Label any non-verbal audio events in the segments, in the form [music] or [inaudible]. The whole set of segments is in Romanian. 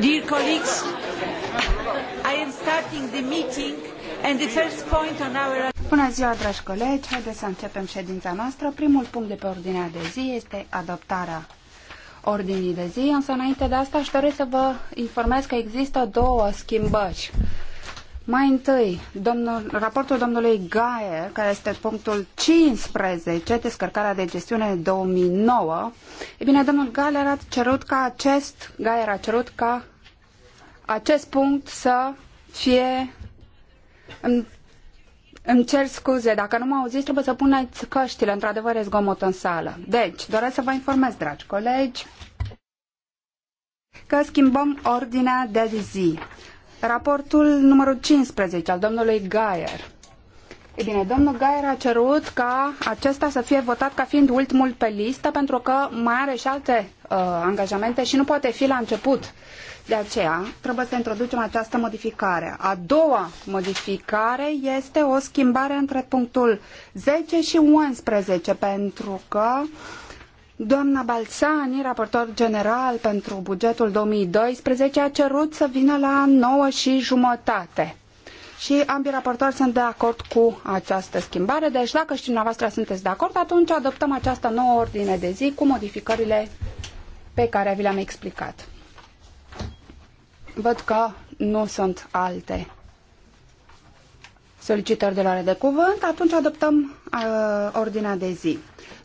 Dear colleagues, I am starting the meeting and the first point on our Bună ziua, dragi colegi! Haideți să începem ședința noastră. Primul punct de pe ordinea de zi este adoptarea ordinii de zi, însă înainte de asta aș dori să vă informez că există două schimbări mai întâi, domnul, raportul domnului Gaie, care este punctul 15, descărcarea de gestiune 2009. E bine, domnul Galer a cerut ca acest, Gaier a cerut ca acest punct să fie îmi, îmi cer scuze, dacă nu mă auziți, trebuie să puneți căștile, într-adevăr e zgomot în sală. Deci, doresc să vă informez, dragi colegi, că schimbăm ordinea de zi. Raportul numărul 15 al domnului Gaier. E bine, domnul Gaier a cerut ca acesta să fie votat ca fiind ultimul pe listă pentru că mai are și alte uh, angajamente și nu poate fi la început. De aceea trebuie să introducem această modificare. A doua modificare este o schimbare între punctul 10 și 11 pentru că uh, Doamna Balzani, raportor general pentru bugetul 2012, a cerut să vină la 9 și jumătate. Și ambii raportori sunt de acord cu această schimbare, deci dacă și dumneavoastră sunteți de acord, atunci adoptăm această nouă ordine de zi cu modificările pe care vi le-am explicat. Văd că nu sunt alte solicitări de luare de cuvânt, atunci adoptăm uh, ordinea de zi.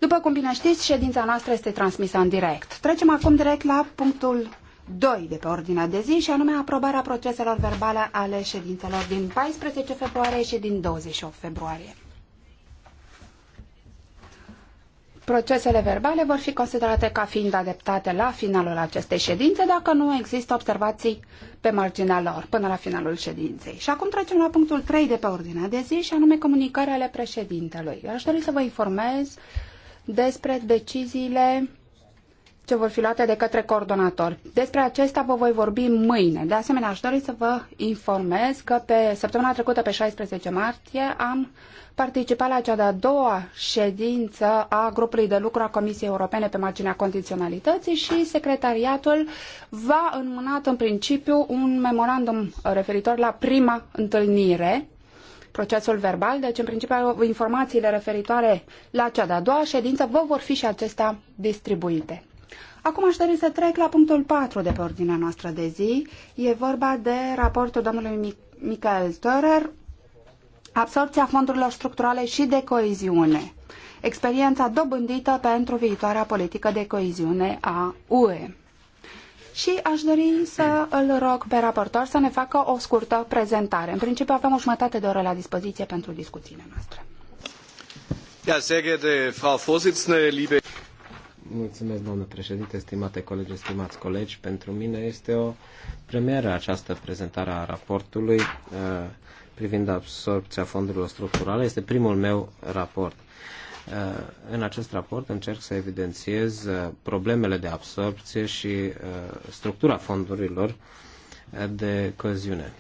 După cum bine știți, ședința noastră este transmisă în direct. Trecem acum direct la punctul 2 de pe ordinea de zi și anume aprobarea proceselor verbale ale ședințelor din 14 februarie și din 28 februarie. Procesele verbale vor fi considerate ca fiind adeptate la finalul acestei ședințe dacă nu există observații pe marginea lor până la finalul ședinței. Și acum trecem la punctul 3 de pe ordinea de zi și anume comunicarea ale președintelui. Aș dori să vă informez despre deciziile ce vor fi luate de către coordonator. Despre acesta vă voi vorbi mâine. De asemenea, aș dori să vă informez că pe săptămâna trecută, pe 16 martie, am participat la cea de-a doua ședință a grupului de lucru a Comisiei Europene pe marginea condiționalității și secretariatul va înmânat în principiu un memorandum referitor la prima întâlnire procesul verbal, deci în principiu informațiile referitoare la cea de-a doua ședință vă vor fi și acestea distribuite. Acum aș dori să trec la punctul 4 de pe ordinea noastră de zi. E vorba de raportul domnului Michael Törer, absorpția fondurilor structurale și de coeziune, experiența dobândită pentru viitoarea politică de coeziune a UE și aș dori să îl rog pe raportor să ne facă o scurtă prezentare. În principiu avem o jumătate de oră la dispoziție pentru discuțiile noastre. Ja, sehr geehrte Frau Vorsitzende, liebe Mulțumesc, doamnă președinte, stimate colegi, stimați colegi. Pentru mine este o premieră această prezentare a raportului uh, privind absorpția fondurilor structurale. Este primul meu raport. Uh, în acest raport încerc să evidențiez uh, problemele de absorpție și uh, structura fondurilor de coziune.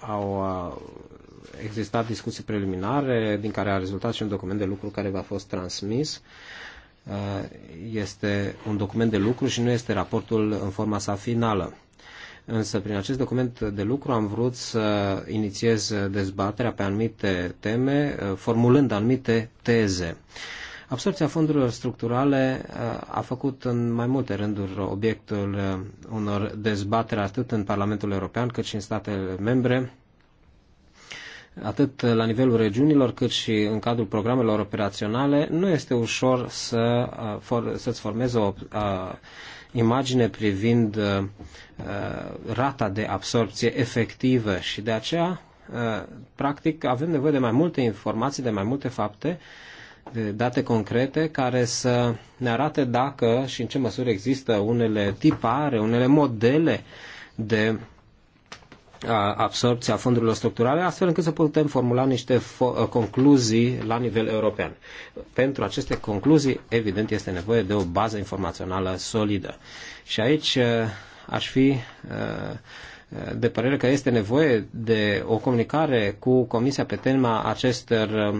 Au existat discuții preliminare din care a rezultat și un document de lucru care v-a fost transmis este un document de lucru și nu este raportul în forma sa finală însă prin acest document de lucru am vrut să inițiez dezbaterea pe anumite teme, formulând anumite teze. Absorția fondurilor structurale uh, a făcut în mai multe rânduri obiectul uh, unor dezbateri atât în Parlamentul European cât și în statele membre, atât la nivelul regiunilor cât și în cadrul programelor operaționale, nu este ușor să, uh, for, să-ți formezi o a, imagine privind uh, uh, rata de absorpție efectivă și de aceea, uh, practic, avem nevoie de mai multe informații, de mai multe fapte, de date concrete care să ne arate dacă și în ce măsură există unele tipare, unele modele de absorpția fondurilor structurale, astfel încât să putem formula niște concluzii la nivel european. Pentru aceste concluzii, evident, este nevoie de o bază informațională solidă. Și aici aș fi de părere că este nevoie de o comunicare cu Comisia pe tema acestor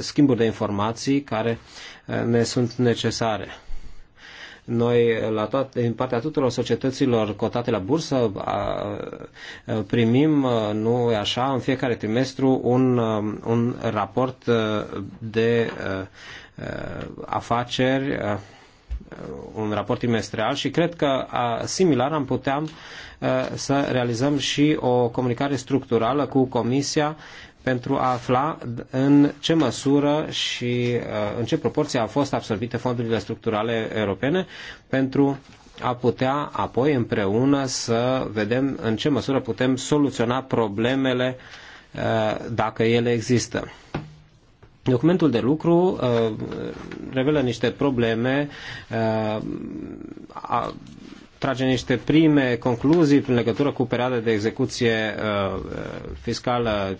schimburi de informații care ne sunt necesare. Noi, la toate, din partea tuturor societăților cotate la bursă, primim, nu e așa, în fiecare trimestru un, un raport de afaceri un raport trimestrial și cred că similar am putea să realizăm și o comunicare structurală cu Comisia pentru a afla în ce măsură și uh, în ce proporție au fost absorbite fondurile structurale europene pentru a putea apoi împreună să vedem în ce măsură putem soluționa problemele uh, dacă ele există. Documentul de lucru uh, revelă niște probleme uh, a, trage niște prime concluzii în legătură cu perioada de execuție uh, fiscală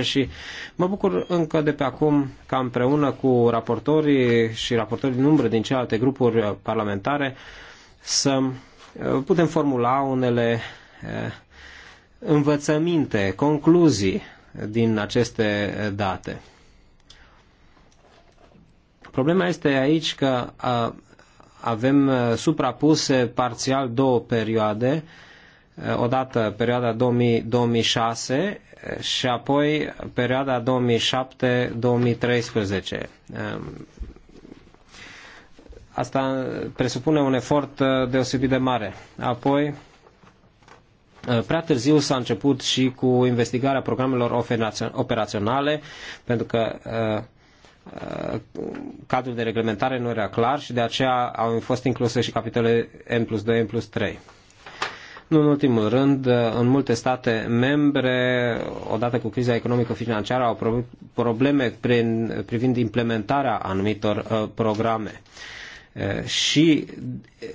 2007-2013 și mă bucur încă de pe acum ca împreună cu raportorii și raportorii din umbră din celelalte grupuri parlamentare să uh, putem formula unele uh, învățăminte, concluzii din aceste date. Problema este aici că avem uh, suprapuse parțial două perioade, uh, odată perioada 2006 uh, și apoi perioada 2007-2013. Um, asta presupune un efort deosebit de mare. Apoi, Prea târziu s-a început și cu investigarea programelor operaționale, pentru că Uh, cadrul de reglementare nu era clar și de aceea au fost incluse și capitole N plus 2, N plus 3. Nu în ultimul rând, uh, în multe state membre, odată cu criza economico-financiară, au probleme prin, privind implementarea anumitor uh, programe. Eh, și eh,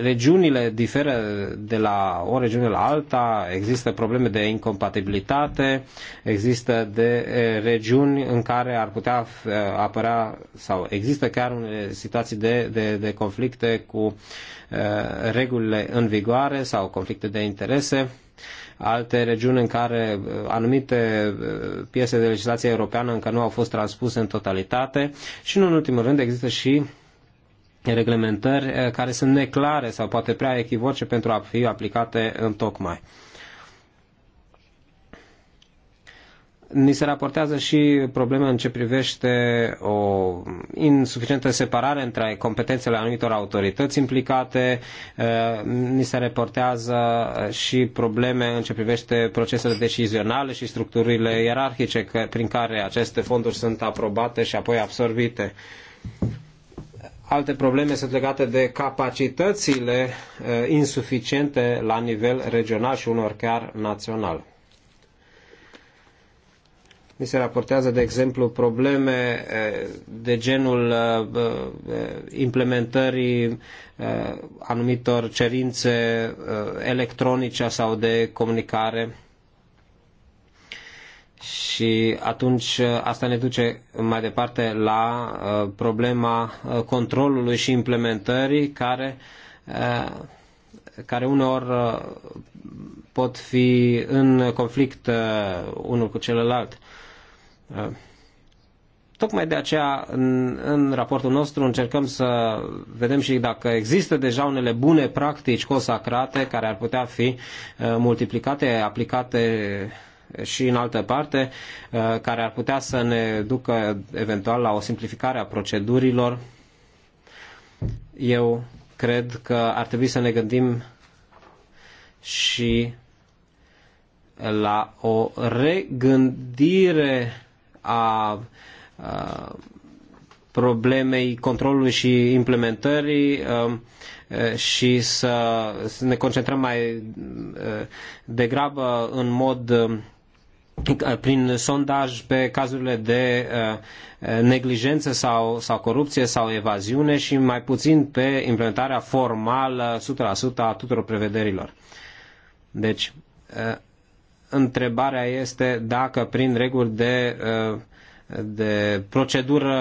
regiunile diferă de la o regiune la alta, există probleme de incompatibilitate, există de eh, regiuni în care ar putea apărea sau există chiar unele situații de, de, de conflicte cu regulile în vigoare sau conflicte de interese alte regiuni în care anumite piese de legislație europeană încă nu au fost transpuse în totalitate și, în ultimul rând, există și reglementări eh, care sunt neclare sau poate prea echivoce pentru a fi aplicate în tocmai. Ni se raportează și probleme în ce privește o insuficientă separare între competențele anumitor autorități implicate, eh, ni se raportează și probleme în ce privește procesele decizionale și structurile ierarhice prin care aceste fonduri sunt aprobate și apoi absorbite Alte probleme sunt legate de capacitățile eh, insuficiente la nivel regional și unor chiar național. Mi se raportează, de exemplu, probleme eh, de genul eh, implementării anumitor cerințe electronice sau de comunicare și atunci uh, asta ne duce mai departe la uh, problema uh, controlului și implementării care, care uneori pot fi în conflict unul cu celălalt. Tocmai de aceea, în, în raportul nostru, încercăm să vedem și dacă există deja unele bune practici consacrate care ar putea fi multiplicate, aplicate și în altă parte, uh, care ar putea să ne ducă eventual la o simplificare a procedurilor. Eu cred că ar trebui să ne gândim și la o regândire a, a problemei controlului și implementării um, și să ne concentrăm mai uh, degrabă în mod um, Uh, prin sondaj pe cazurile de uh, uh, neglijență sau, sau corupție sau evaziune și mai puțin pe implementarea formală 100% a tuturor prevederilor. Deci, întrebarea este dacă prin reguli de, de procedură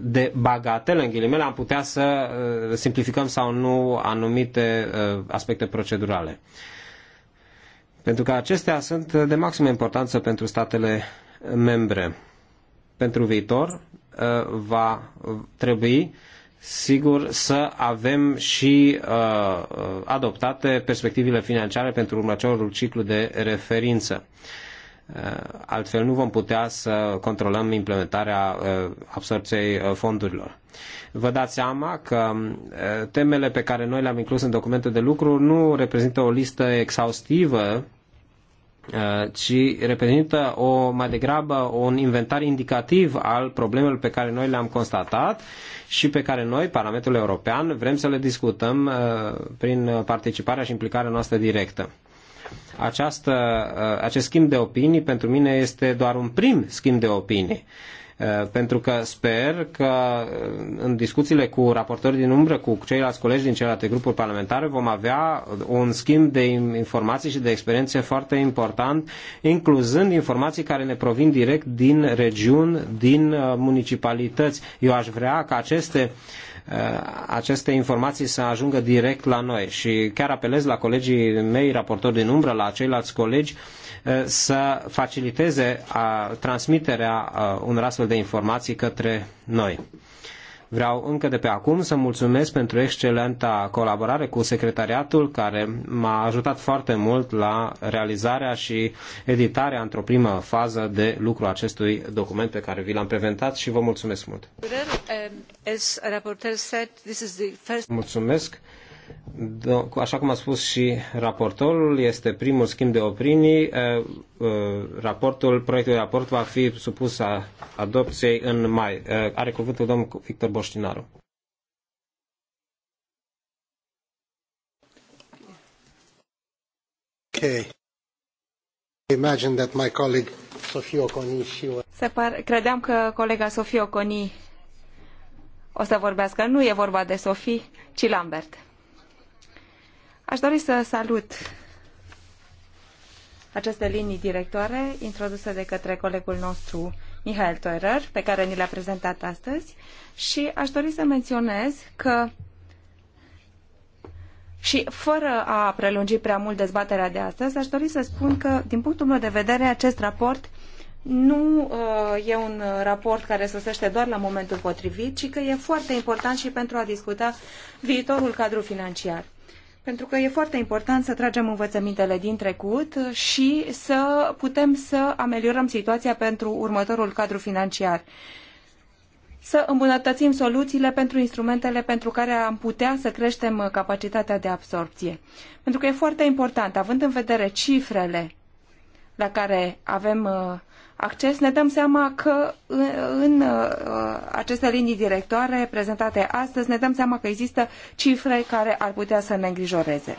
de bagatelă, în ghilimele, am putea să simplificăm sau nu anumite aspecte procedurale. Pentru că acestea sunt de maximă importanță pentru statele membre. Pentru viitor uh, va trebui sigur să avem și uh, adoptate perspectivele financiare pentru următorul ciclu de referință. Eh, altfel nu vom putea să controlăm implementarea eh, absorpției eh, fondurilor. Vă dați seama că temele pe care noi le-am inclus în documente de lucru nu reprezintă o listă exhaustivă ci reprezintă o, mai degrabă un inventar indicativ al problemelor pe care noi le-am constatat și pe care noi, Parlamentul European, vrem să le discutăm prin participarea și implicarea noastră directă. Această, uh, acest schimb de opinii pentru mine este doar un prim schimb de opinii uh, pentru că sper că uh, în discuțiile cu raportorii din umbră, cu ceilalți colegi din celelalte grupuri parlamentare, vom avea un schimb de informații și de experiențe foarte important, incluzând informații care ne provin direct din regiuni, din municipalități. Eu aș vrea ca aceste uh, Eh, aceste informații să ajungă direct la noi și chiar apelez la colegii mei, raportori din umbră, la ceilalți colegi, eh, să faciliteze transmiterea unor astfel de informații către noi. Vreau încă de pe acum să mulțumesc pentru excelenta colaborare cu secretariatul care m-a ajutat foarte mult la realizarea și editarea într-o primă fază de lucru acestui document pe care vi l-am prezentat și vă mulțumesc mult. Mulțumesc. Așa cum a spus și raportorul, este primul schimb de opinii. Raportul, proiectul de raport va fi supus a adopției în mai. Are cuvântul domnul Victor Boștinaru. Okay. Imagine that my colleague Oconi și Se par... Credeam că colega Sofie Oconi o să vorbească. Nu e vorba de Sofie, ci Lambert. Aș dori să salut aceste linii directoare introduse de către colegul nostru Mihail Teurer, pe care ni le-a prezentat astăzi și aș dori să menționez că și fără a prelungi prea mult dezbaterea de astăzi, aș dori să spun că, din punctul meu de vedere, acest raport nu uh, e un raport care sosește doar la momentul potrivit, ci că e foarte important și pentru a discuta viitorul cadru financiar pentru că e foarte important să tragem învățămintele din trecut și să putem să ameliorăm situația pentru următorul cadru financiar. Să îmbunătățim soluțiile pentru instrumentele pentru care am putea să creștem capacitatea de absorpție. Pentru că e foarte important, având în vedere cifrele la care avem uh, acces, ne dăm seama că în, în uh, aceste linii directoare prezentate astăzi, ne dăm seama că există cifre care ar putea să ne îngrijoreze.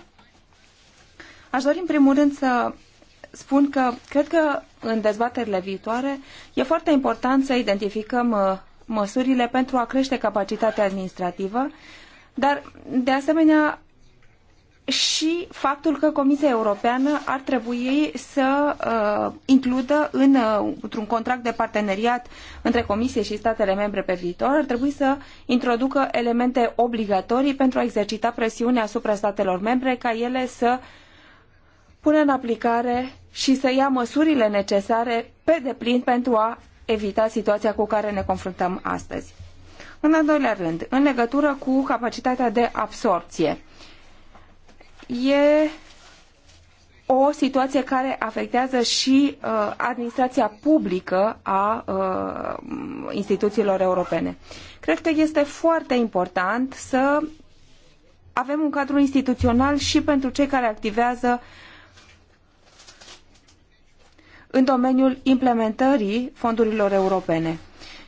Aș dori în primul rând să spun că cred că în dezbaterile viitoare e foarte important să identificăm uh, măsurile pentru a crește capacitatea administrativă, dar de asemenea și faptul că Comisia Europeană ar trebui să uh, includă în, uh, într-un contract de parteneriat între Comisie și statele membre pe viitor, ar trebui să introducă elemente obligatorii pentru a exercita presiune asupra statelor membre ca ele să pună în aplicare și să ia măsurile necesare pe deplin pentru a evita situația cu care ne confruntăm astăzi. În al doilea rând, în legătură cu capacitatea de absorpție e o situație care afectează și uh, administrația publică a uh, instituțiilor europene. Cred că este foarte important să avem un cadru instituțional și pentru cei care activează în domeniul implementării fondurilor europene.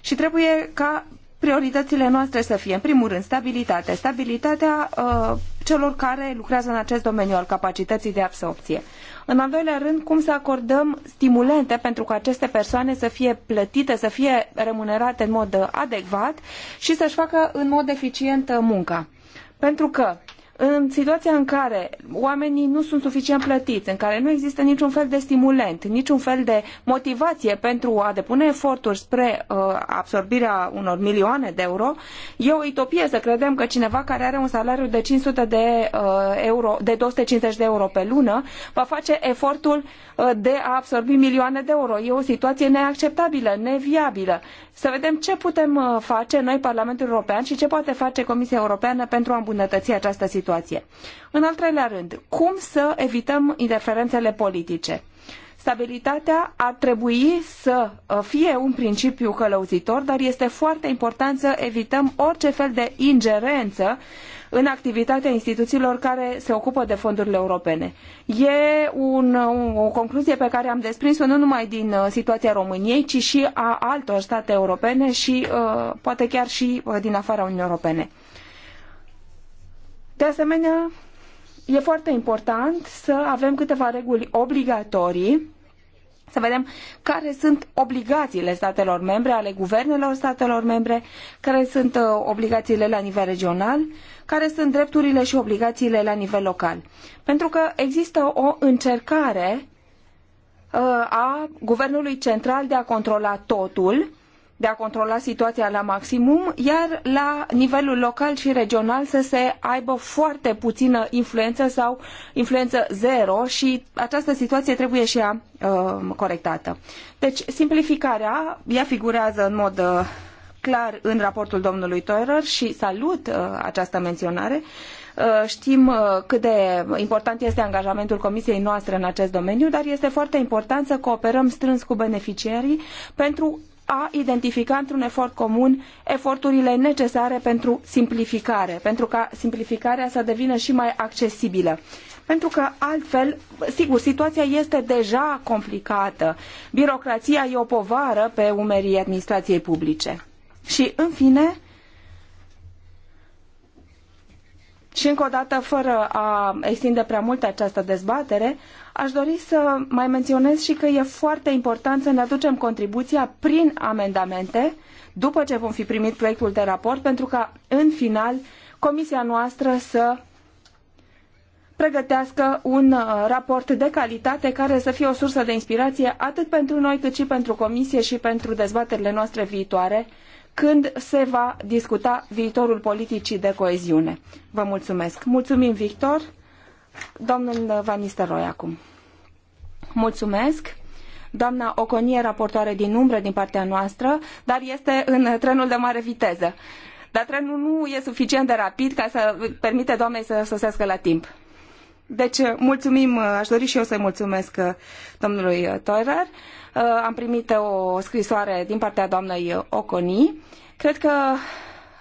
Și trebuie ca prioritățile noastre să fie, în primul rând, stabilitate. Stabilitatea uh, celor care lucrează în acest domeniu al capacității de absorpție. În al doilea rând, cum să acordăm stimulente pentru ca aceste persoane să fie plătite, să fie remunerate în mod adecvat și să-și facă în mod eficient munca. Pentru că în situația în care oamenii nu sunt suficient plătiți, în care nu există niciun fel de stimulent, niciun fel de motivație pentru a depune eforturi spre uh, absorbirea unor milioane de euro, e o utopie să credem că cineva care are un salariu de 500 de, uh, euro, de 250 de euro pe lună va face efortul uh, de a absorbi milioane de euro. E o situație neacceptabilă, neviabilă. Să vedem ce putem uh, face noi, Parlamentul European, și ce poate face Comisia Europeană pentru a îmbunătăți această situație situație. În al treilea rând, cum să evităm interferențele politice? Stabilitatea ar trebui să uh, fie un principiu călăuzitor, dar este foarte important să evităm orice fel de ingerență în activitatea instituțiilor care se ocupă de fondurile europene. E un, uh, o concluzie pe care am desprins-o nu numai din uh, situația României, ci și a altor state europene și poate chiar și din afara Uniunii Europene. De asemenea, e foarte important să avem câteva reguli obligatorii să vedem care sunt obligațiile statelor membre, ale guvernelor statelor membre, care sunt uh, obligațiile la nivel regional, care sunt drepturile și obligațiile la nivel local. Pentru că există o încercare uh, a guvernului central de a controla totul de a controla situația la maximum, iar la nivelul local și regional să se aibă foarte puțină influență sau influență zero și această situație trebuie și ea uh, corectată. Deci, simplificarea, ea figurează în mod uh, clar în raportul domnului Teurer și salut uh, această menționare. Uh, știm uh, cât de important este angajamentul comisiei noastre în acest domeniu, dar este foarte important să cooperăm strâns cu beneficiarii pentru a identifica într-un efort comun eforturile necesare pentru simplificare, pentru ca simplificarea să devină și mai accesibilă. Pentru că altfel, sigur, situația este deja complicată. Birocrația e o povară pe umerii administrației publice. Și, în fine, Și încă o dată, fără a extinde prea mult această dezbatere, aș dori să mai menționez și că e foarte important să ne aducem contribuția prin amendamente, după ce vom fi primit proiectul de raport, pentru ca, în final, comisia noastră să pregătească un uh, raport de calitate care să fie o sursă de inspirație atât pentru noi cât și pentru comisie și pentru dezbaterile noastre viitoare când se va discuta viitorul politicii de coeziune. Vă mulțumesc. Mulțumim, Victor. Domnul Van Nistelrooy acum. Mulțumesc. Doamna Oconie, raportoare din umbră din partea noastră, dar este în trenul de mare viteză. Dar trenul nu e suficient de rapid ca să permite doamnei să sosească la timp. Deci, mulțumim, aș dori și eu să-i mulțumesc domnului Toirer. Uh, am primit o scrisoare din partea doamnei Oconi. Cred că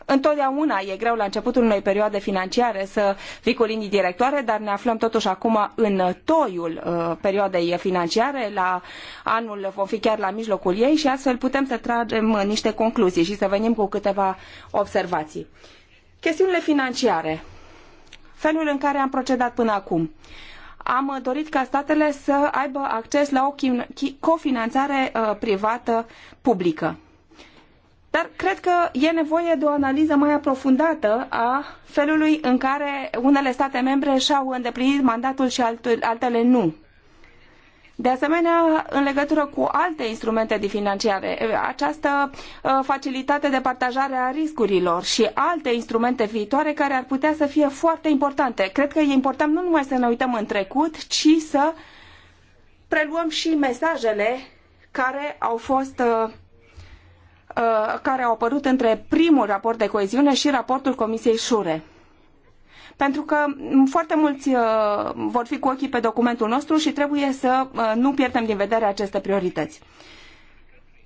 întotdeauna e greu la începutul unei perioade financiare să fii cu linii directoare, dar ne aflăm totuși acum în toiul uh, perioadei financiare. La anul vom fi chiar la mijlocul ei și astfel putem să tragem niște concluzii și să venim cu câteva observații. Chestiunile financiare felul în care am procedat până acum am dorit ca statele să aibă acces la o cofinanțare uh, privată publică. Dar cred că e nevoie de o analiză mai aprofundată a felului în care unele state membre și-au îndeplinit mandatul și altele nu. De asemenea, în legătură cu alte instrumente de financiare, această facilitate de partajare a riscurilor și alte instrumente viitoare care ar putea să fie foarte importante. Cred că e important nu numai să ne uităm în trecut, ci să preluăm și mesajele care au fost care au apărut între primul raport de coeziune și raportul Comisiei Șure pentru că foarte mulți uh, vor fi cu ochii pe documentul nostru și trebuie să uh, nu pierdem din vedere aceste priorități.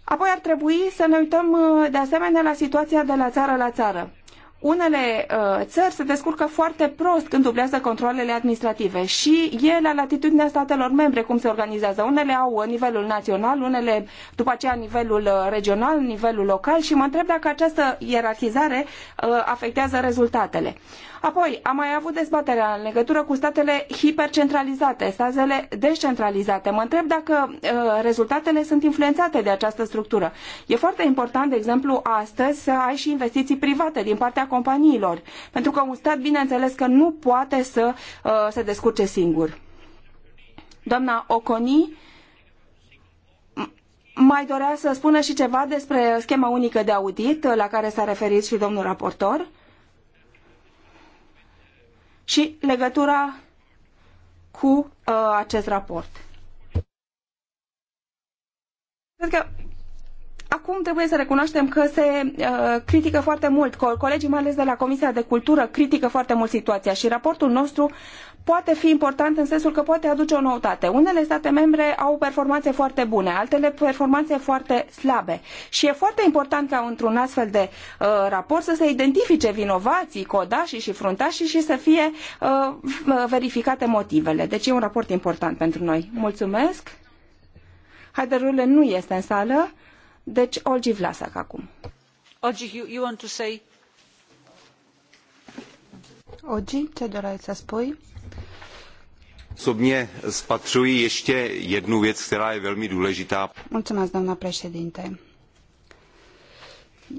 Apoi ar trebui să ne uităm uh, de asemenea la situația de la țară la țară. Unele țări se descurcă foarte prost când dublează controlele administrative și e la latitudinea statelor membre cum se organizează. Unele au nivelul național, unele după aceea nivelul regional, nivelul local și mă întreb dacă această ierarhizare afectează rezultatele. Apoi, am mai avut dezbaterea în legătură cu statele hipercentralizate, statele descentralizate. Mă întreb dacă uh, rezultatele sunt influențate de această structură. E foarte important, de exemplu, astăzi să ai și investiții private din partea companiilor, pentru că un stat, bineînțeles, că nu poate să uh, se descurce singur. Doamna Oconi mai dorea să spună și ceva despre schema unică de audit la care s-a referit și domnul raportor și legătura cu uh, acest raport. Cred că Acum trebuie să recunoaștem că se uh, critică foarte mult, co colegii mai ales de la Comisia de Cultură critică foarte mult situația și raportul nostru poate fi important în sensul că poate aduce o noutate. Unele state membre au performanțe foarte bune, altele performanțe foarte slabe. Și e foarte important ca într-un astfel de uh, raport să se identifice vinovații, codașii și fruntașii și să fie uh, uh verificate motivele. Deci e un raport important pentru noi. Mulțumesc! Haiderule nu este în sală. Deci, Olgi Vlasac acum. Olgi, you, you want to say... Olgi, ce doreai să spui? Osobně spatřuji ještě jednu věc, která je velmi důležitá. Mulțumesc, doamna președinte.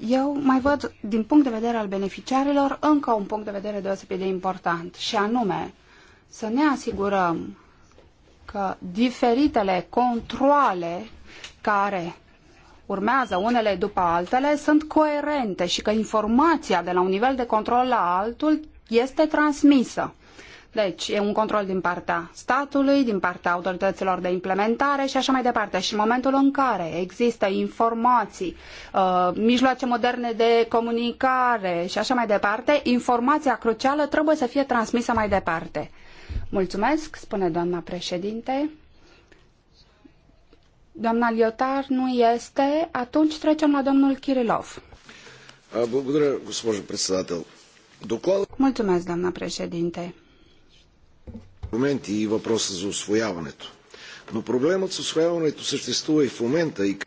Eu mai văd, din punct de vedere al beneficiarilor, încă un punct de vedere deosebit de important, și anume să ne asigurăm că diferitele controle care urmează unele după altele sunt coerente și că informația de la un nivel de control la altul este transmisă. Deci, e un control din partea statului, din partea autorităților de implementare și așa mai departe. Și în momentul în care există informații, uh, mijloace moderne de comunicare și așa mai departe, informația crucială trebuie să fie transmisă mai departe. Mulțumesc, spune doamna președinte. Doamna Liotar nu este, atunci trecem la domnul Kirilov. Mulțumesc, doamna președinte. Моменти и въпроса за освояването. Но проблемът с освояването съществува и в момента и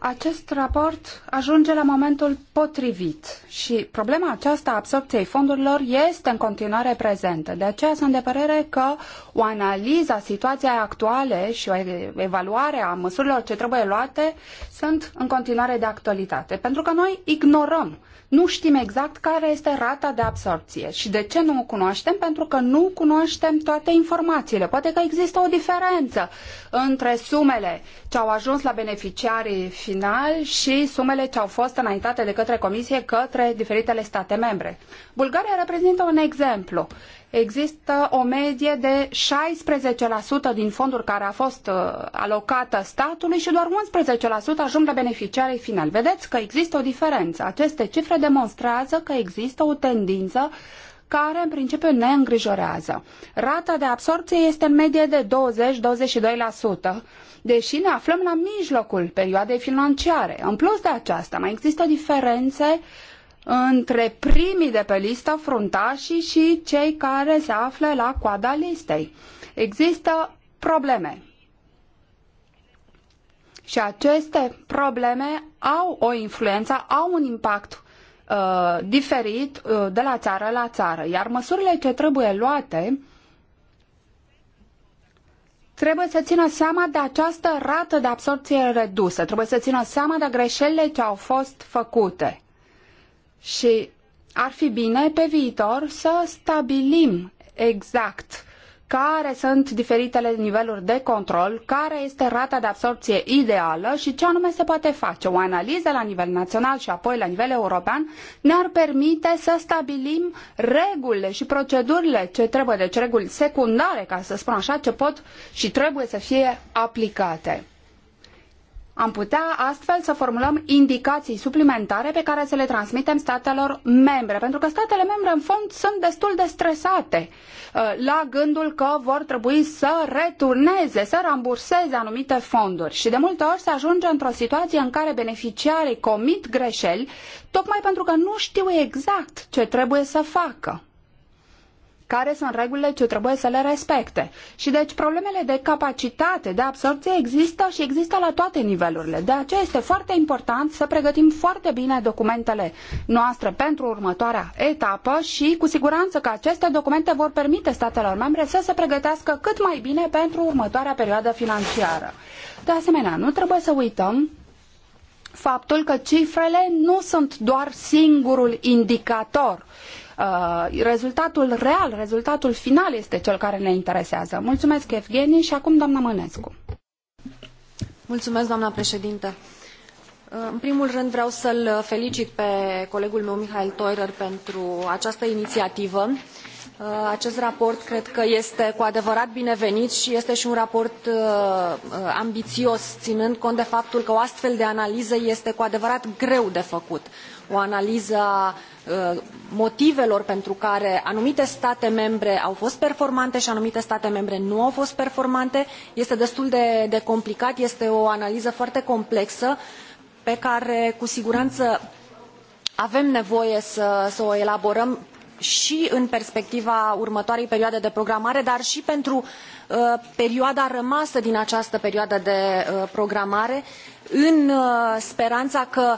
acest raport ajunge la momentul potrivit și problema aceasta a absorpției fondurilor este în continuare prezentă. De aceea sunt de părere că o analiză a situației actuale și o evaluare a măsurilor ce trebuie luate sunt în continuare de actualitate. Pentru că noi ignorăm, nu știm exact care este rata de absorpție și de ce nu o cunoaștem, pentru că nu cunoaștem toate informațiile. Poate că există o diferență între sumele ce au ajuns la beneficiarii final și sumele ce au fost înaintate de către Comisie către diferitele state membre. Bulgaria reprezintă un exemplu. Există o medie de 16% din fonduri care a fost uh, alocată statului și doar 11% ajung la beneficiarii finali. Vedeți că există o diferență. Aceste cifre demonstrează că există o tendință care în principiu ne îngrijorează. Rata de absorpție este în medie de 20-22%, deși ne aflăm la mijlocul perioadei financiare. În plus de aceasta, mai există diferențe între primii de pe listă, fruntașii și cei care se află la coada listei. Există probleme. Și aceste probleme au o influență, au un impact Uh, diferit uh, de la țară la țară, iar măsurile ce trebuie luate trebuie să țină seama de această rată de absorpție redusă, trebuie să țină seama de greșelile ce au fost făcute. Și ar fi bine pe viitor să stabilim exact care sunt diferitele niveluri de control, care este rata de absorpție ideală și ce anume se poate face. O analiză la nivel național și apoi la nivel european ne-ar permite să stabilim regulile și procedurile ce trebuie, deci reguli secundare, ca să spun așa, ce pot și trebuie să fie aplicate. Am putea astfel să formulăm indicații suplimentare pe care să le transmitem statelor membre, pentru că statele membre în fond sunt destul de stresate uh, la gândul că vor trebui să returneze, să ramburseze anumite fonduri și de multe ori se ajunge într-o situație în care beneficiarii comit greșeli tocmai pentru că nu știu exact ce trebuie să facă care sunt regulile ce trebuie să le respecte. Și deci problemele de capacitate, de absorție există și există la toate nivelurile. De aceea este foarte important să pregătim foarte bine documentele noastre pentru următoarea etapă și cu siguranță că aceste documente vor permite statelor membre să se pregătească cât mai bine pentru următoarea perioadă financiară. De asemenea, nu trebuie să uităm faptul că cifrele nu sunt doar singurul indicator Uh, rezultatul real, rezultatul final este cel care ne interesează. Mulțumesc, Evgeni, și acum doamna Mănescu. Mulțumesc, doamna președinte. Uh, în primul rând vreau să-l felicit pe colegul meu, Mihail Toirer, pentru această inițiativă. Uh, acest raport cred că este cu adevărat binevenit și este și un raport ambițios, ținând cont de faptul că o astfel de analiză este cu adevărat greu de făcut. O analiză a Uh, motivelor pentru care anumite state membre au fost performante și anumite state membre nu au fost performante este destul de, de complicat, este o analiză foarte complexă pe care cu siguranță avem nevoie să, să o elaborăm și în perspectiva următoarei perioade de programare, dar și pentru uh, perioada rămasă din această perioadă de uh, programare, în uh, speranța că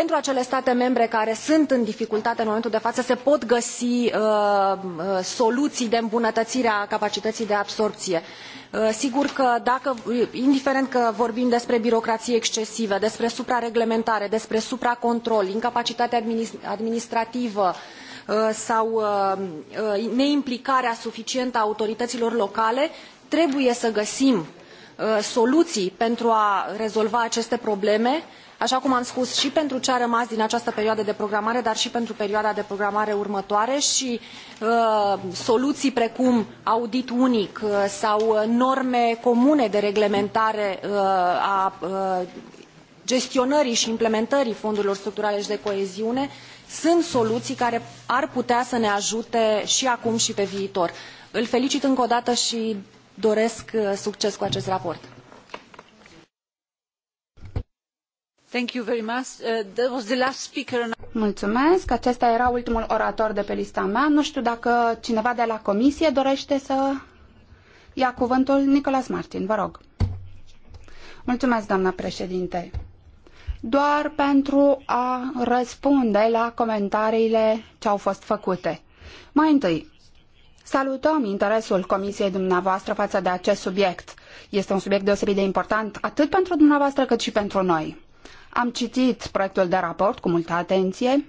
pentru acele state membre care sunt în dificultate în momentul de față se pot găsi uh, uh, soluții de îmbunătățire a capacității de absorpție. Uh, sigur că dacă, indiferent că vorbim despre birocrație excesivă, despre suprareglementare, despre supracontrol, incapacitate administrativă, sau neimplicarea suficientă a autorităților locale, trebuie să găsim soluții pentru a rezolva aceste probleme așa cum am spus, și pentru ce a rămas din această perioadă de programare, dar și pentru perioada de programare următoare și uh, soluții precum audit unic uh, sau uh, norme comune de reglementare uh, a uh, gestionării și implementării fondurilor structurale și de coeziune sunt soluții care ar putea să ne ajute și acum și pe viitor. Îl felicit încă o dată și doresc uh, succes cu acest raport. Acesta era ultimul orator de pe lista mea. Nu știu dacă cineva de la comisie dorește să ia cuvântul. Nicolas Martin, vă rog. Mulțumesc, doamna președinte. Doar pentru a răspunde la comentariile ce au fost făcute. Mai întâi, salutăm interesul comisiei dumneavoastră față de acest subiect. Este un subiect deosebit de important atât pentru dumneavoastră cât și pentru noi. Am citit proiectul de raport cu multă atenție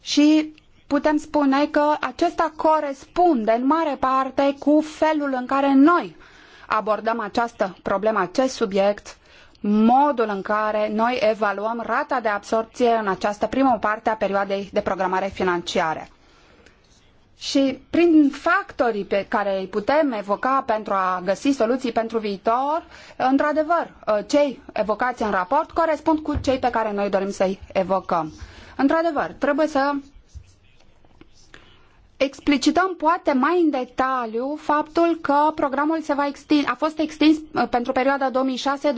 și putem spune că acesta corespunde în mare parte cu felul în care noi abordăm această problemă, acest subiect, modul în care noi evaluăm rata de absorpție în această primă parte a perioadei de programare financiară. Și prin factorii pe care îi putem evoca pentru a găsi soluții pentru viitor, într-adevăr, ă, cei evocați în raport corespund cu cei pe care noi dorim să-i evocăm. Într-adevăr, trebuie să explicităm poate mai în detaliu faptul că programul se va extins, a fost extins ă, pentru perioada 2006-2008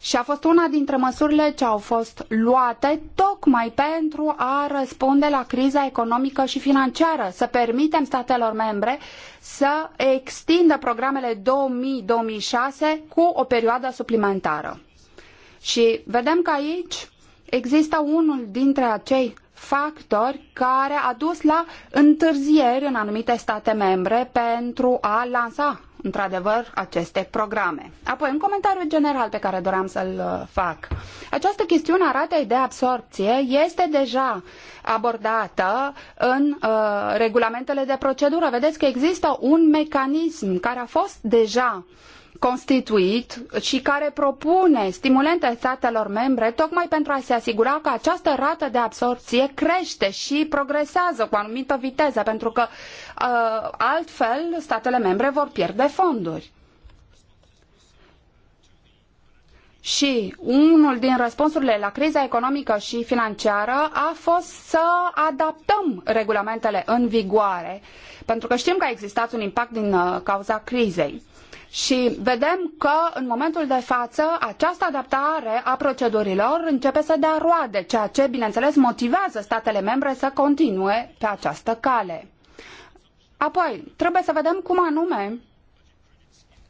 și a fost una dintre măsurile ce au fost luate tocmai pentru a răspunde la criza economică și financiară, să permitem statelor membre să extindă programele 2000-2006 cu o perioadă suplimentară. Și vedem că aici există unul dintre acei factori care a dus la întârzieri în anumite state membre pentru a lansa într-adevăr, aceste programe. Apoi, un comentariu general pe care doream să-l uh, fac. Această chestiune a ratei de absorpție este deja abordată în uh, regulamentele de procedură. Vedeți că există un mecanism care a fost deja uh, constituit și care propune stimulente statelor membre tocmai pentru a se asigura că această rată de absorpție crește și progresează cu anumită viteză, pentru că uh, altfel statele membre vor pierde fonduri. Și unul din răspunsurile la criza economică și financiară a fost să adaptăm regulamentele în vigoare, pentru că știm că a existat un impact din uh, cauza crizei. Și vedem că în momentul de față această adaptare a procedurilor începe să dea roade, ceea ce, bineînțeles, motivează statele membre să continue pe această cale. Apoi, trebuie să vedem cum anume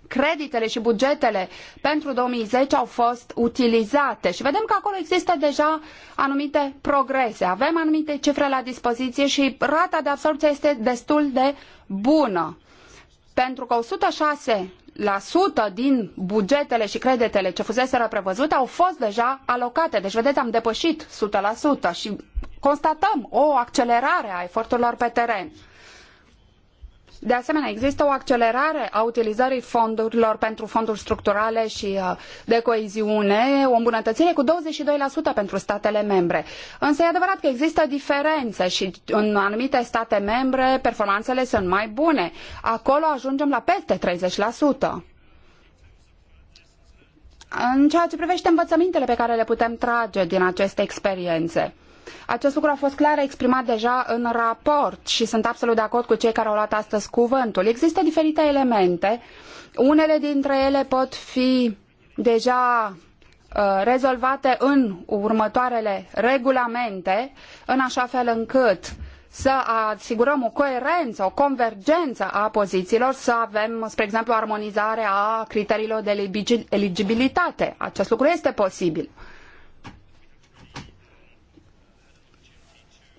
creditele și bugetele pentru 2010 au fost utilizate și vedem că acolo există deja anumite progrese. Avem anumite cifre la dispoziție și rata de absorbție este destul de bună. Pentru că 106 din bugetele și creditele ce fuseseră prevăzute au fost deja alocate. Deci, vedeți, am depășit 100% și constatăm o accelerare a eforturilor pe teren. De asemenea, există o accelerare a utilizării fondurilor pentru fonduri structurale și uh, de coeziune, o îmbunătățire cu 22% pentru statele membre. Însă e adevărat că există diferențe și în anumite state membre performanțele sunt mai bune. Acolo ajungem la peste 30%. În ceea ce privește învățămintele pe care le putem trage din aceste experiențe, acest lucru a fost clar exprimat deja în raport și sunt absolut de acord cu cei care au luat astăzi cuvântul. Există diferite elemente. Unele dintre ele pot fi deja uh, rezolvate în următoarele regulamente, în așa fel încât să asigurăm o coerență, o convergență a pozițiilor, să avem, spre exemplu, armonizarea a criteriilor de eligibilitate. Acest lucru este posibil. Uh,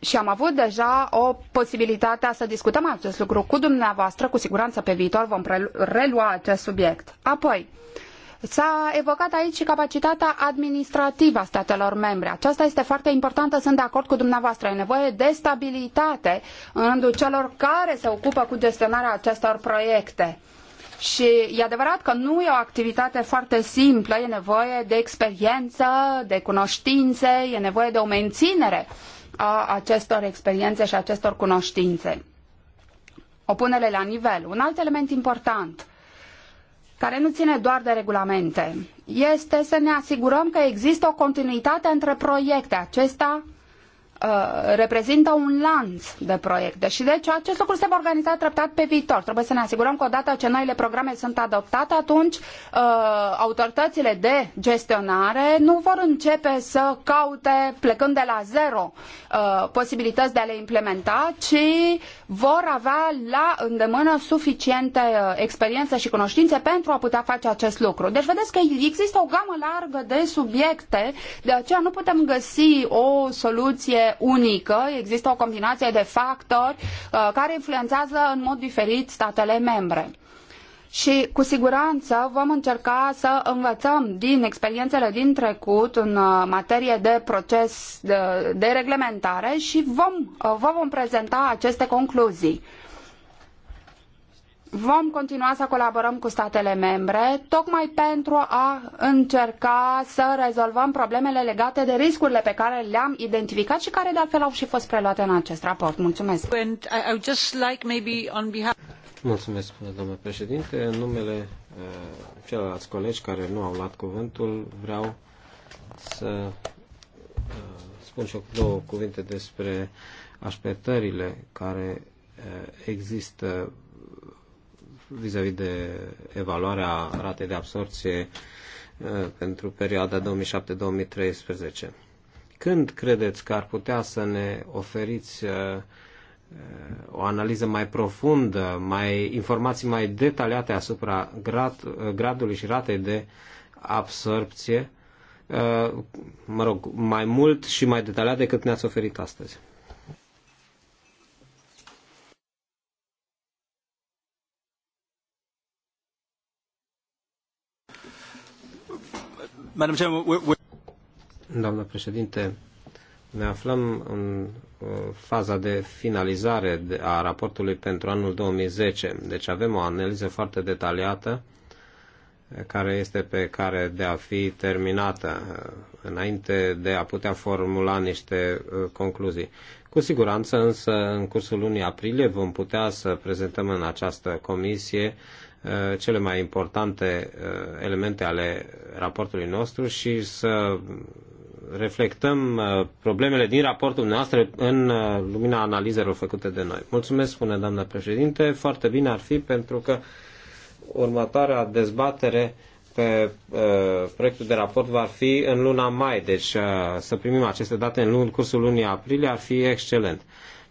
și am avut deja o posibilitate să discutăm acest lucru cu dumneavoastră, cu siguranță pe viitor vom relua acest subiect. Apoi, S-a evocat aici și capacitatea administrativă a statelor membre. Aceasta este foarte importantă, sunt de acord cu dumneavoastră. E nevoie de stabilitate în rândul celor care se ocupă cu gestionarea acestor proiecte. Și e adevărat că nu e o activitate foarte simplă, e nevoie de experiență, de cunoștințe, e nevoie de o menținere a acestor experiențe și acestor cunoștințe. O punere la nivel. Un alt element important care nu ține doar de regulamente, este să ne asigurăm că există o continuitate între proiecte. Acesta Uh, reprezintă un lanț de proiecte și deci acest lucru se va organiza treptat pe viitor. Trebuie să ne asigurăm că odată ce noile programe sunt adoptate, atunci uh, autoritățile de gestionare nu vor începe să caute, plecând de la zero, uh, posibilități de a le implementa, ci vor avea la îndemână suficiente uh, experiență și cunoștințe pentru a putea face acest lucru. Deci vedeți că există o gamă largă de subiecte, de aceea nu putem găsi o soluție unică, există o combinație de factori uh, care influențează în mod diferit statele membre. Și cu siguranță vom încerca să învățăm din experiențele din trecut în uh, materie de proces de, de reglementare și vom, uh, vă vom prezenta aceste concluzii. Vom continua să colaborăm cu statele membre, tocmai pentru a încerca să rezolvăm problemele legate de riscurile pe care le-am identificat și care de altfel au și fost preluate în acest raport. Mulțumesc! Mulțumesc, doamnă președinte. În numele uh, celorlalți colegi care nu au luat cuvântul, vreau să uh, spun și eu două cuvinte despre așteptările care uh, există vis-a-vis -vis de evaluarea ratei de absorție eh, pentru perioada 2007-2013. Când credeți că ar putea să ne oferiți eh, o analiză mai profundă, mai, informații mai detaliate asupra grad, eh, gradului și ratei de absorpție, mă rog, mai mult și mai detaliat decât ne-ați oferit astăzi. Doamnă președinte, ne aflăm în uh, faza de finalizare a raportului pentru anul 2010. Deci avem o analiză foarte detaliată uh, care este pe care de a fi terminată uh, înainte de a putea formula niște concluzii. Cu siguranță însă în cursul lunii aprilie vom putea să prezentăm în această comisie Uh, cele mai importante uh, elemente ale raportului nostru și să reflectăm uh, problemele din raportul noastră în lumina analizelor făcute de noi. Mulțumesc, spune doamna președinte. Foarte bine ar fi pentru că următoarea dezbatere pe proiectul de raport va fi în luna mai, deci să primim aceste date în, în cursul lunii aprilie ar fi excelent.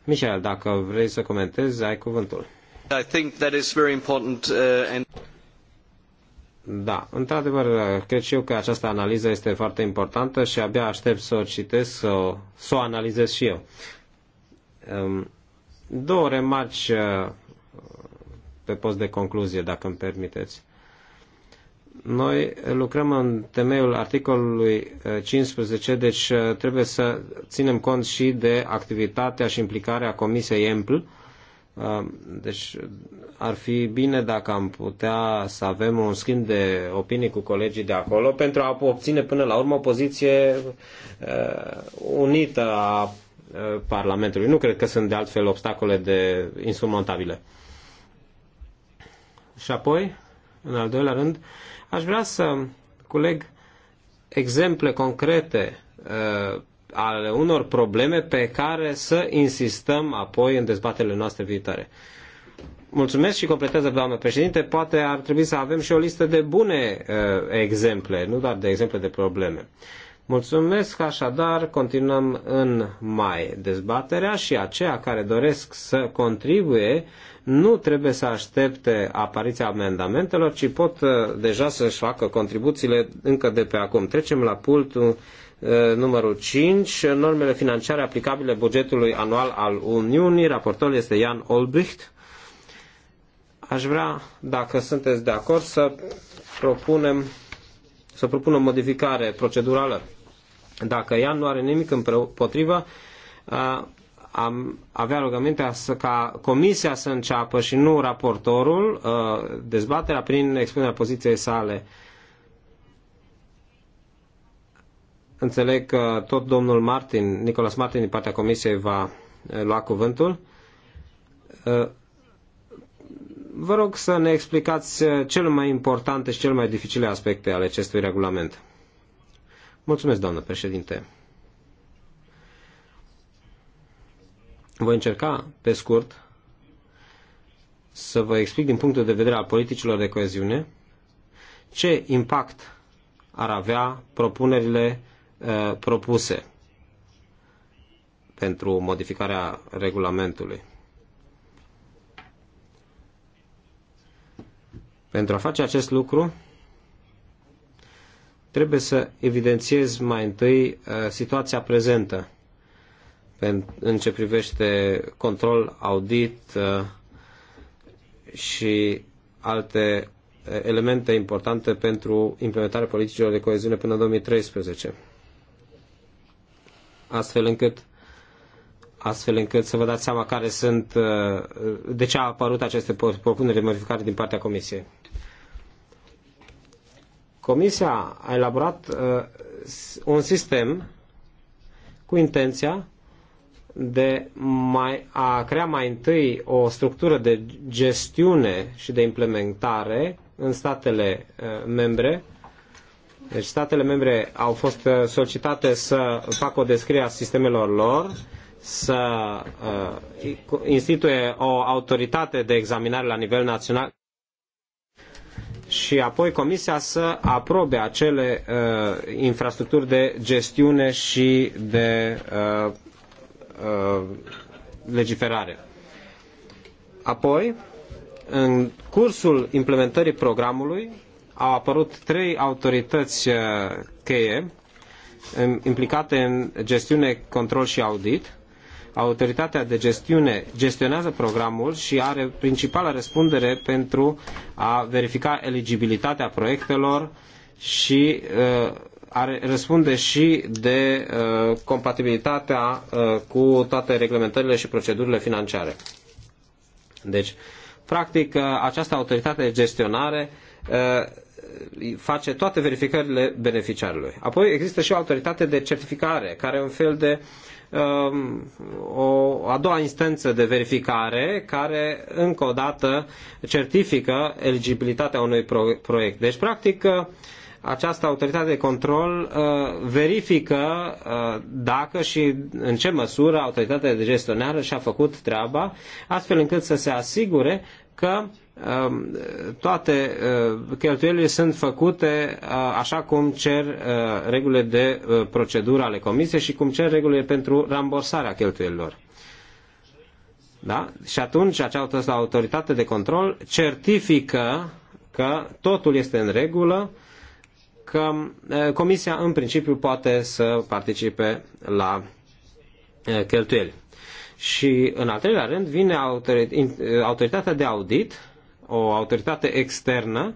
Michel, dacă vrei să comentezi, ai cuvântul. I think that is very important uh, and da, într-adevăr, cred și eu că această analiză este foarte importantă și abia aștept să o citesc, să o, să o analizez și eu. Um, două remarci uh, pe post de concluzie, dacă îmi permiteți. Noi lucrăm în temeiul articolului 15, uh, deci uh, trebuie să ținem cont și de activitatea și implicarea Comisiei EMPL, Uh, deci ar fi bine dacă am putea să avem un schimb de opinii cu colegii de acolo pentru a obține până la urmă o poziție uh, unită a uh, Parlamentului. Nu cred că sunt de altfel obstacole de insurmontabile. Și apoi, în al doilea rând, aș vrea să culeg exemple concrete ale unor probleme pe care să insistăm apoi în dezbaterile noastre viitoare. Mulțumesc și completează, doamnă președinte, poate ar trebui să avem și o listă de bune uh, exemple, nu doar de exemple de probleme. Mulțumesc, așadar, continuăm în mai dezbaterea și aceia care doresc să contribuie nu trebuie să aștepte apariția amendamentelor, ci pot uh, deja să-și facă contribuțiile încă de pe acum. Trecem la pultul Eh, numărul 5, normele financiare aplicabile bugetului anual al Uniunii. Raportorul este Jan Olbricht. Aș vrea, dacă sunteți de acord, să propunem să propun o modificare procedurală. Dacă ea nu are nimic împotrivă, eh, am avea rugămintea să, ca comisia să înceapă și nu raportorul eh, dezbaterea prin expunerea poziției sale Înțeleg că tot domnul Martin, Nicolas Martin din partea comisiei va eh, lua cuvântul. Eh, vă rog să ne explicați eh, cele mai importante și cele mai dificile aspecte ale acestui regulament. Mulțumesc, doamnă președinte. Voi încerca, pe scurt, să vă explic din punctul de vedere al politicilor de coeziune ce impact ar avea propunerile Uh, propuse pentru modificarea regulamentului. Pentru a face acest lucru, trebuie să evidențiez mai întâi uh, situația prezentă în ce privește control, audit uh, și alte elemente importante pentru implementarea politicilor de coeziune până în 2013 astfel încât astfel încât să vă dați seama care sunt, uh, de ce a apărut aceste propuneri de modificare din partea Comisiei. Comisia a elaborat uh, un sistem cu intenția de mai, a crea mai întâi o structură de gestiune și de implementare în statele uh, membre deci statele membre au fost uh, solicitate să facă o descriere a sistemelor lor, să uh, instituie o autoritate de examinare la nivel național și apoi Comisia să aprobe acele uh, infrastructuri de gestiune și de uh, uh, legiferare. Apoi, în cursul implementării programului, au apărut trei autorități uh, cheie implicate în gestiune, control și audit. Autoritatea de gestiune gestionează programul și are principala răspundere pentru a verifica eligibilitatea proiectelor și uh, are, răspunde și de uh, compatibilitatea uh, cu toate reglementările și procedurile financiare. Deci, practic, uh, această autoritate de gestionare uh, face toate verificările beneficiarului. Apoi există și o autoritate de certificare, care e un fel de um, o a doua instanță de verificare care încă o dată certifică eligibilitatea unui pro proiect. Deci, practic, uh, această autoritate de control uh, verifică uh, dacă și în ce măsură autoritatea de gestionare și-a făcut treaba, astfel încât să se asigure că uh, Um, toate uh, cheltuielile sunt făcute uh, așa cum cer uh, regulile de procedură ale comisiei și cum cer regulile pentru rambursarea cheltuielilor. Da? Și atunci această autoritate de control certifică că totul este în regulă, că comisia în principiu poate să participe la cheltuieli. Și în al treilea rând vine autoritatea de audit o autoritate externă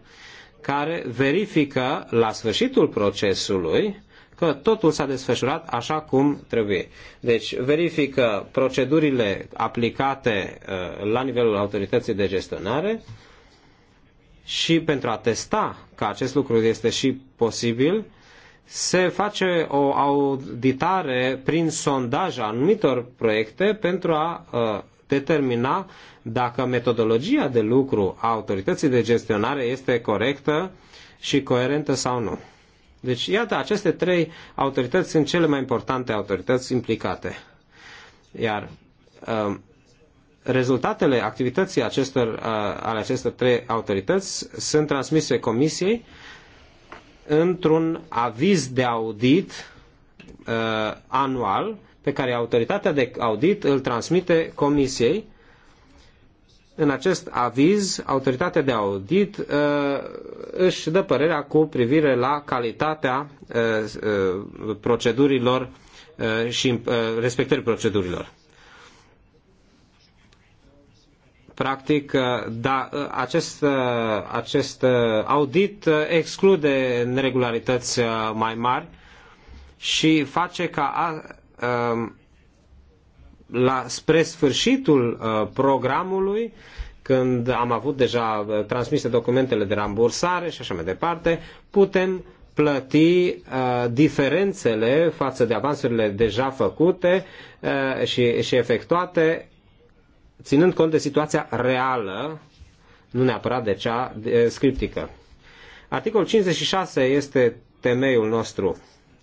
care verifică la sfârșitul procesului că totul s-a desfășurat așa cum trebuie. Deci verifică procedurile aplicate uh, la nivelul autorității de gestionare și pentru a testa că acest lucru este și posibil, se face o auditare prin sondaj a anumitor proiecte pentru a uh, determina dacă metodologia de lucru a autorității de gestionare este corectă și coerentă sau nu. Deci, iată, aceste trei autorități sunt cele mai importante autorități implicate. Iar uh, rezultatele activității acestor, uh, ale acestor trei autorități sunt transmise Comisiei într-un aviz de audit uh, anual pe care autoritatea de audit îl transmite comisiei. În acest aviz, autoritatea de audit uh, își dă părerea cu privire la calitatea uh, uh procedurilor uh, și uh, respectării procedurilor. practic, uh, da, uh, acest, acest audit exclude neregularități mai mari și face ca Um, la, spre sfârșitul uh, programului, când am avut deja uh, transmise documentele de rambursare și așa mai departe, putem plăti uh, diferențele față de avansurile deja făcute uh, și, și efectuate, ținând cont de situația reală, nu neapărat de cea de, scriptică. Articolul 56 este temeiul nostru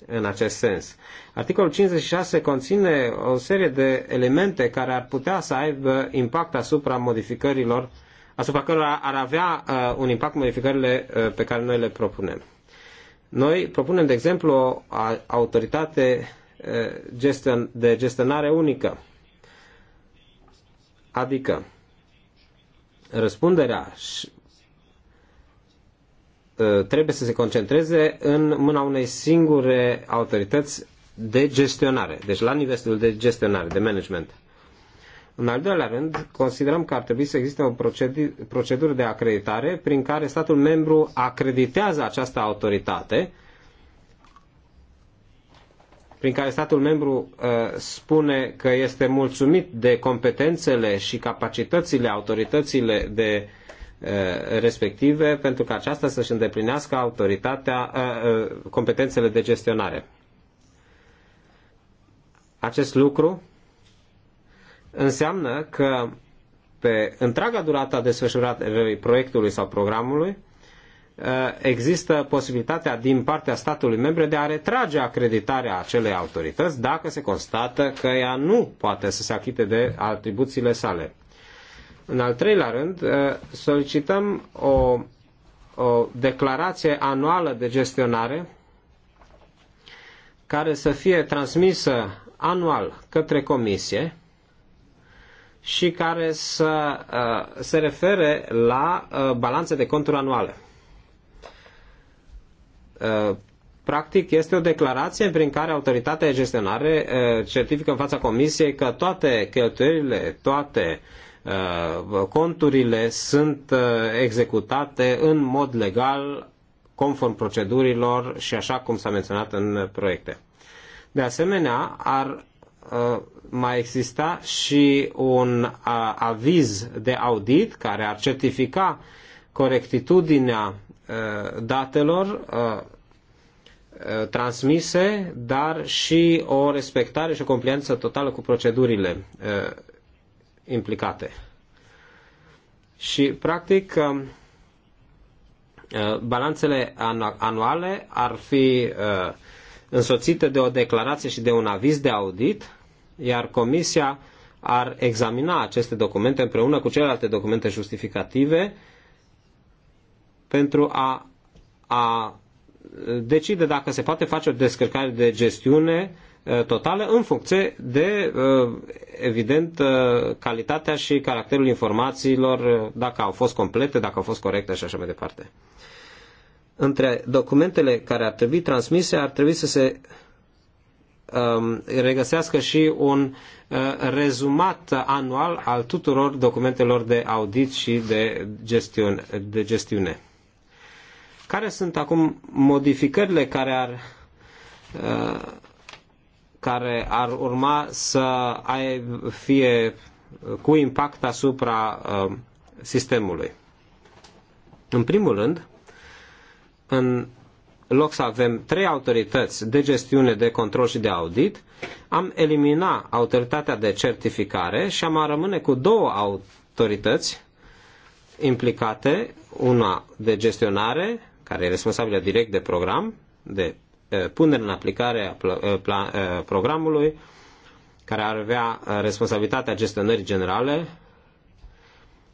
în acest sens. Articolul 56 conține o serie de elemente care ar putea să aibă impact asupra modificărilor, asupra cărora ar avea uh, un impact modificările uh, pe care noi le propunem. Noi propunem, de exemplu, o autoritate uh, de gestionare unică, adică răspunderea Uh, trebuie să se concentreze în mâna unei singure autorități de gestionare, deci la nivelul de gestionare, de management. În al doilea rând, considerăm că ar trebui să existe o procedură de acreditare prin care statul membru acreditează această autoritate, prin care statul membru uh, spune că este mulțumit de competențele și capacitățile autorităților de Eh, respective pentru ca aceasta să-și îndeplinească autoritatea, eh, eh, competențele de gestionare. Acest lucru înseamnă că pe întreaga durată a desfășurării proiectului sau programului există posibilitatea din partea statului membru de a retrage acreditarea acelei autorități dacă se constată că ea nu poate să se achite de atribuțiile sale. În al treilea rând, uh, solicităm o, o declarație anuală de gestionare care să fie transmisă anual către comisie și care să uh, se refere la uh, balanțe de conturi anuale. Practic, este o declarație prin care autoritatea de gestionare certifică în fața comisiei că toate cheltuielile, toate uh, Uh, conturile sunt uh, executate în mod legal, conform procedurilor și așa cum s-a menționat în proiecte. De asemenea, ar uh, mai exista și un aviz de audit care ar certifica corectitudinea datelor transmise, dar și o respectare și o compliență totală cu procedurile implicate. Și, practic, um, uh, balanțele anuale ar fi uh, însoțite de o declarație și de un aviz de audit, iar Comisia ar examina aceste documente împreună cu celelalte documente justificative pentru a, a decide dacă se poate face o descărcare de gestiune totală în funcție de, evident, calitatea și caracterul informațiilor, dacă au fost complete, dacă au fost corecte și așa mai departe. Între documentele care ar trebui transmise, ar trebui să se um, regăsească și un rezumat anual al tuturor documentelor de audit și de gestiune. De gestiune. Care sunt acum modificările care ar care ar urma să fie cu impact asupra uh, sistemului. În primul rând, în loc să avem trei autorități de gestiune, de control și de audit, am elimina autoritatea de certificare și am rămâne cu două autorități implicate, una de gestionare, care e responsabilă direct de program, de Eh, punere în aplicare a eh, eh, programului, care ar avea responsabilitatea gestionării generale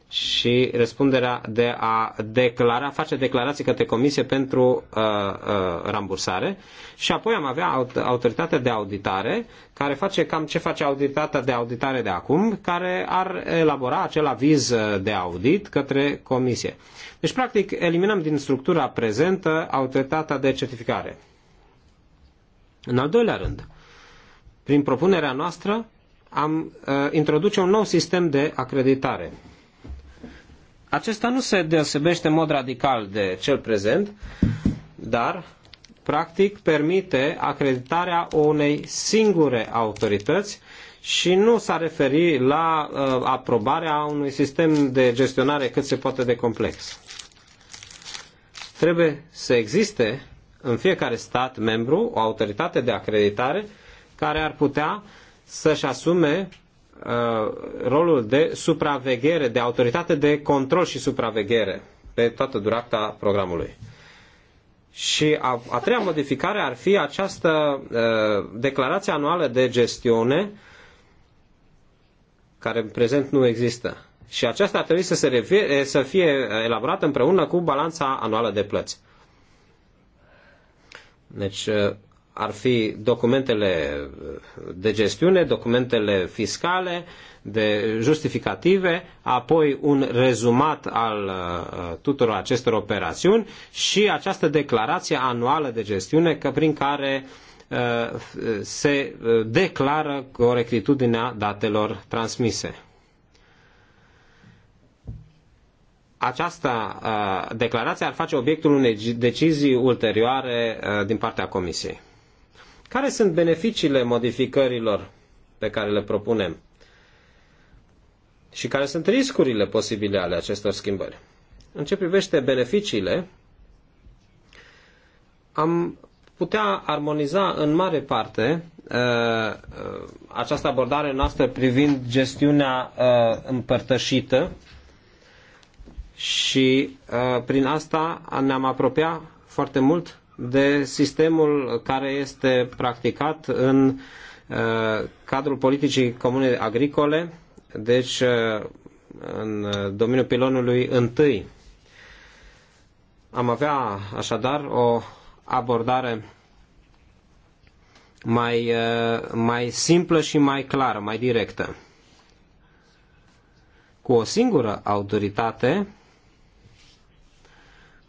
și răspunderea de a declara, face declarații către Comisie pentru uh, uh, rambursare și apoi am avea autoritatea de auditare care face cam ce face auditatea de auditare de acum, care ar elabora acel aviz de audit către Comisie. Deci, practic, eliminăm din structura prezentă autoritatea de certificare. În al doilea rând, prin propunerea noastră am uh, introduce un nou sistem de acreditare. Acesta nu se deosebește în mod radical de cel prezent, dar practic permite acreditarea unei singure autorități și nu s-a referi la uh, aprobarea unui sistem de gestionare cât se poate de complex. Trebuie să existe în fiecare stat membru o autoritate de acreditare care ar putea să-și asume uh, rolul de supraveghere, de autoritate de control și supraveghere pe toată durata programului. Și a, a treia modificare ar fi această uh, declarație anuală de gestiune care în prezent nu există. Și aceasta ar trebui să, se revie, să fie elaborată împreună cu balanța anuală de plăți. Uh, deci uh, ar fi documentele de gestiune, documentele fiscale, de justificative, apoi un rezumat al uh, tuturor acestor operațiuni și această declarație anuală de gestiune că prin care uh, se declară corectitudinea datelor transmise. această uh, declarație ar face obiectul unei deci- decizii ulterioare uh, din partea Comisiei. Care sunt beneficiile modificărilor pe care le propunem? Și care sunt riscurile posibile ale acestor schimbări? În ce privește beneficiile, am putea armoniza în mare parte uh, uh această abordare noastră privind gestiunea uh, împărtășită uh, și uh, prin asta ne-am apropiat foarte mult de sistemul care este practicat în uh, cadrul politicii comune agricole, deci uh, în domeniul pilonului întâi. Am avea așadar o abordare mai, mai simplă și mai clară, mai directă. Cu o singură autoritate,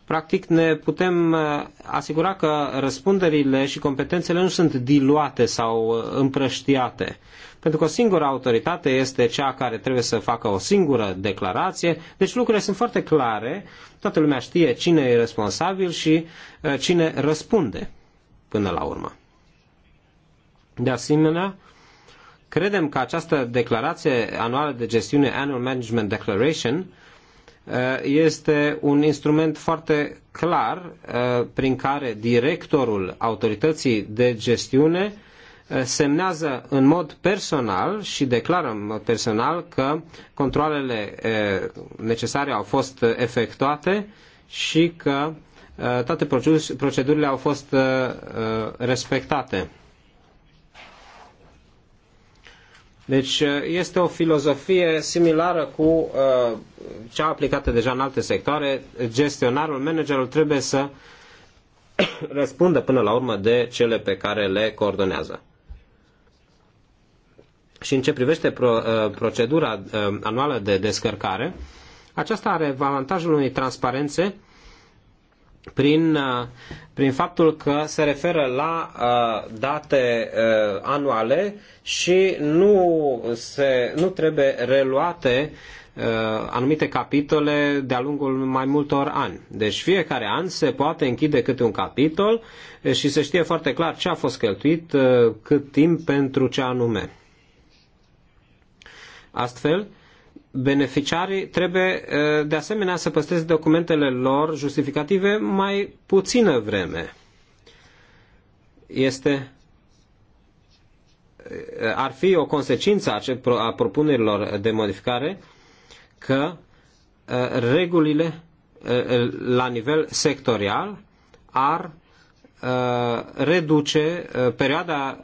practic ne putem uh, asigura că răspunderile și competențele nu sunt diluate sau uh, împrăștiate. Pentru că o singură autoritate este cea care trebuie să facă o singură declarație, deci lucrurile sunt foarte clare, toată lumea știe cine e responsabil și uh, cine răspunde până la urmă. De asemenea, credem că această declarație anuală de gestiune, Annual Management Declaration, Eh, este un instrument foarte clar eh, prin care directorul autorității de gestiune eh, semnează în mod personal și declară în mod personal că controlele necesare au fost efectuate și că toate procedurile au fost respectate. Deci uh, este o filozofie similară cu uh, cea aplicată deja în alte sectoare. Gestionarul, managerul trebuie să [coughs] răspundă până la urmă de cele pe care le coordonează. Și în ce privește pro, uh, procedura uh, anuală de descărcare, aceasta are avantajul unei transparențe uh, prin, uh, prin faptul că se referă la uh, date uh, anuale și nu, se, nu trebuie reluate anumite capitole de-a lungul mai multor ani. Deci fiecare an se poate închide câte un capitol și se știe foarte clar ce a fost cheltuit, cât timp pentru ce anume. Astfel, beneficiarii trebuie de asemenea să păstreze documentele lor justificative mai puțină vreme. Este ar fi o consecință a propunerilor de modificare că regulile la nivel sectorial ar reduce perioada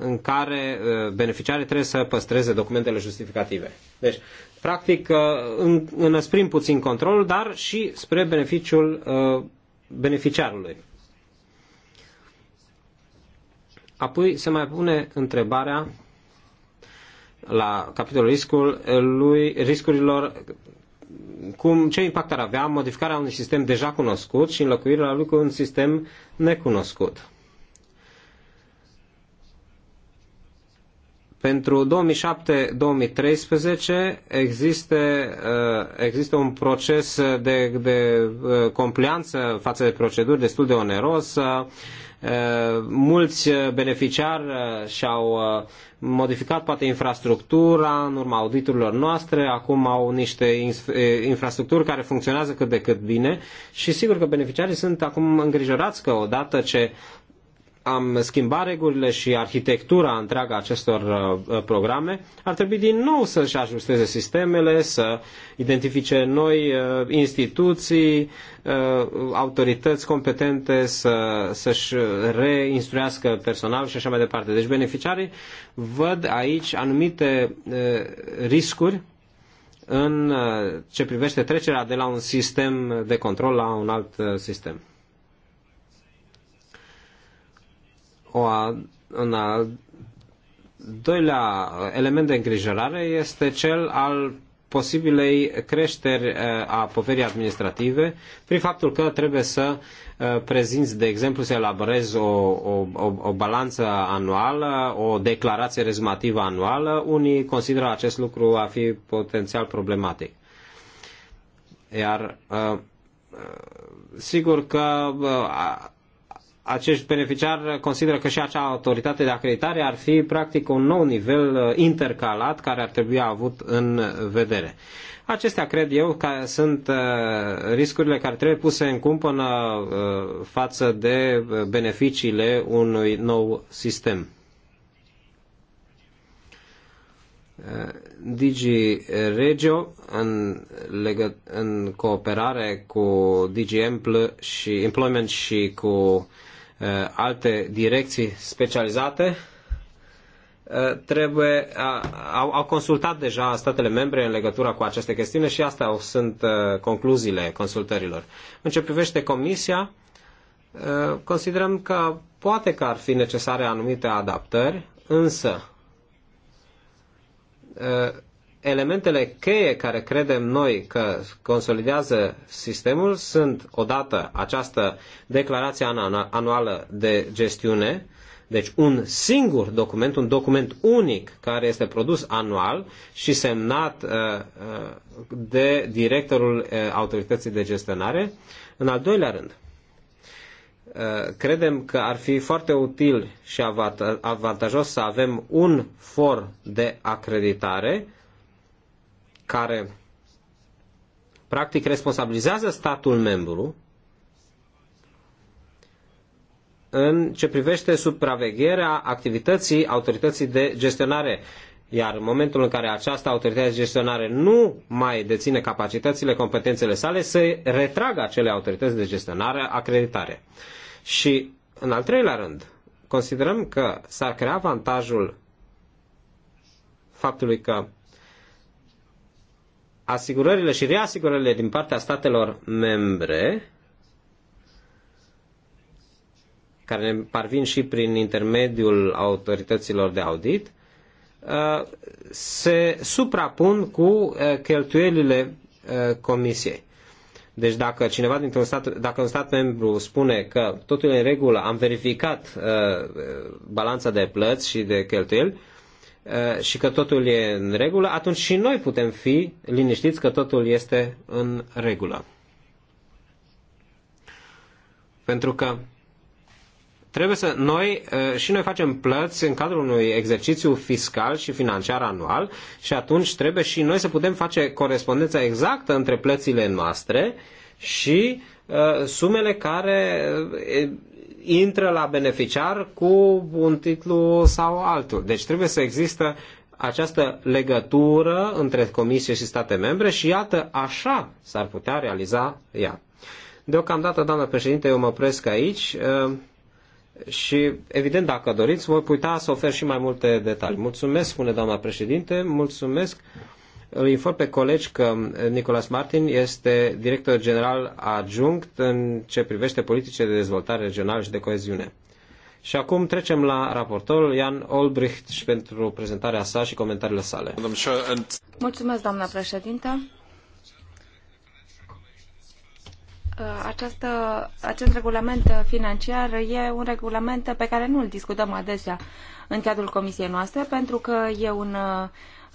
în care uh, beneficiarii trebuie să păstreze documentele justificative. Deci, practic, uh, înăsprim puțin controlul, dar și spre beneficiul uh, beneficiarului. Apoi se mai pune întrebarea la capitolul riscul, lui, riscurilor cum, ce impact ar avea modificarea unui sistem deja cunoscut și înlocuirea lui cu un sistem necunoscut. Pentru 2007-2013 există, uh, există un proces de, de uh, complianță față de proceduri destul de oneros. Uh, mulți beneficiari și-au modificat poate infrastructura în urma auditurilor noastre, acum au niște infrastructuri care funcționează cât de cât bine și sigur că beneficiarii sunt acum îngrijorați că odată ce am schimbat regulile și arhitectura întreagă a acestor uh, programe, ar trebui din nou să-și ajusteze sistemele, să identifice noi uh, instituții, uh, autorități competente, să, să-și reinstruiască personal și așa mai departe. Deci beneficiarii văd aici anumite riscuri în ce privește trecerea de la un sistem de control la un alt sistem. O a, un al doilea element de îngrijorare este cel al posibilei creșteri a poverii administrative prin faptul că trebuie să prezinți, de exemplu, să elaborezi o, o, o, o balanță anuală, o declarație rezumativă anuală. Unii consideră acest lucru a fi potențial problematic. Iar sigur că acești beneficiari consideră că și acea autoritate de acreditare ar fi practic un nou nivel uh, intercalat care ar trebui avut în vedere. Acestea cred eu că sunt uh, riscurile care trebuie puse în cumpănă uh, față de beneficiile unui nou sistem. Digi Regio în, legă, în cooperare cu DG și Employment și cu Uh, alte direcții specializate, uh, trebuie, au, au consultat deja statele membre în legătură cu aceste chestiune și astea sunt uh, concluziile consultărilor. În ce privește Comisia, considerăm că poate că ar fi necesare anumite adaptări, însă elementele cheie care credem noi că consolidează sistemul sunt odată această declarație anuală de gestiune, deci un singur document, un document unic care este produs anual și semnat uh, uh, de directorul uh, autorității de gestionare. În al doilea rând, credem că ar fi foarte util și avantajos să avem un for de acreditare care practic responsabilizează statul membru în ce privește supravegherea activității autorității de gestionare. Iar în momentul în care această autoritate de gestionare nu mai deține capacitățile, competențele sale, se retragă acele autorități de gestionare acreditare. Și, în al treilea rând, considerăm că s-ar crea avantajul faptului că asigurările și reasigurările din partea statelor membre, care ne parvin și prin intermediul autorităților de audit, uh, se suprapun cu uh, cheltuielile uh, comisiei. Deci dacă cineva dintr-un stat, dacă un stat membru spune că totul e în regulă, am verificat uh, balanța de plăți și de cheltuieli, uh, Eh, și că totul e în regulă, atunci și noi putem fi liniștiți că totul este în regulă. Pentru că trebuie să noi eh, și noi facem plăți în cadrul unui exercițiu fiscal și financiar anual și atunci trebuie și noi să putem face corespondența exactă între plățile noastre și eh, sumele care intră la beneficiar cu un titlu sau altul. Deci trebuie să există această legătură între Comisie și state membre și iată, așa s-ar putea realiza ea. Deocamdată, doamnă președinte, eu mă opresc aici uh, și, evident, dacă doriți, voi putea să ofer și mai multe detalii. Mulțumesc, spune doamna președinte, mulțumesc. Îl inform pe colegi că eh, Nicolas Martin este director general adjunct în ce privește politicile de dezvoltare regională și de coeziune. Și acum trecem la raportorul Jan Olbricht și pentru prezentarea sa și comentariile sale. Mulțumesc, doamna președintă. Eh, această, acest regulament financiar e un regulament pe care nu îl discutăm adesea în cadrul comisiei noastre, pentru că e un uh,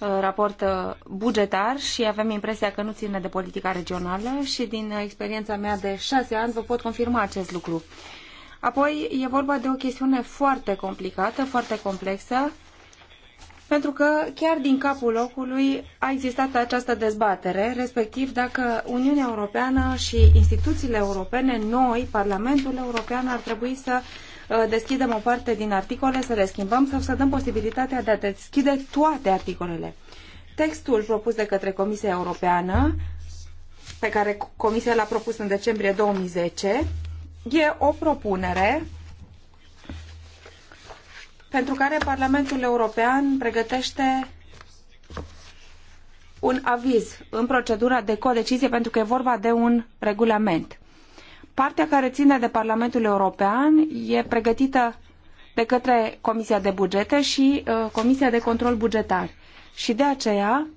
Uh, raport uh, bugetar și avem impresia că nu ține de politica regională și din experiența mea de șase ani vă pot confirma acest lucru. Apoi e vorba de o chestiune foarte complicată, foarte complexă, pentru că chiar din capul locului a existat această dezbatere, respectiv dacă Uniunea Europeană și instituțiile europene, noi, Parlamentul European, ar trebui să uh, Uh, deschidem o parte din articole, să le schimbăm sau să dăm posibilitatea de a deschide toate articolele. Textul propus de către Comisia Europeană, pe care Comisia l-a propus în decembrie 2010, e o propunere pentru care Parlamentul European pregătește un aviz în procedura de codecizie pentru că e vorba de un regulament. Partea care ține de Parlamentul European e pregătită de către Comisia de Bugete și uh, Comisia de Control Bugetar. Și de aceea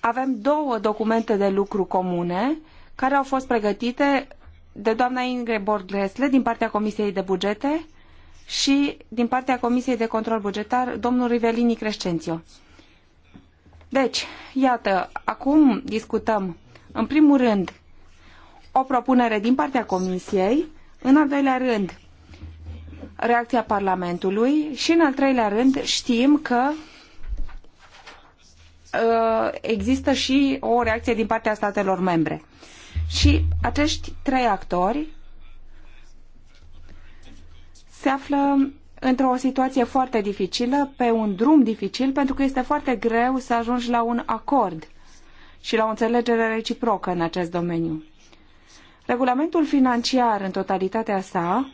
avem două documente de lucru comune care au fost pregătite de doamna Ingeborg Gresle din partea Comisiei de Bugete și din partea Comisiei de Control Bugetar, domnul Rivelini Crescențio. Deci, iată, acum discutăm în primul rând o propunere din partea Comisiei, în al doilea rând reacția Parlamentului și în al treilea rând știm că uh, există și o reacție din partea statelor membre. Și acești trei actori se află într-o situație foarte dificilă, pe un drum dificil, pentru că este foarte greu să ajungi la un acord și la o înțelegere reciprocă în acest domeniu. Regulamentul financiar în totalitatea sa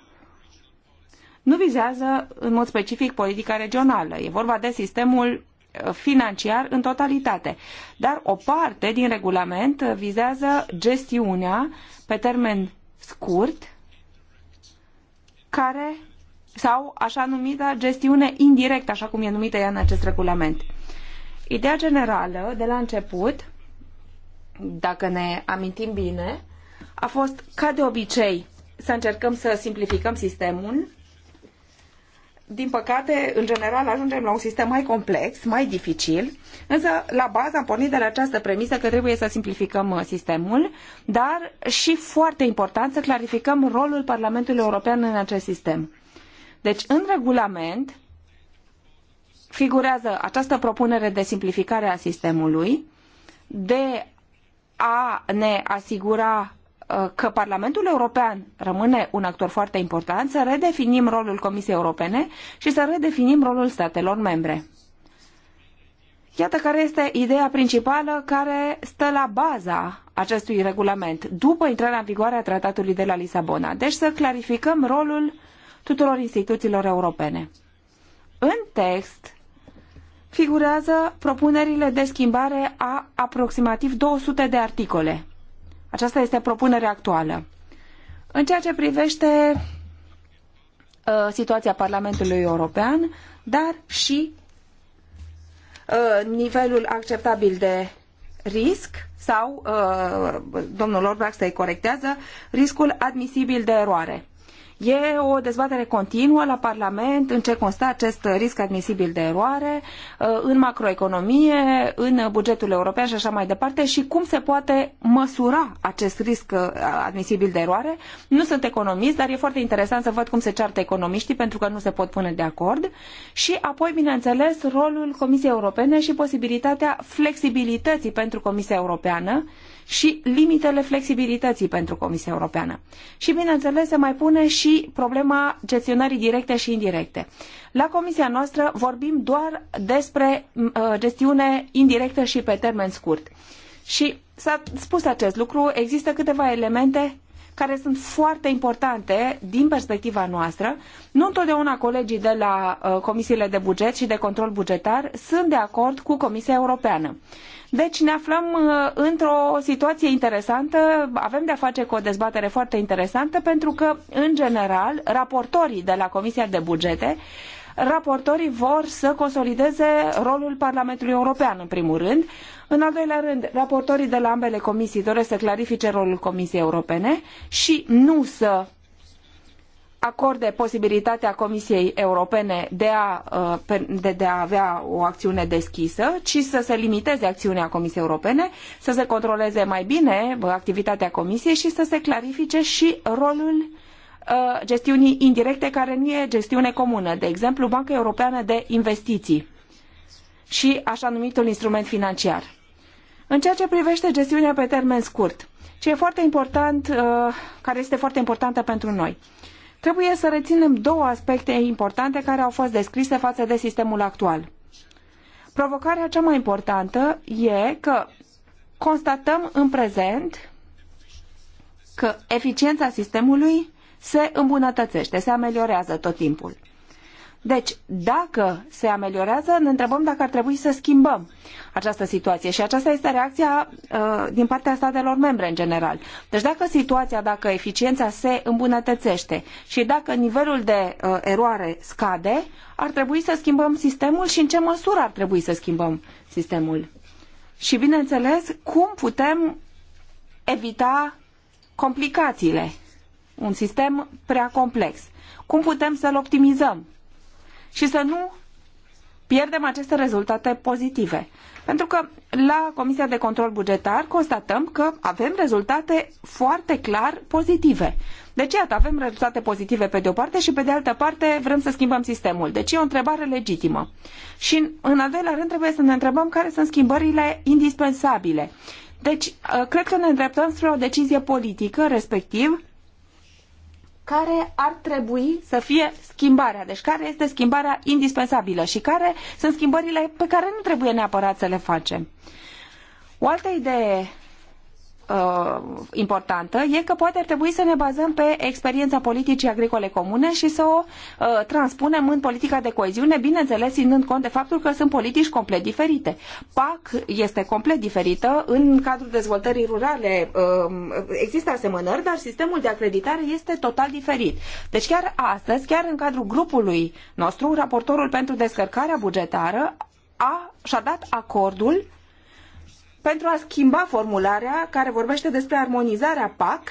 nu vizează în mod specific politica regională. E vorba de sistemul uh, financiar în totalitate. Dar o parte din regulament vizează gestiunea pe termen scurt care sau așa numită gestiune indirectă, așa cum e numită ea în acest regulament. Ideea generală de la început, dacă ne amintim bine, a fost, ca de obicei, să încercăm să simplificăm sistemul. Din păcate, în general, ajungem la un sistem mai complex, mai dificil, însă, la bază, am pornit de la această premisă că trebuie să simplificăm uh, sistemul, dar și foarte important să clarificăm rolul Parlamentului European în acest sistem. Deci, în regulament, figurează această propunere de simplificare a sistemului, de a ne asigura Uh, că Parlamentul European rămâne un actor foarte important, să redefinim rolul Comisiei Europene și să redefinim rolul statelor membre. Iată care este ideea principală care stă la baza acestui regulament după intrarea în vigoare a Tratatului de la Lisabona. Deci să clarificăm rolul tuturor instituțiilor europene. În text figurează propunerile de schimbare a aproximativ 200 de articole. Aceasta este propunerea actuală. În ceea ce privește uh, situația Parlamentului European, dar și uh, nivelul acceptabil de risc sau, uh, domnul Orbac să-i corectează, riscul admisibil de eroare. E o dezbatere continuă la Parlament în ce constă acest risc admisibil de eroare, uh, în macroeconomie, în bugetul european și așa mai departe și cum se poate măsura acest risc uh, admisibil de eroare. Nu sunt economist, dar e foarte interesant să văd cum se ceartă economiștii pentru că nu se pot pune de acord. Și apoi, bineînțeles, rolul Comisiei Europene și posibilitatea flexibilității pentru Comisia Europeană și limitele flexibilității pentru Comisia Europeană. Și, bineînțeles, se mai pune și problema gestionării directe și indirecte. La Comisia noastră vorbim doar despre uh, gestiune indirectă și pe termen scurt. Și s-a spus acest lucru, există câteva elemente care sunt foarte importante din perspectiva noastră. Nu întotdeauna colegii de la uh, comisiile de buget și de control bugetar sunt de acord cu Comisia Europeană. Deci ne aflăm uh, într-o situație interesantă, avem de-a face cu o dezbatere foarte interesantă, pentru că, în general, raportorii de la Comisia de Bugete raportorii vor să consolideze rolul Parlamentului European, în primul rând, în al doilea rând, raportorii de la ambele comisii doresc să clarifice rolul Comisiei Europene și nu să acorde posibilitatea Comisiei Europene de a, uh, de, de a, avea o acțiune deschisă, ci să se limiteze acțiunea Comisiei Europene, să se controleze mai bine uh, activitatea Comisiei și să se clarifice și rolul uh, gestiunii indirecte care nu e gestiune comună, de exemplu Banca Europeană de Investiții și așa numitul instrument financiar. În ceea ce privește gestiunea pe termen scurt, ce e foarte important, uh, care este foarte importantă pentru noi. Trebuie să reținem două aspecte importante care au fost descrise față de sistemul actual. Provocarea cea mai importantă e că constatăm în prezent că eficiența sistemului se îmbunătățește, se ameliorează tot timpul. Deci, dacă se ameliorează, ne întrebăm dacă ar trebui să schimbăm această situație. Și aceasta este reacția uh, din partea statelor membre în general. Deci dacă situația, dacă eficiența se îmbunătățește și dacă nivelul de uh, eroare scade, ar trebui să schimbăm sistemul și în ce măsură ar trebui să schimbăm sistemul. Și bineînțeles, cum putem evita complicațiile. Un sistem prea complex. Cum putem să-l optimizăm? și să nu pierdem aceste rezultate pozitive. Pentru că la Comisia de Control Bugetar constatăm că avem rezultate foarte clar pozitive. Deci, iată, avem rezultate pozitive pe de o parte și pe de altă parte vrem să schimbăm sistemul. Deci e o întrebare legitimă. Și în al doilea rând trebuie să ne întrebăm care sunt schimbările indispensabile. Deci, ă, cred că ne îndreptăm spre o decizie politică, respectiv care ar trebui să fie schimbarea, deci care este schimbarea indispensabilă și care sunt schimbările pe care nu trebuie neapărat să le facem. O altă idee uh, importantă e că poate ar trebui să ne bazăm pe experiența politicii agricole comune și să o uh, transpunem în politica de coeziune, bineînțeles, ținând cont de faptul că sunt politici complet diferite. PAC este complet diferită în cadrul dezvoltării rurale. Uh, există asemănări, dar sistemul de acreditare este total diferit. Deci chiar astăzi, chiar în cadrul grupului nostru, raportorul pentru descărcarea bugetară a și-a dat acordul pentru a schimba formularea care vorbește despre armonizarea PAC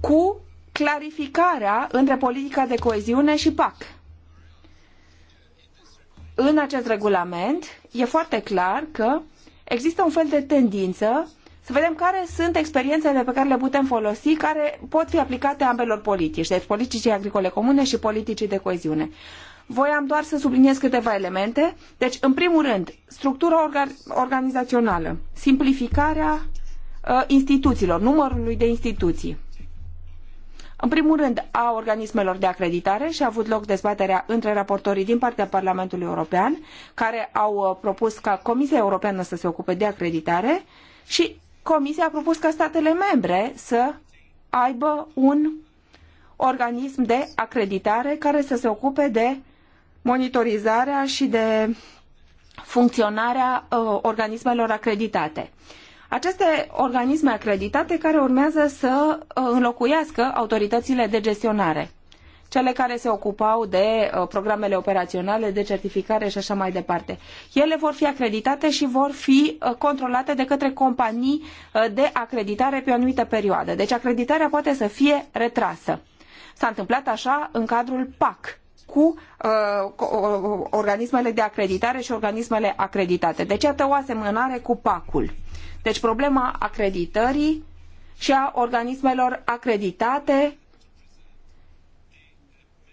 cu clarificarea între politica de coeziune și PAC. În acest regulament e foarte clar că există un fel de tendință să vedem care sunt experiențele pe care le putem folosi, care pot fi aplicate ambelor politici, deci politicii agricole comune și politicii de coeziune. Voiam doar să subliniez câteva elemente. Deci, în primul rând, structura organ organizațională, simplificarea uh, instituțiilor, numărului de instituții. În primul rând, a organismelor de acreditare și a avut loc dezbaterea între raportorii din partea Parlamentului European, care au uh, propus ca Comisia Europeană să se ocupe de acreditare și Comisia a propus ca statele membre să aibă un organism de acreditare care să se ocupe de monitorizarea și de funcționarea uh, organismelor acreditate. Aceste organisme acreditate care urmează să uh, înlocuiască autoritățile de gestionare, cele care se ocupau de uh, programele operaționale, de certificare și așa mai departe. Ele vor fi acreditate și vor fi controlate de către companii de acreditare pe o anumită perioadă. Deci acreditarea poate să fie retrasă. S-a întâmplat așa în cadrul PAC, cu uh, organismele de acreditare și organismele acreditate. Deci, iată o asemănare cu PAC-ul. Deci, problema acreditării și a organismelor acreditate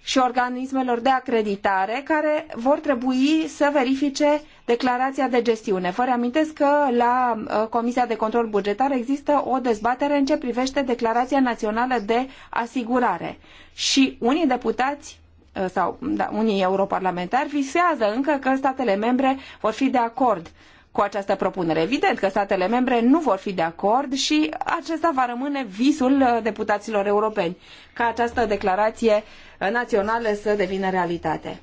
și organismelor de acreditare care vor trebui să verifice declarația de gestiune. Vă reamintesc că la uh, Comisia de Control Bugetar există o dezbatere în ce privește declarația națională de asigurare și unii deputați Uh, sau da, unii europarlamentari visează încă că statele membre vor fi de acord cu această propunere. Evident că statele membre nu vor fi de acord și acesta va rămâne visul uh, deputaților europeni, ca această declarație uh, națională să devină realitate.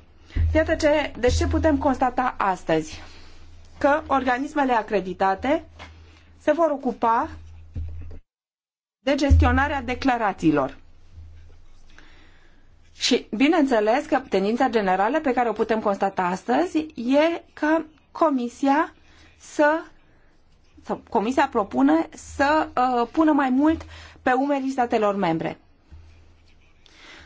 Iată ce, deci ce putem constata astăzi? Că organismele acreditate se vor ocupa de gestionarea declarațiilor. Și bineînțeles că tendința generală pe care o putem constata astăzi e că Comisia să sau Comisia propune să uh, pună mai mult pe umerii statelor membre.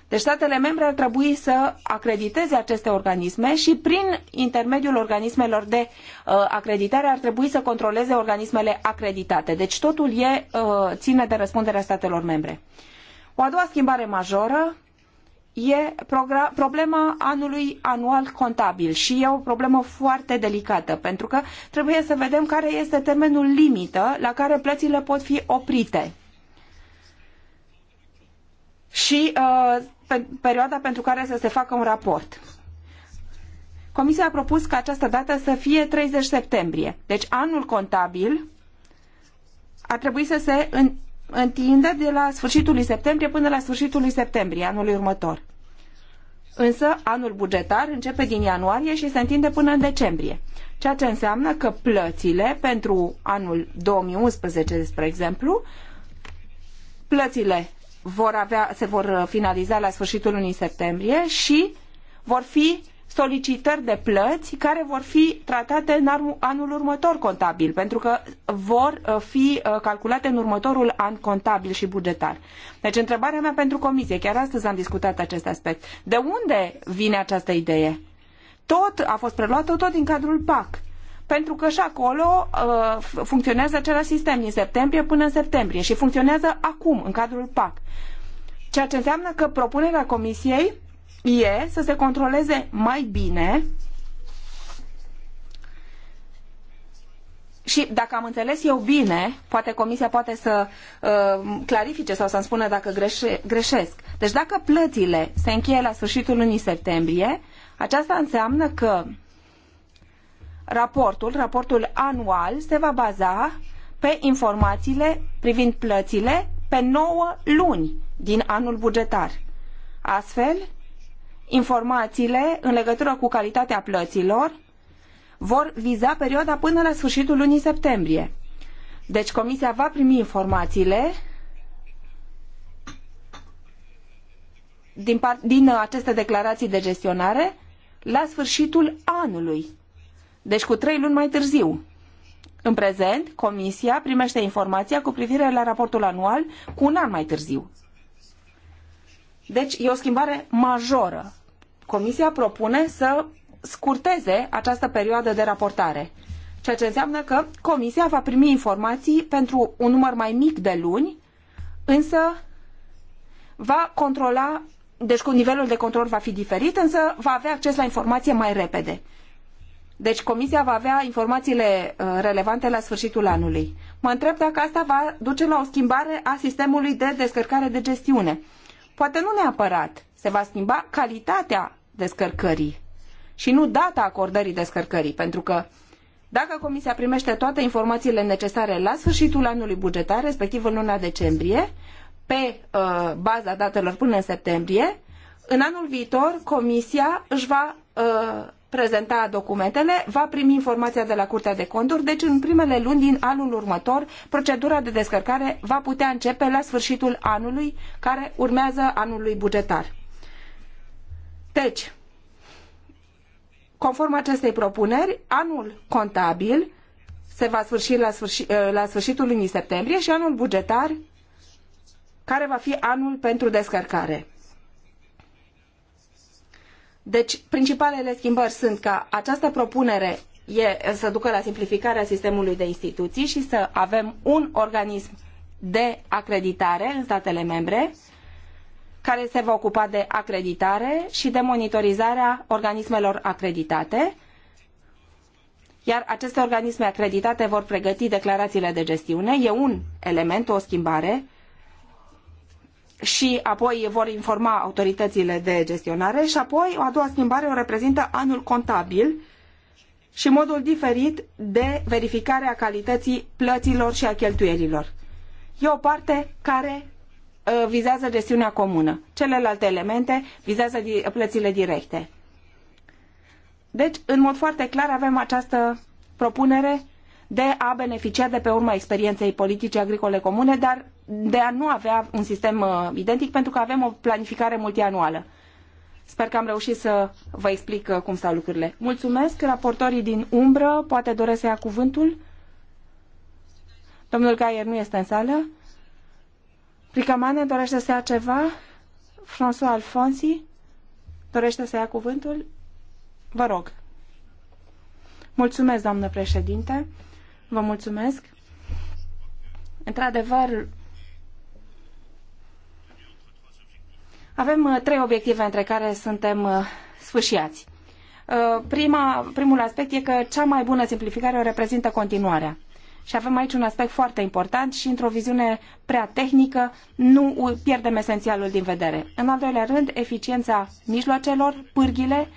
Deci statele membre ar trebui să acrediteze aceste organisme și prin intermediul organismelor de uh, acreditare ar trebui să controleze organismele acreditate. Deci totul e, uh, ține de răspunderea statelor membre. O a doua schimbare majoră e problema anului anual contabil și e o problemă foarte delicată pentru că trebuie să vedem care este termenul limită la care plățile pot fi oprite. Și uh, pe perioada pentru care să se facă un raport. Comisia a propus ca această dată să fie 30 septembrie. Deci anul contabil ar trebui să se întinde de la sfârșitul lui septembrie până la sfârșitul lui septembrie anului următor. Însă anul bugetar începe din ianuarie și se întinde până în decembrie, ceea ce înseamnă că plățile pentru anul 2011, spre exemplu, plățile vor avea, se vor finaliza la sfârșitul lunii septembrie și vor fi solicitări de plăți care vor fi tratate în anul următor contabil, pentru că vor uh, fi uh, calculate în următorul an contabil și bugetar. Deci întrebarea mea pentru comisie, chiar astăzi am discutat acest aspect. De unde vine această idee? Tot a fost preluată tot din cadrul PAC pentru că și acolo uh, funcționează același sistem din septembrie până în septembrie și funcționează acum, în cadrul PAC. Ceea ce înseamnă că propunerea Comisiei e să se controleze mai bine Și dacă am înțeles eu bine, poate comisia poate să uh, clarifice sau să-mi spună dacă greșe, greșesc. Deci dacă plățile se încheie la sfârșitul lunii septembrie, aceasta înseamnă că raportul, raportul anual, se va baza pe informațiile privind plățile pe 9 luni din anul bugetar. Astfel, informațiile în legătură cu calitatea plăților vor viza perioada până la sfârșitul lunii septembrie. Deci comisia va primi informațiile din, din aceste declarații de gestionare la sfârșitul anului, deci cu trei luni mai târziu. În prezent, Comisia primește informația cu privire la raportul anual cu un an mai târziu. Deci e o schimbare majoră Comisia propune să scurteze această perioadă de raportare, ceea ce înseamnă că Comisia va primi informații pentru un număr mai mic de luni, însă va controla, deci nivelul de control va fi diferit, însă va avea acces la informație mai repede. Deci comisia va avea informațiile uh, relevante la sfârșitul anului. Mă întreb dacă asta va duce la o schimbare a sistemului de descărcare de gestiune. Poate nu neapărat. Se va schimba calitatea descărcării și nu data acordării descărcării, pentru că dacă Comisia primește toate informațiile necesare la sfârșitul anului bugetar, respectiv în luna decembrie, pe uh, baza datelor până în septembrie, în anul viitor Comisia își va uh, prezenta documentele, va primi informația de la Curtea de Conturi, deci în primele luni din anul următor procedura de descărcare va putea începe la sfârșitul anului care urmează anului bugetar. Deci, conform acestei propuneri, anul contabil se va sfârși la, sfârși ă, la sfârșitul lunii septembrie și anul bugetar, care va fi anul pentru descărcare. Deci, principalele schimbări sunt că această propunere e să ducă la simplificarea sistemului de instituții și să avem un organism de acreditare în statele membre, uh, care se va ocupa de acreditare și de monitorizarea organismelor acreditate, iar aceste organisme acreditate vor pregăti declarațiile de gestiune. E un element, o schimbare, și apoi vor informa autoritățile de gestionare și apoi o a doua schimbare o reprezintă anul contabil și modul diferit de verificare a calității plăților și a cheltuielilor. E o parte care Uh, vizează gestiunea comună. Celelalte elemente vizează plățile directe. Deci, în mod foarte clar, avem această propunere de a beneficia de pe urma experienței politice agricole comune, dar de a nu avea un sistem uh, identic pentru că avem o planificare multianuală. Sper că am reușit să vă explic uh, cum stau lucrurile. Mulțumesc. Raportorii din umbră poate doresc să ia cuvântul. Domnul Gaier nu este în sală. Ricamane dorește să ia ceva? François Alfonsi dorește să ia cuvântul? Vă rog. Mulțumesc, doamnă președinte. Vă mulțumesc. Într-adevăr, avem uh, trei obiective între care suntem uh, sfâșiați. Uh, prima, primul aspect e că cea mai bună simplificare o reprezintă continuarea. Și avem aici un aspect foarte important și într-o viziune prea tehnică nu pierdem esențialul din vedere. În al doilea rând, eficiența mijloacelor, pârghile, uh,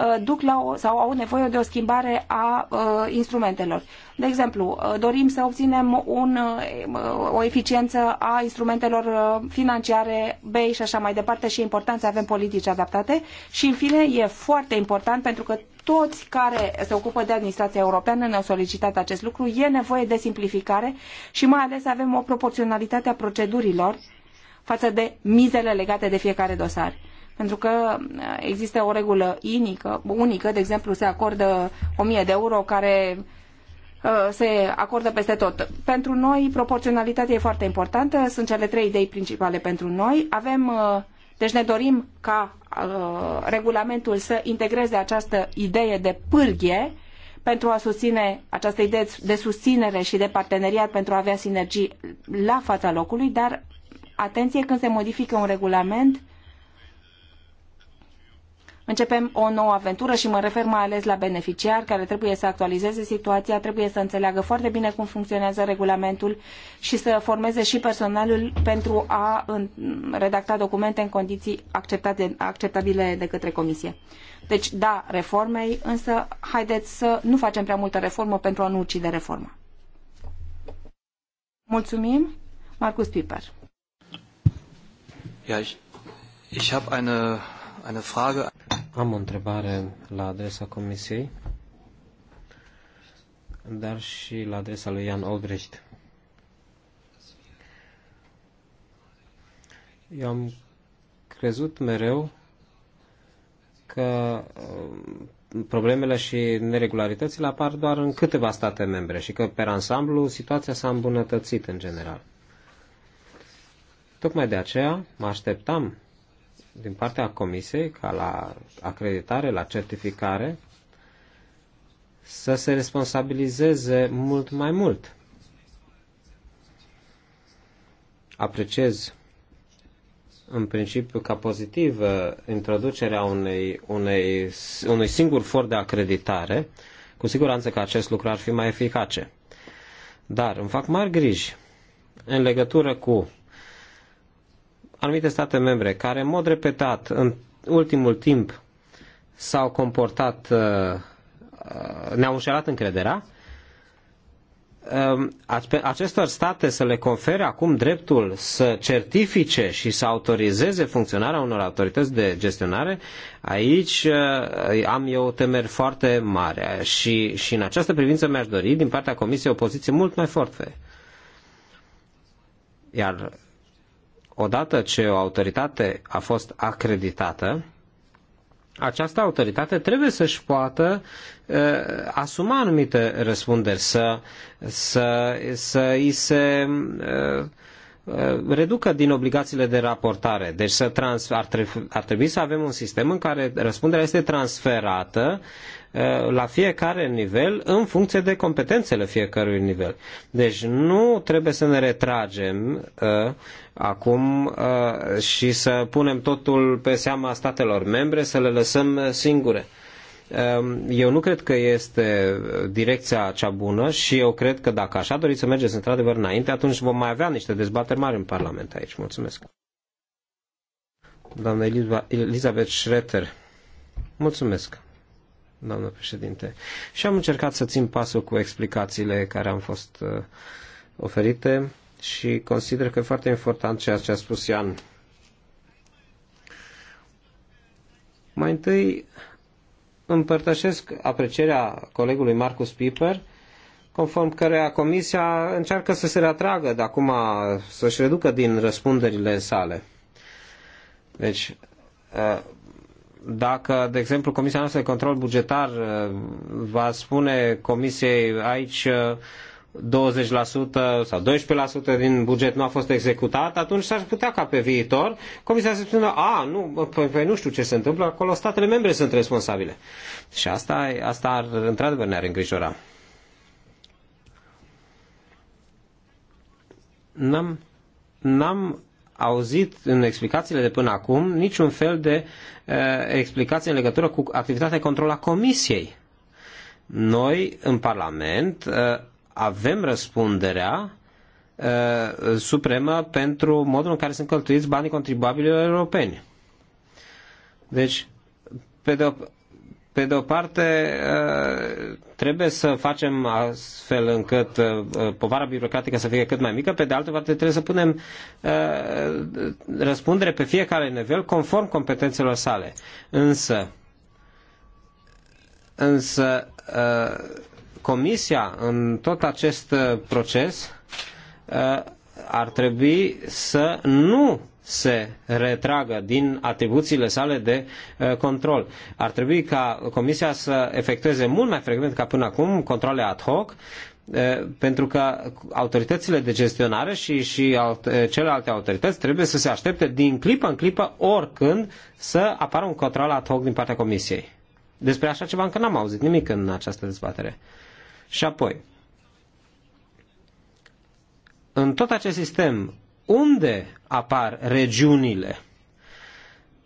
Uh, duc la o, sau au nevoie de o schimbare a uh, instrumentelor. De exemplu, uh, dorim să obținem un, o eficiență a instrumentelor financiare, BEI și așa mai departe și e important să avem politici adaptate și, în fine, e foarte important pentru că toți care se ocupă de administrația europeană ne-au solicitat acest lucru. E nevoie de simplificare și mai ales avem o proporționalitate a procedurilor față de mizele legate de fiecare dosar pentru că uh, există o regulă inică, unică, de exemplu, se acordă 1000 de euro care uh, se acordă peste tot. Pentru noi, proporționalitatea e foarte importantă, sunt cele trei idei principale pentru noi. Avem, uh, deci ne dorim ca regulamentul să integreze această idee de pârghie pentru a susține această idee de susținere și de parteneriat pentru a avea sinergii la fața locului, dar atenție când se modifică un regulament, Începem o nouă aventură și mă refer mai ales la beneficiari care trebuie să actualizeze situația, trebuie să înțeleagă foarte bine cum funcționează regulamentul și să formeze și personalul pentru a redacta documente în condiții acceptate, acceptabile de către Comisie. Deci, da, reformei, însă haideți să nu facem prea multă reformă pentru a nu ucide reforma. Mulțumim. Marcus Piper. Ja, ich, ich habe eine eine Frage. Am o întrebare la adresa Comisiei, dar și la adresa lui Ian Olbrecht. Eu am crezut mereu că um, problemele și neregularitățile apar doar în câteva state membre și că, pe ansamblu, situația s-a îmbunătățit în general. Tocmai de aceea mă așteptam din partea Comisiei ca la acreditare, la certificare, să se responsabilizeze mult mai mult. Apreciez în principiu ca pozitiv uh, introducerea unei, unei, unui singur for de acreditare, cu siguranță că acest lucru ar fi mai eficace. Dar îmi fac mari griji în legătură cu anumite state membre care în mod repetat în ultimul timp s-au comportat, uh, uh, ne-au înșelat încrederea, um, acestor state să le confere acum dreptul să certifice și să autorizeze funcționarea unor autorități de gestionare, aici uh, am eu temeri foarte mare și, și în această privință mi-aș dori din partea Comisiei o poziție mult mai forte. Iar odată ce o autoritate a fost acreditată, această autoritate trebuie să-și poată uh, asuma anumite răspunderi, să, să, să îi se uh, reducă din obligațiile de raportare. Deci să trans, ar, trebui, ar trebui să avem un sistem în care răspunderea este transferată la fiecare nivel în funcție de competențele fiecărui nivel. Deci nu trebuie să ne retragem acum uh, și să punem totul pe seama statelor membre, să le lăsăm singure. Um, eu nu cred că este direcția cea bună și eu cred că dacă așa doriți să mergeți într-adevăr înainte, atunci vom mai avea niște dezbateri mari în Parlament aici. Mulțumesc. Doamna Elizabeth Schroeter. Mulțumesc, doamnă președinte. Și am încercat să țin pasul cu explicațiile care am fost uh, oferite și consider că e foarte important ceea ce a spus Ian. Mai întâi împărtășesc aprecierea colegului Marcus Piper, conform căreia Comisia încearcă să se retragă de acum, să-și reducă din răspunderile sale. Deci, uh, dacă, de exemplu, Comisia noastră de control bugetar uh, va spune Comisiei aici uh, 20% sau 12% din buget nu a fost executat, atunci s-ar putea ca pe viitor Comisia să spună, a, nu, păi, păi nu știu ce se întâmplă, acolo statele membre sunt responsabile. Și asta, asta ar, într-adevăr ne-ar îngrijora. N-am, n-am auzit în explicațiile de până acum niciun fel de uh, explicație în legătură cu activitatea control a Comisiei. Noi, în Parlament, uh, avem răspunderea uh, supremă pentru modul în care sunt cheltuiți banii contribuabililor europeni. Deci, pe de, o, pe de o parte, uh, trebuie să facem astfel încât uh, povara birocratică să fie cât mai mică, pe de altă parte trebuie să punem uh, răspundere pe fiecare nivel conform competențelor sale. Însă, însă uh, Comisia în tot acest uh, proces uh, ar trebui să nu se retragă din atribuțiile sale de uh, control. Ar trebui ca Comisia să efectueze mult mai frecvent ca până acum controle ad hoc, pentru că autoritățile de gestionare și, și celelalte autorități trebuie să se aștepte din clipă în clipă, oricând, să apară un control ad hoc din partea Comisiei. Despre așa ceva încă n-am auzit nimic în această dezbatere. Și apoi, în tot acest sistem, unde apar regiunile?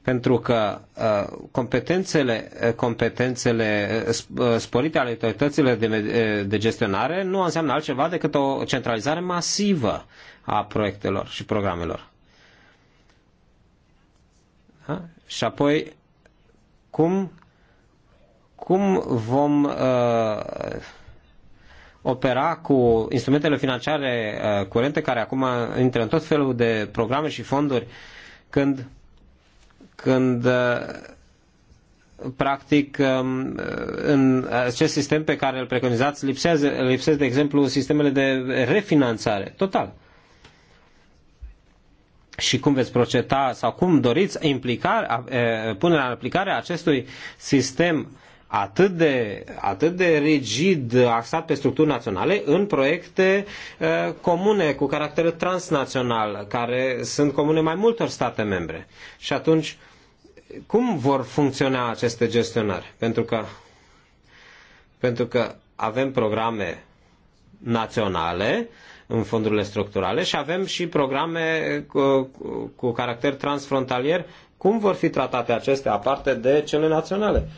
Pentru că uh, competențele, uh, competențele uh, uh, sporite ale autorităților de, de gestionare nu înseamnă altceva decât o centralizare masivă a proiectelor și programelor. Da? Și apoi, cum, cum vom uh, opera cu instrumentele financiare uh, curente care acum intră în tot felul de programe și fonduri când, când uh, practic um, uh, în acest sistem pe care îl preconizați lipsează, lipsesc de exemplu sistemele de refinanțare total și cum veți proceta sau cum doriți implicare, punerea în aplicare a acestui sistem atât de, atât de rigid axat pe structuri naționale în proiecte uh, comune cu caracter transnațional, care sunt comune mai multor state membre. Și atunci, cum vor funcționa aceste gestionări? Pentru că, pentru că avem programe naționale în fondurile structurale și avem și programe cu, cu caracter transfrontalier. Cum vor fi tratate acestea aparte de cele naționale? Uh,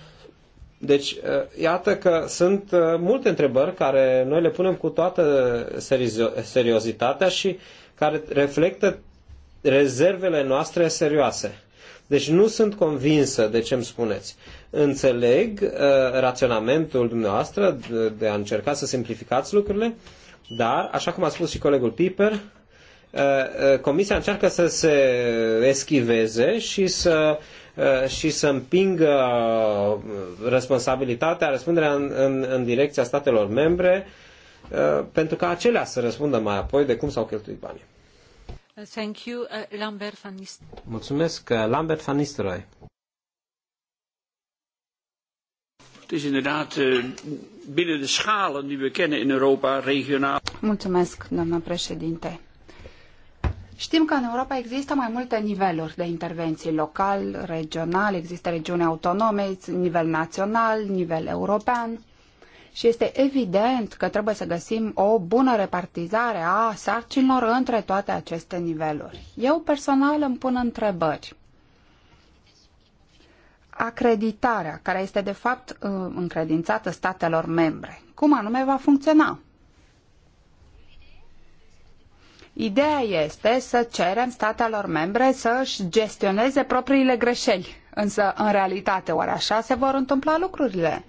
deci, uh, iată că sunt uh, multe întrebări care noi le punem cu toată seriozitatea și care reflectă rezervele noastre serioase. Deci nu sunt convinsă de ce îmi spuneți. Înțeleg uh, raționamentul dumneavoastră de, de a încerca să simplificați lucrurile, dar, așa cum a spus și colegul Piper, uh, uh, Comisia încearcă să se eschiveze și să uh, Uh, și să împingă uh, responsabilitatea, răspunderea în, în, în direcția statelor membre, uh, pentru ca acelea să răspundă mai apoi de cum s-au cheltuit banii. Thank you, Lambert van Nistelrooy. Mulțumesc, Lambert van Nistelrooy. Het is inderdaad binnen de schalen die we kennen in Europa regionaal. Mulțumesc, doamnă președinte. Știm că în Europa există mai multe niveluri de intervenții local, regional, există regiuni autonome, nivel național, nivel european și este evident că trebuie să găsim o bună repartizare a sarcinilor între toate aceste niveluri. Eu personal îmi pun întrebări. Acreditarea, care este de fapt uh, încredințată statelor membre, cum anume va funcționa? Ideea este să cerem statelor membre să își gestioneze propriile greșeli. Însă, în realitate, oare așa se vor întâmpla lucrurile?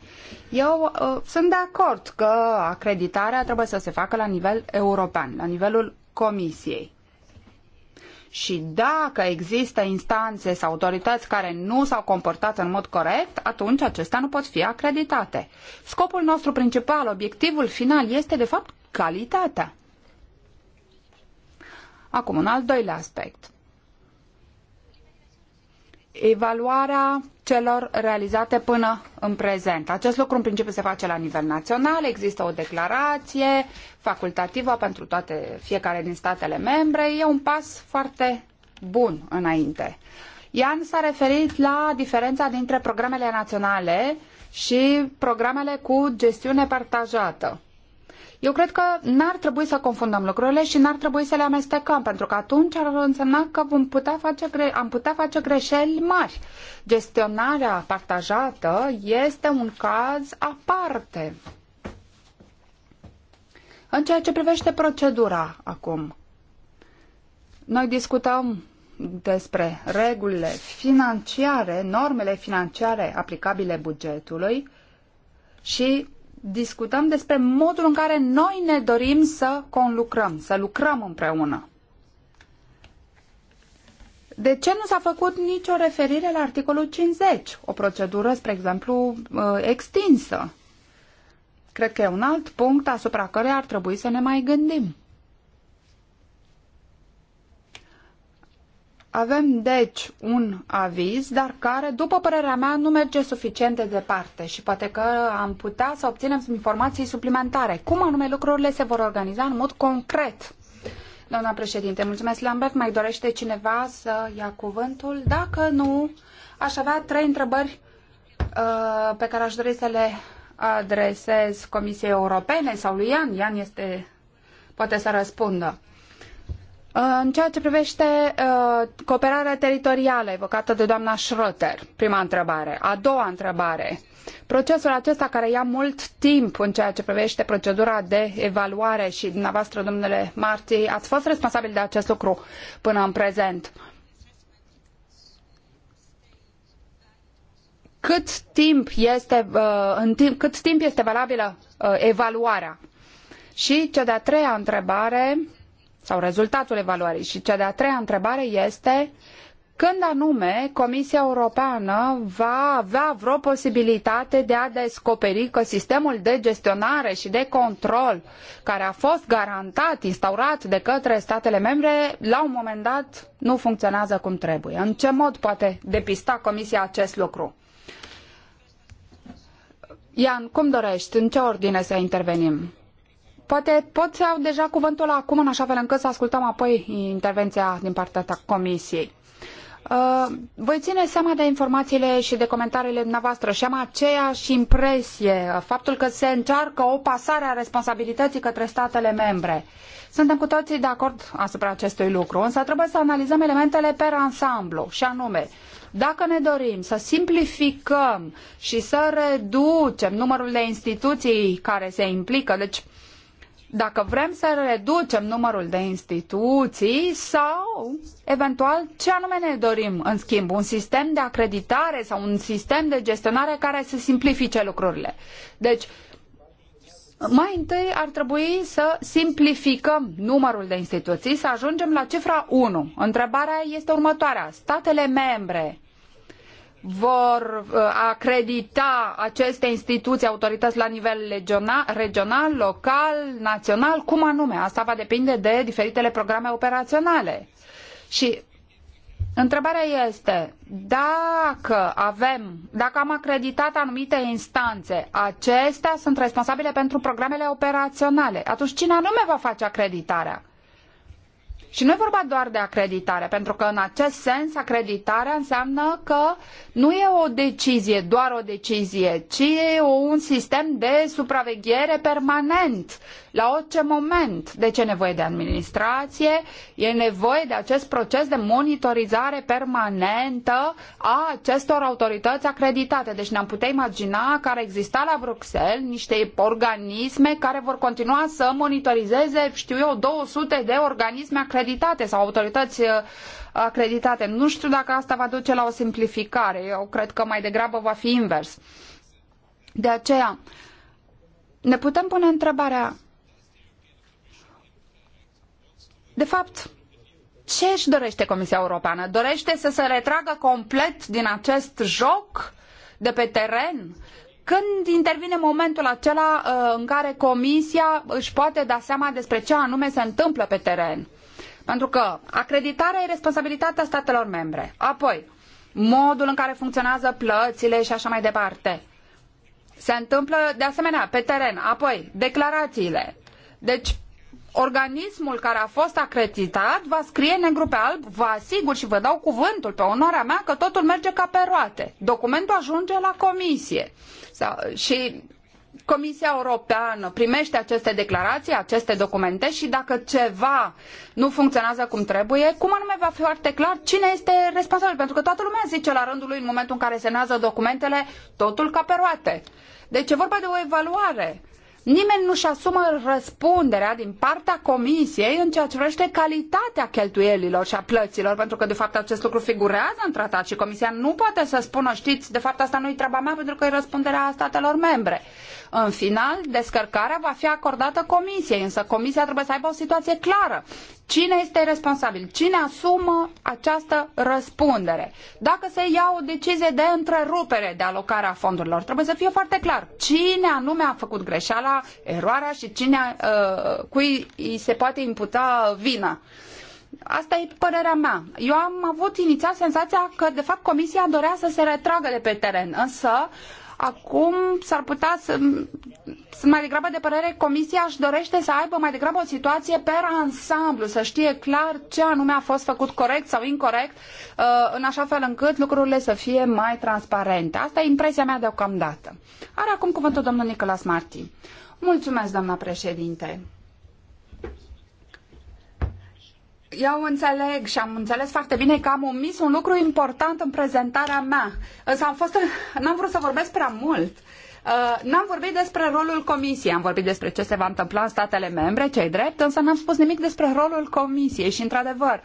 Eu uh, sunt de acord că acreditarea trebuie să se facă la nivel european, la nivelul Comisiei. Și dacă există instanțe sau autorități care nu s-au comportat în mod corect, atunci acestea nu pot fi acreditate. Scopul nostru principal, obiectivul final, este de fapt calitatea. Acum, un al doilea aspect. Evaluarea celor realizate până în prezent. Acest lucru în principiu se face la nivel național, există o declarație facultativă pentru toate fiecare din statele membre, e un pas foarte bun înainte. Ian s-a referit la diferența dintre programele naționale și programele cu gestiune partajată. Eu cred că n-ar trebui să confundăm lucrurile și n-ar trebui să le amestecăm, pentru că atunci ar însemna că vom putea face am putea face greșeli mari. Gestionarea partajată este un caz aparte. În ceea ce privește procedura acum, noi discutăm despre regulile financiare, normele financiare aplicabile bugetului și discutăm despre modul în care noi ne dorim să conlucrăm, să lucrăm împreună. De ce nu s-a făcut nicio referire la articolul 50, o procedură, spre exemplu, uh, extinsă? Cred că e un alt punct asupra care ar trebui să ne mai gândim. Avem, deci, un aviz, dar care, după părerea mea, nu merge suficient de departe și poate că am putea să obținem informații suplimentare. Cum anume lucrurile se vor organiza în mod concret? Doamna președinte, mulțumesc, Lambert. Mai dorește cineva să ia cuvântul? Dacă nu, aș avea trei întrebări uh, pe care aș dori să le adresez Comisiei Europene sau lui Ian. Ian este, poate să răspundă. În ceea ce privește uh, cooperarea teritorială evocată de doamna Schröter, prima întrebare. A doua întrebare. Procesul acesta care ia mult timp în ceea ce privește procedura de evaluare și dumneavoastră, domnule Marti, ați fost responsabil de acest lucru până în prezent. Cât timp este, uh, în timp, cât timp este valabilă uh, evaluarea? Și cea de-a treia întrebare, sau rezultatul evaluării. Și cea de-a treia întrebare este când anume Comisia Europeană va avea vreo posibilitate de a descoperi că sistemul de gestionare și de control care a fost garantat, instaurat de către statele membre, la un moment dat nu funcționează cum trebuie. În ce mod poate depista Comisia acest lucru? Ian, cum dorești? În ce ordine să intervenim? Poate pot să iau deja cuvântul acum în așa fel încât să ascultăm apoi intervenția din partea ta, comisiei. Uh, voi ține seama de informațiile și de comentariile dumneavoastră și am aceeași impresie, faptul că se încearcă o pasare a responsabilității către statele membre. Suntem cu toții de acord asupra acestui lucru, însă trebuie să analizăm elementele per ansamblu și anume, dacă ne dorim să simplificăm și să reducem numărul de instituții care se implică, deci uh, dacă vrem să reducem numărul de instituții sau, eventual, ce anume ne dorim în schimb? Un sistem de acreditare sau un sistem de gestionare care să simplifice lucrurile. Deci, mai întâi ar trebui să simplificăm numărul de instituții, să ajungem la cifra 1. Întrebarea este următoarea. Statele membre vor uh, acredita aceste instituții, autorități la nivel regional, local, național, cum anume. Asta va depinde de diferitele programe operaționale. Și întrebarea este, dacă avem, dacă am acreditat anumite instanțe, acestea sunt responsabile pentru programele operaționale, atunci cine anume va face acreditarea? Și nu e vorba doar de acreditare, pentru că în acest sens acreditarea înseamnă că nu e o decizie, doar o decizie, ci e un sistem de supraveghere permanent, la orice moment. Deci e nevoie de administrație, e nevoie de acest proces de monitorizare permanentă a acestor autorități acreditate. Deci ne-am putea imagina că ar exista la Bruxelles niște organisme care vor continua să monitorizeze, știu eu, 200 de organisme acreditate acreditate sau autorități uh, acreditate. Nu știu dacă asta va duce la o simplificare. Eu cred că mai degrabă va fi invers. De aceea, ne putem pune întrebarea, de fapt, ce își dorește Comisia Europeană? Dorește să se retragă complet din acest joc de pe teren? Când intervine momentul acela uh, în care Comisia își poate da seama despre ce anume se întâmplă pe teren? Pentru că acreditarea e responsabilitatea statelor membre. Apoi, modul în care funcționează plățile și așa mai departe. Se întâmplă de asemenea pe teren. Apoi, declarațiile. Deci, organismul care a fost acreditat va scrie negru pe alb, vă asigur și vă dau cuvântul pe onoarea mea că totul merge ca pe roate. Documentul ajunge la comisie. Sau, și Comisia Europeană primește aceste declarații, aceste documente și dacă ceva nu funcționează cum trebuie, cum anume va fi foarte clar cine este responsabil? Pentru că toată lumea zice la rândul lui în momentul în care semnează documentele totul ca pe roate. Deci e vorba de o evaluare. Nimeni nu-și asumă răspunderea din partea comisiei în ceea ce vrește calitatea cheltuielilor și a plăților, pentru că de fapt acest lucru figurează în tratat și comisia nu poate să spună, știți, de fapt asta nu e treaba mea pentru că e răspunderea statelor membre. În final, descărcarea va fi acordată comisiei, însă comisia trebuie să aibă o situație clară. Cine este responsabil? Cine asumă această răspundere? Dacă se ia o decizie de întrerupere de alocarea fondurilor, trebuie să fie foarte clar cine anume a făcut greșeala, eroarea și cine, uh, cui îi se poate imputa vina. Asta e părerea mea. Eu am avut inițial senzația că, de fapt, comisia dorea să se retragă de pe teren, însă uh, Acum s-ar putea să sunt mai degrabă de părere comisia își dorește să aibă mai degrabă o situație per ansamblu, să știe clar ce anume a fost făcut corect sau incorrect, uh, în așa fel încât lucrurile să fie mai transparente. Asta e impresia mea deocamdată. Are acum cuvântul domnul Nicolas Marti. Mulțumesc, doamna președinte. Eu înțeleg și am înțeles foarte bine că am omis un lucru important în prezentarea mea. Însă am fost, n-am vrut să vorbesc prea mult. Uh, n-am vorbit despre rolul comisiei, am vorbit despre ce se va întâmpla în statele membre, cei drept, însă n-am spus nimic despre rolul comisiei și, într-adevăr,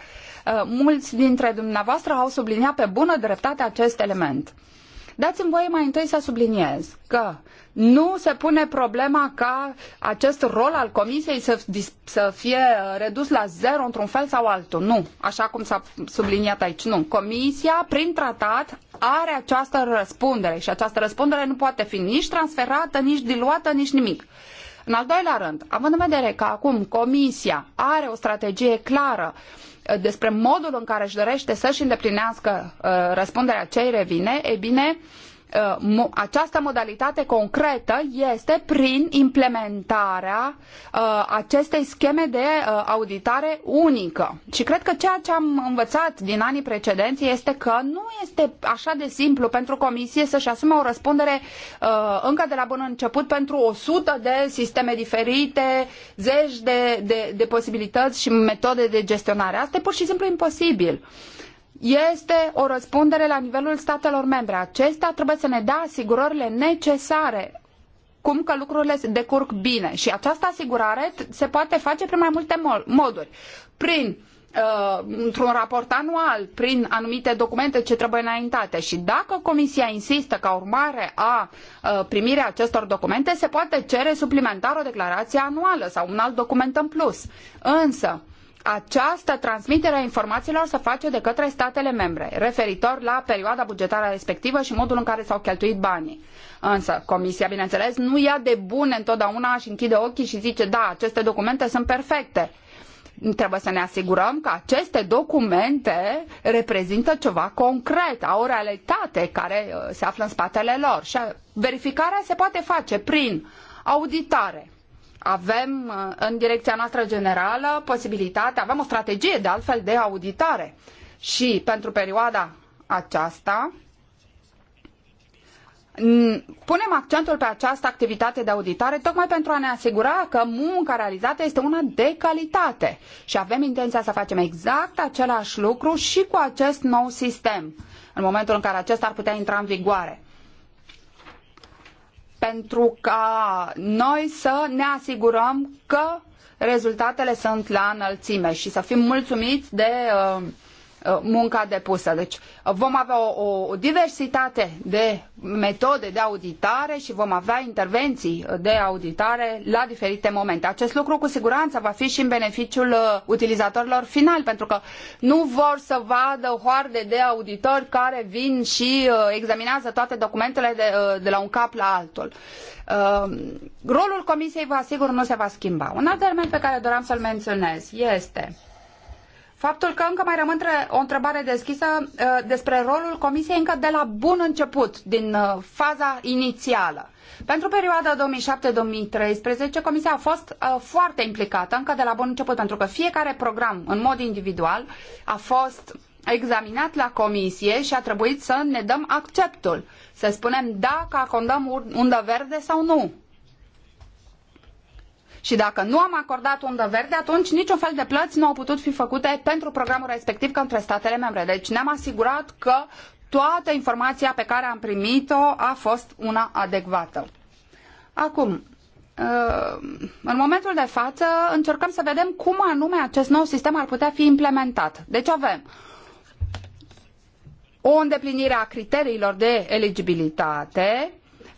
uh, mulți dintre dumneavoastră au subliniat pe bună dreptate acest element. Uh, Dați-mi voie mai întâi să subliniez că nu se pune problema ca acest rol al comisiei să, să fie redus la zero într-un fel sau altul. Nu, așa cum s-a subliniat aici, nu. Comisia, prin tratat, are această răspundere și această răspundere nu poate fi nici transferată, nici diluată, nici nimic. În al doilea rând, având în vedere că acum Comisia are o strategie clară uh, Uh, despre modul în care își dorește să-și îndeplinească uh, răspunderea ce revine, e bine, Uh, această modalitate concretă este prin implementarea uh, acestei scheme de uh, auditare unică. Și cred că ceea ce am învățat din anii precedenți este că nu este așa de simplu pentru Comisie să-și asume o răspundere încă de la bun început pentru o sută de sisteme diferite, zeci de, de, de posibilități și metode de gestionare. Asta e pur și simplu imposibil. Uh, este o răspundere la nivelul statelor membre. Acestea trebuie să ne dea asigurările necesare cum că lucrurile decurg bine. Și această asigurare se poate face prin mai multe moduri. Prin uh, într-un raport anual, prin anumite documente ce trebuie înaintate. Și dacă Comisia insistă ca urmare a uh, primirii acestor documente, se poate cere suplimentar o declarație anuală sau un alt document în plus. Însă, această transmitere a informațiilor se face de către statele membre, referitor la perioada bugetară respectivă și modul în care s-au cheltuit banii. Însă, Comisia, bineînțeles, nu ia de bune întotdeauna și închide ochii și zice, da, aceste documente sunt perfecte. Trebuie să ne asigurăm că aceste documente reprezintă ceva concret, au o realitate care uh, se află în spatele lor. Și verificarea se poate face prin auditare avem uh, în direcția noastră generală posibilitatea, avem o strategie de altfel de auditare și pentru perioada aceasta punem accentul pe această activitate de auditare tocmai pentru a ne asigura că munca realizată este una de calitate și avem intenția să facem exact același lucru și cu acest nou sistem în momentul în care acesta ar putea intra în vigoare pentru ca noi să ne asigurăm că rezultatele sunt la înălțime și să fim mulțumiți de uh, Uh, munca depusă. Deci uh, vom avea o, o diversitate de metode de auditare și vom avea intervenții de auditare la diferite momente. Acest lucru cu siguranță va fi și în beneficiul uh, utilizatorilor finali, pentru că nu vor să vadă hoarde de auditori care vin și examinează toate documentele de, de la un cap la altul. Rolul comisiei, vă asigur, nu se va schimba. Un alt element pe care doream să-l menționez este faptul că încă mai rămâne o întrebare deschisă uh, despre rolul Comisiei încă de la bun început, din uh, faza inițială. Pentru perioada 2007-2013, Comisia a fost uh, foarte implicată încă de la bun început, pentru că fiecare program, în mod individual, a fost examinat la comisie și a trebuit să ne dăm acceptul, să spunem dacă acordăm undă verde sau nu. Și dacă nu am acordat undă verde, atunci niciun fel de plăți nu au putut fi făcute pentru programul respectiv către statele membre. Deci ne-am asigurat că toată informația pe care am primit-o a fost una adecvată. Acum, uh, în momentul de față încercăm să vedem cum anume acest nou sistem ar putea fi implementat. Deci avem o îndeplinire a criteriilor de eligibilitate,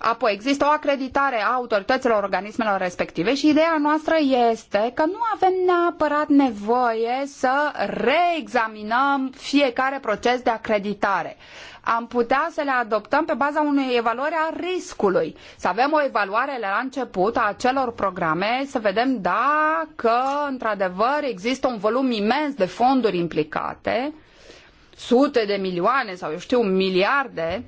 Apoi există o acreditare a autorităților organismelor respective și ideea noastră este că nu avem neapărat nevoie să reexaminăm fiecare proces de acreditare am putea să le adoptăm pe baza unei evaluări a riscului. Să avem o evaluare la început a acelor programe, să vedem dacă, într-adevăr, există un volum imens de fonduri implicate, sute de milioane sau, eu știu, miliarde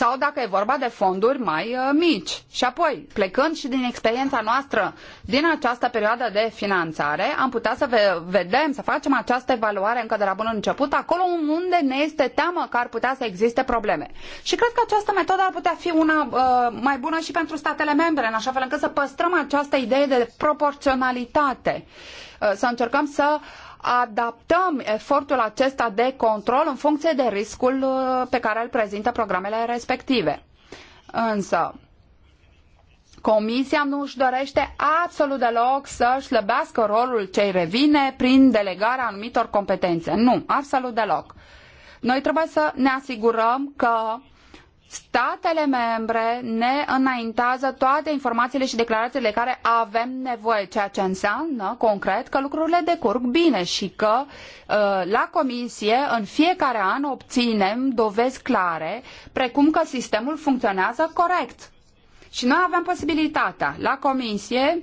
sau dacă e vorba de fonduri mai uh, mici. Și apoi, plecând și din experiența noastră din această perioadă de finanțare, am putea să ve vedem, să facem această evaluare încă de la bun început, acolo unde ne este teamă că ar putea să existe probleme. Și cred că această metodă ar putea fi una uh, mai bună și pentru statele membre, în așa fel încât să păstrăm această idee de proporționalitate, uh, să încercăm să uh, adaptăm efortul acesta de control în funcție de riscul uh, pe care îl prezintă programele respective. Însă, Comisia nu își dorește absolut deloc să își slăbească rolul ce revine prin delegarea anumitor competențe. Nu, absolut deloc. Noi trebuie să ne asigurăm că uh, statele membre ne înaintează toate informațiile și declarațiile de care avem nevoie, ceea ce înseamnă concret că lucrurile decurg bine și că uh, la comisie în fiecare an obținem dovezi clare, precum că sistemul funcționează corect. Și noi avem posibilitatea la comisie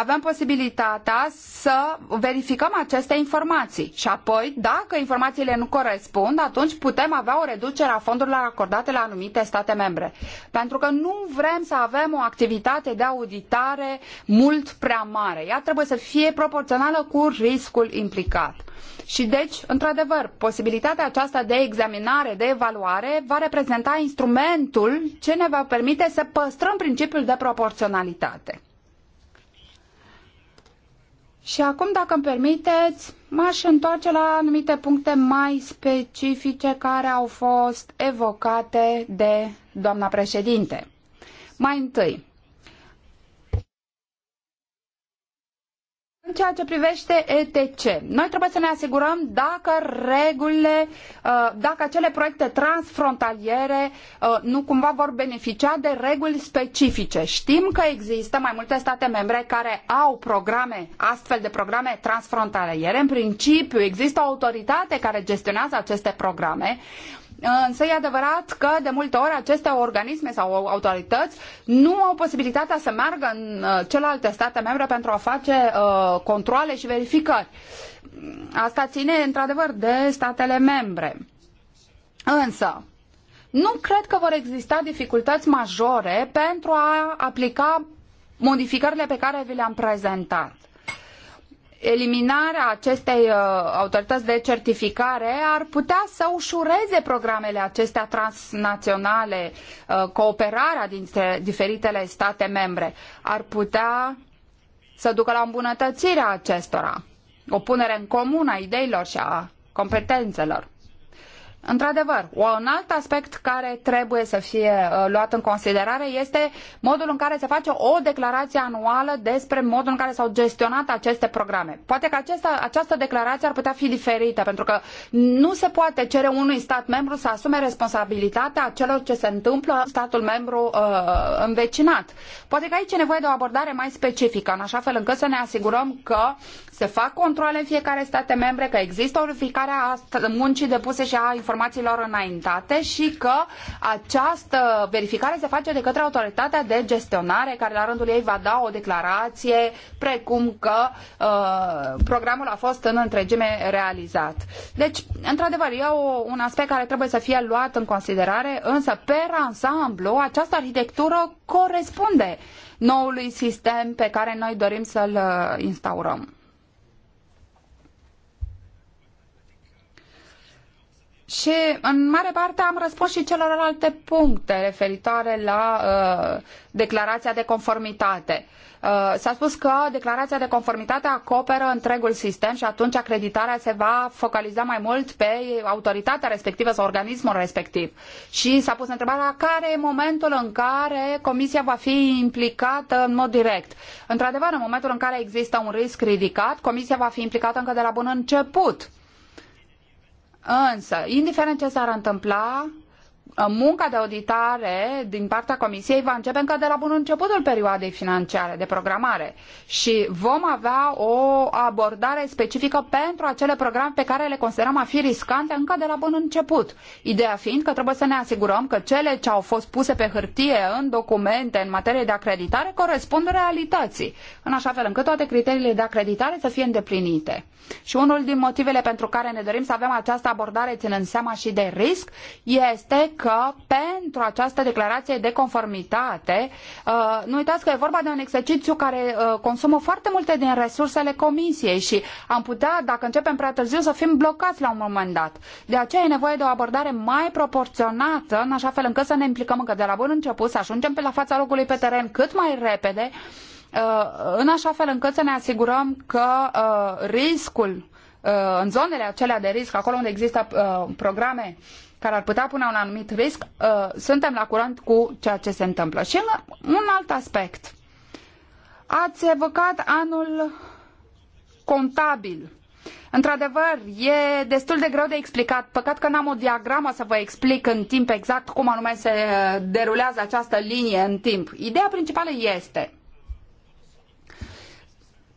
avem posibilitatea să verificăm aceste informații și apoi, dacă informațiile nu corespund, atunci putem avea o reducere a fondurilor acordate la anumite state membre. Pentru că nu vrem să avem o activitate de auditare mult prea mare. Ea trebuie să fie proporțională cu riscul implicat. Și deci, într-adevăr, posibilitatea aceasta de examinare, de evaluare, va reprezenta instrumentul ce ne va permite să păstrăm principiul de proporționalitate. Și acum, dacă îmi permiteți, m-aș întoarce la anumite puncte mai specifice care au fost evocate de doamna președinte. Mai întâi, În ceea ce privește ETC, noi trebuie să ne asigurăm dacă regulile, uh, dacă acele proiecte transfrontaliere uh, nu cumva vor beneficia de reguli specifice. Știm că există mai multe state membre care au programe, astfel de programe transfrontaliere. În principiu, există o autoritate care gestionează aceste programe, Însă e adevărat că de multe ori aceste organisme sau autorități nu au posibilitatea să meargă în uh, celelalte state membre pentru a face uh, controle și verificări. Asta ține într-adevăr de statele membre. Însă, nu cred că vor exista dificultăți majore pentru a aplica modificările pe care vi le-am prezentat eliminarea acestei uh, autorități de certificare ar putea să ușureze programele acestea transnaționale, uh, cooperarea dintre diferitele state membre. Ar putea să ducă la îmbunătățirea acestora, o punere în comun a ideilor și a competențelor. Într-adevăr, un alt aspect care trebuie să fie uh, luat în considerare este modul în care se face o declarație anuală despre modul în care s-au gestionat aceste programe. Poate că aceasta această declarație ar putea fi diferită, pentru că nu se poate cere unui stat membru să asume responsabilitatea a celor ce se întâmplă în statul membru uh, învecinat. Poate că aici e nevoie de o abordare mai specifică, în așa fel încât să ne asigurăm că se fac controle în fiecare state membre, că există o verificare a muncii depuse și a informațiilor înaintate și că această verificare se face de către autoritatea de gestionare, care la rândul ei va da o declarație precum că uh, programul a fost în întregime realizat. Deci, într-adevăr, e o, un aspect care trebuie să fie luat în considerare, însă, per ansamblu, această arhitectură corespunde noului sistem pe care noi dorim să-l uh, instaurăm. Și în mare parte am răspuns și celorlalte puncte referitoare la uh, declarația de conformitate. Uh, S-a spus că declarația de conformitate acoperă întregul sistem și atunci acreditarea se va focaliza mai mult pe autoritatea respectivă sau organismul respectiv. Și s-a pus întrebarea care e momentul în care comisia va fi implicată în mod direct. Într-adevăr, în momentul în care există un risc ridicat, comisia va fi implicată încă de la bun început. Însă, indiferent ce s-ar întâmpla, munca de auditare din partea Comisiei va începe încă de la bun începutul perioadei financiare de programare și vom avea o abordare specifică pentru acele programe pe care le considerăm a fi riscante încă de la bun început. Ideea fiind că trebuie să ne asigurăm că cele ce au fost puse pe hârtie în documente în materie de acreditare corespund realității, în așa fel încât toate criteriile de acreditare să fie îndeplinite. Și unul din motivele pentru care ne dorim să avem această abordare ținând seama și de risc este că că pentru această declarație de conformitate, uh, nu uitați că e vorba de un exercițiu care uh, consumă foarte multe din resursele comisiei și am putea, dacă începem prea târziu, să fim blocați la un moment dat. De aceea e nevoie de o abordare mai proporționată, în așa fel încât să ne implicăm încă de la bun început, să ajungem pe la fața locului pe teren cât mai repede, uh, în așa fel încât să ne asigurăm că riscul în zonele acelea de risc, acolo unde există programe care ar putea pune un anumit risc, uh, suntem la curent cu ceea ce se întâmplă. Și un alt aspect. Ați evocat anul contabil. Într-adevăr, e destul de greu de explicat. Păcat că n-am o diagramă să vă explic în timp exact cum anume se uh, derulează această linie în timp. Ideea principală este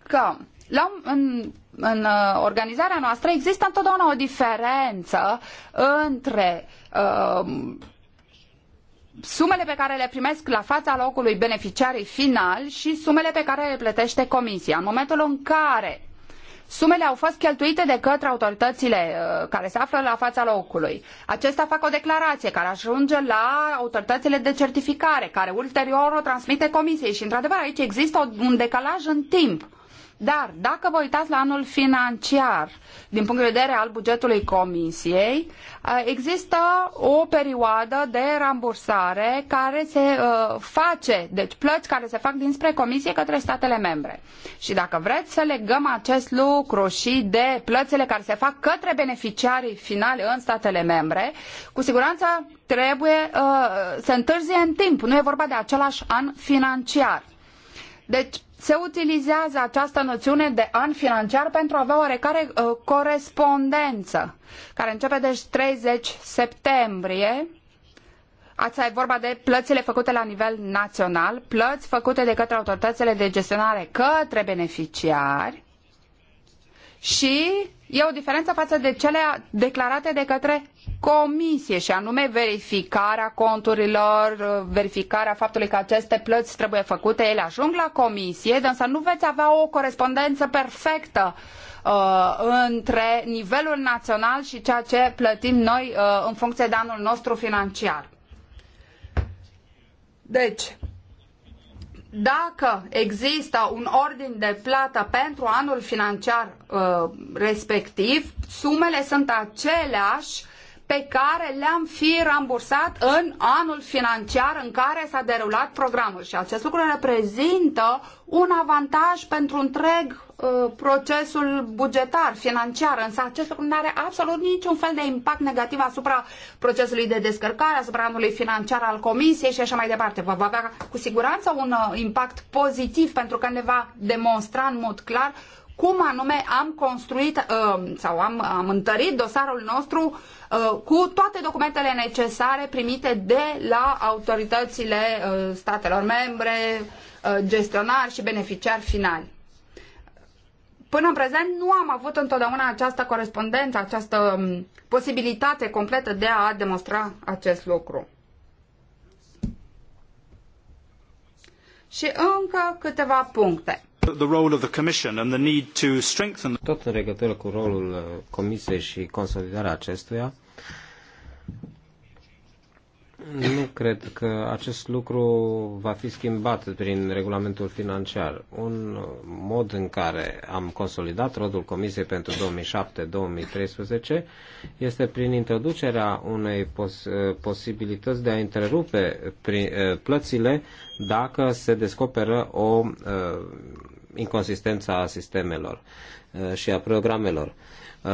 că la, în în uh, organizarea noastră există întotdeauna o diferență între uh, sumele pe care le primesc la fața locului beneficiarii final și sumele pe care le plătește comisia. În momentul în care Sumele au fost cheltuite de către autoritățile uh, care se află la fața locului. Acestea fac o declarație care ajunge la autoritățile de certificare, care ulterior o transmite comisiei și, într-adevăr, aici există un decalaj în timp dar dacă vă uitați la anul financiar, din punct de vedere al bugetului comisiei, uh, există o perioadă de rambursare care se uh, face, deci plăți care se fac dinspre comisie către statele membre. Și dacă vreți să legăm acest lucru și de plățile care se fac către beneficiarii finale în statele membre, cu siguranță trebuie uh, să întârzie în timp. Nu e vorba de același an financiar. Deci, se utilizează această noțiune de an financiar pentru a avea oarecare uh, corespondență, care începe deci 30 septembrie. Asta e vorba de plățile făcute la nivel național, plăți făcute de către autoritățile de gestionare către beneficiari și E o diferență față de cele declarate de către comisie și anume verificarea conturilor, verificarea faptului că aceste plăți trebuie făcute, ele ajung la comisie, însă nu veți avea o corespondență perfectă uh, între nivelul național și ceea ce plătim noi uh, în funcție de anul nostru financiar. Deci, dacă există un ordin de plată pentru anul financiar uh, respectiv, sumele sunt aceleași pe care le-am fi rambursat în anul financiar în care s-a derulat programul. Și acest lucru reprezintă un avantaj pentru întreg Uh, procesul bugetar, financiar, însă acest lucru nu are absolut niciun fel de impact negativ asupra procesului de descărcare, asupra anului financiar al comisiei și așa mai departe. Va avea cu siguranță un uh, impact pozitiv pentru că ne va demonstra în mod clar cum anume am construit uh, sau am, am întărit dosarul nostru cu toate documentele necesare primite de la autoritățile statelor membre, gestionari și beneficiari finali. Până în prezent nu am avut întotdeauna această corespondență, această um, posibilitate completă de a demonstra acest lucru. Și încă câteva puncte. Tot în legătură cu rolul uh, Comisiei și consolidarea acestuia, nu cred că acest lucru va fi schimbat prin regulamentul financiar. Un mod în care am consolidat rodul Comisiei pentru 2007-2013 este prin introducerea unei pos- eh, posibilități de a întrerupe eh, plățile dacă se descoperă o eh, inconsistență a sistemelor și a programelor.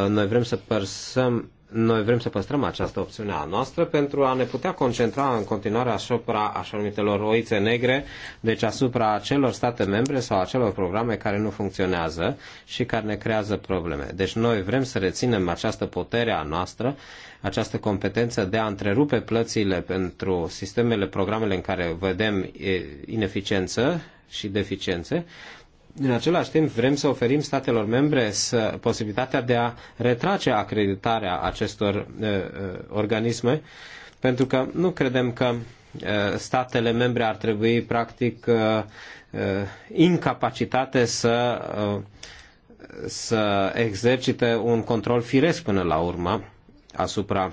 Noi vrem să părsăm noi vrem să păstrăm această opțiune a noastră pentru a ne putea concentra în continuare asupra așa numitelor oițe negre, deci asupra acelor state membre sau acelor programe care nu funcționează și care ne creează probleme. Deci noi vrem să reținem această putere a noastră, această competență de a întrerupe plățile pentru sistemele, programele în care vedem ineficiență și deficiențe, în același timp vrem să oferim statelor membre să, posibilitatea de a retrage acreditarea acestor uh, uh, organisme, pentru că nu credem că uh, statele membre ar trebui practic uh, uh, incapacitate să, uh, să exercite un control firesc până la urmă asupra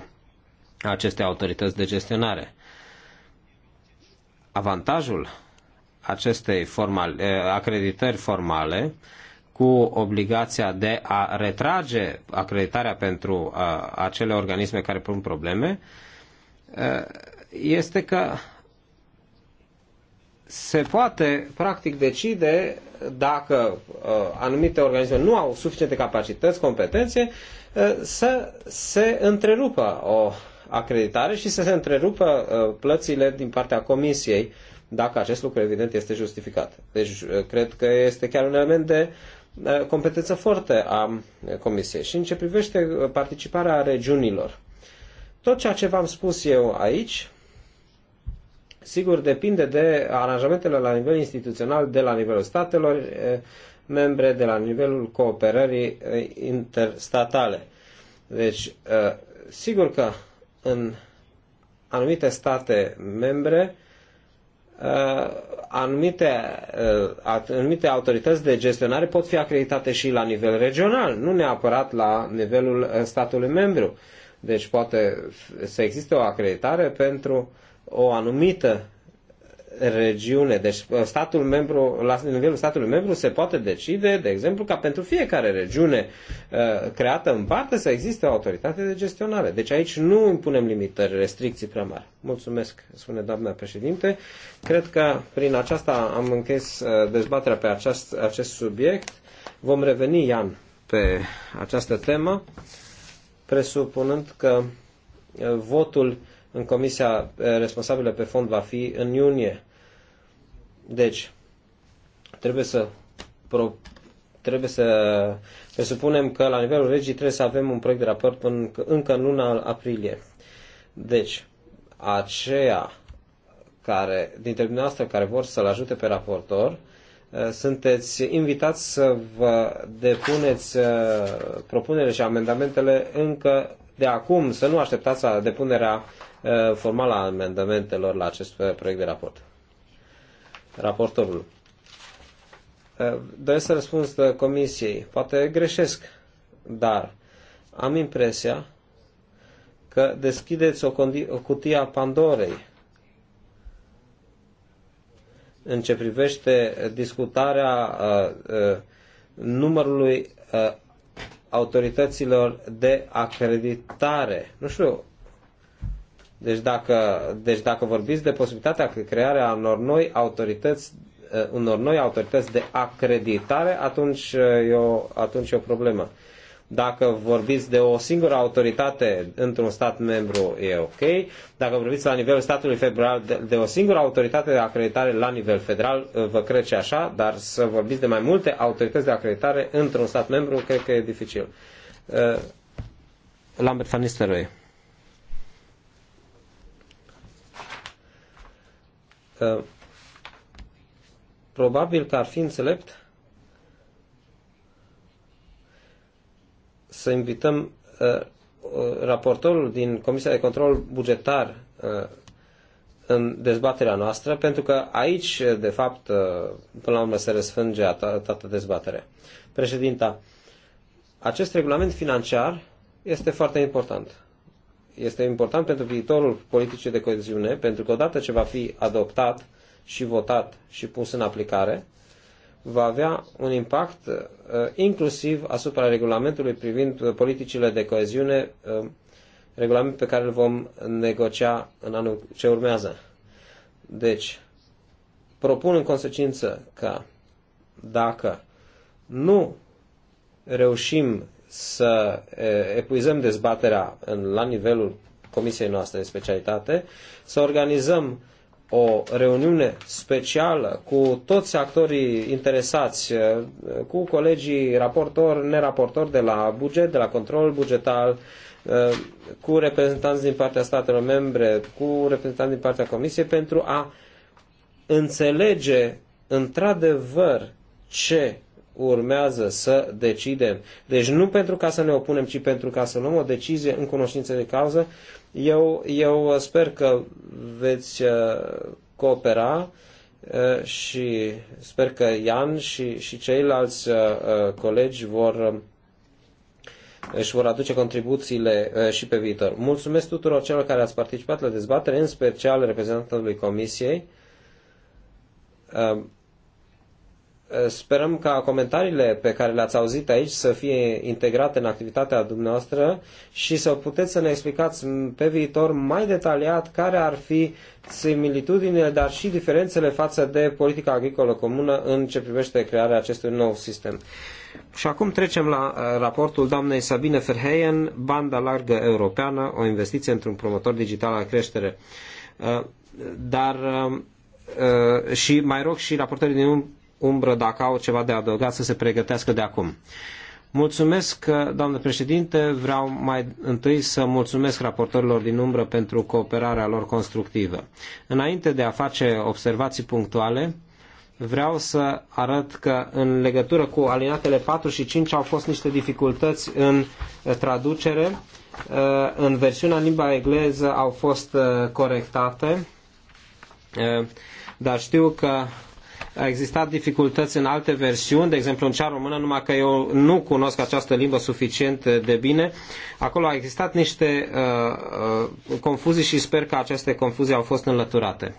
acestei autorități de gestionare. Avantajul acestei formal, eh, acreditări formale cu obligația de a retrage acreditarea pentru acele organisme care pun probleme eh, este că se poate practic decide dacă uh, anumite organisme nu au suficiente capacități, competențe, uh, să se întrerupă o acreditare și să se întrerupă uh, plățile din partea comisiei dacă acest lucru, evident, este justificat. Deci, uh, cred că este chiar un element de uh, competență foarte a uh, Comisiei. Și în ce privește participarea regiunilor, tot ceea ce v-am spus eu aici, sigur, depinde de aranjamentele la nivel instituțional, de la nivelul statelor membre, de la nivelul cooperării interstatale. Deci, sigur că în anumite state membre Uh, anumite, uh, anumite autorități de gestionare pot fi acreditate și la nivel regional, nu neapărat la nivelul uh, statului membru. Deci poate să existe o acreditare pentru o anumită regiune. Deci uh, statul membru, la nivelul statului membru se poate decide, de exemplu, ca pentru fiecare regiune uh, creată în parte să existe o autoritate de gestionare. Deci aici nu impunem limitări, restricții prea mari. Mulțumesc, spune doamna președinte. Cred că prin aceasta am încheiat uh, dezbaterea pe acest, acest subiect. Vom reveni, Ian, pe această temă, presupunând că votul în comisia responsabilă pe fond va fi în iunie. Deci, trebuie să, pro, trebuie să presupunem că la nivelul regii trebuie să avem un proiect de raport până, încă în luna aprilie. Deci, aceia care, dintre dumneavoastră care vor să-l ajute pe raportor, uh, sunteți invitați să vă depuneți uh, propunerile și amendamentele încă de acum, să nu așteptați depunerea uh, formală a amendamentelor la acest proiect de raport raportorul. Eh, doresc să răspuns de comisiei. Poate greșesc, dar am impresia că deschideți o, o cutie a Pandorei în ce privește discutarea uh, uh, numărului uh, autorităților de acreditare. Nu știu, deci dacă, deci dacă vorbiți de posibilitatea crearea unor noi autorități eh, unor noi autorități de acreditare, atunci eh, e o, atunci e o problemă. Dacă vorbiți de o singură autoritate într-un stat membru, e ok. Dacă vorbiți la nivelul statului federal de, de o singură autoritate de acreditare la nivel federal, eh, vă cred și așa, dar să vorbiți de mai multe autorități de acreditare într-un stat membru, cred că e dificil. Lambert Van Nistelrooy. că probabil că ar fi înțelept să invităm uh, uh, raportorul din Comisia de Control Bugetar uh, în dezbaterea noastră, pentru că aici, de fapt, până la urmă se răsfânge toată dezbaterea. Președinta, acest regulament financiar este foarte important este important pentru viitorul politicii de coeziune, pentru că odată ce va fi adoptat și votat și pus în aplicare, va avea un impact uh, inclusiv asupra regulamentului privind uh, politicile de coeziune, uh, regulament pe care îl vom negocia în anul ce urmează. Deci, propun în consecință că dacă nu reușim să epuizăm dezbaterea în, la nivelul comisiei noastre de specialitate, să organizăm o reuniune specială cu toți actorii interesați, cu colegii raportori, neraportori de la buget, de la control bugetal, cu reprezentanți din partea statelor membre, cu reprezentanți din partea comisiei, pentru a înțelege într-adevăr ce urmează să decidem. Deci nu pentru ca să ne opunem, ci pentru ca să luăm o decizie în cunoștință de cauză. Eu, eu sper că veți uh, coopera uh, și sper că Ian și, și ceilalți uh, colegi vor um, își vor aduce contribuțiile și pe viitor. Mulțumesc tuturor celor care ați participat la dezbatere, în special reprezentantului Comisiei. Eh, sperăm ca comentariile pe care le-ați auzit aici să fie integrate în activitatea dumneavoastră și să puteți să ne explicați pe viitor mai detaliat care ar fi similitudinile, dar și diferențele față de politica agricolă comună în ce privește crearea acestui nou sistem. Și acum trecem la eh, raportul doamnei Sabine Ferheien, Banda Largă Europeană, o investiție într-un promotor digital al creștere. Eh, dar și mai rog și raportorii din umbră, dacă au ceva de adăugat, să se pregătească de acum. Mulțumesc, doamnă președinte. Vreau mai întâi să mulțumesc raportorilor din umbră pentru cooperarea lor constructivă. Înainte de a face observații punctuale, vreau să arăt că în legătură cu alinatele 4 și 5 au fost niște dificultăți în traducere. În versiunea limba engleză au fost corectate, dar știu că a existat dificultăți în alte versiuni, de exemplu în cea română, numai că eu nu cunosc această limbă suficient de bine. Acolo au existat niște uh, uh, confuzii și sper că aceste confuzii au fost înlăturate.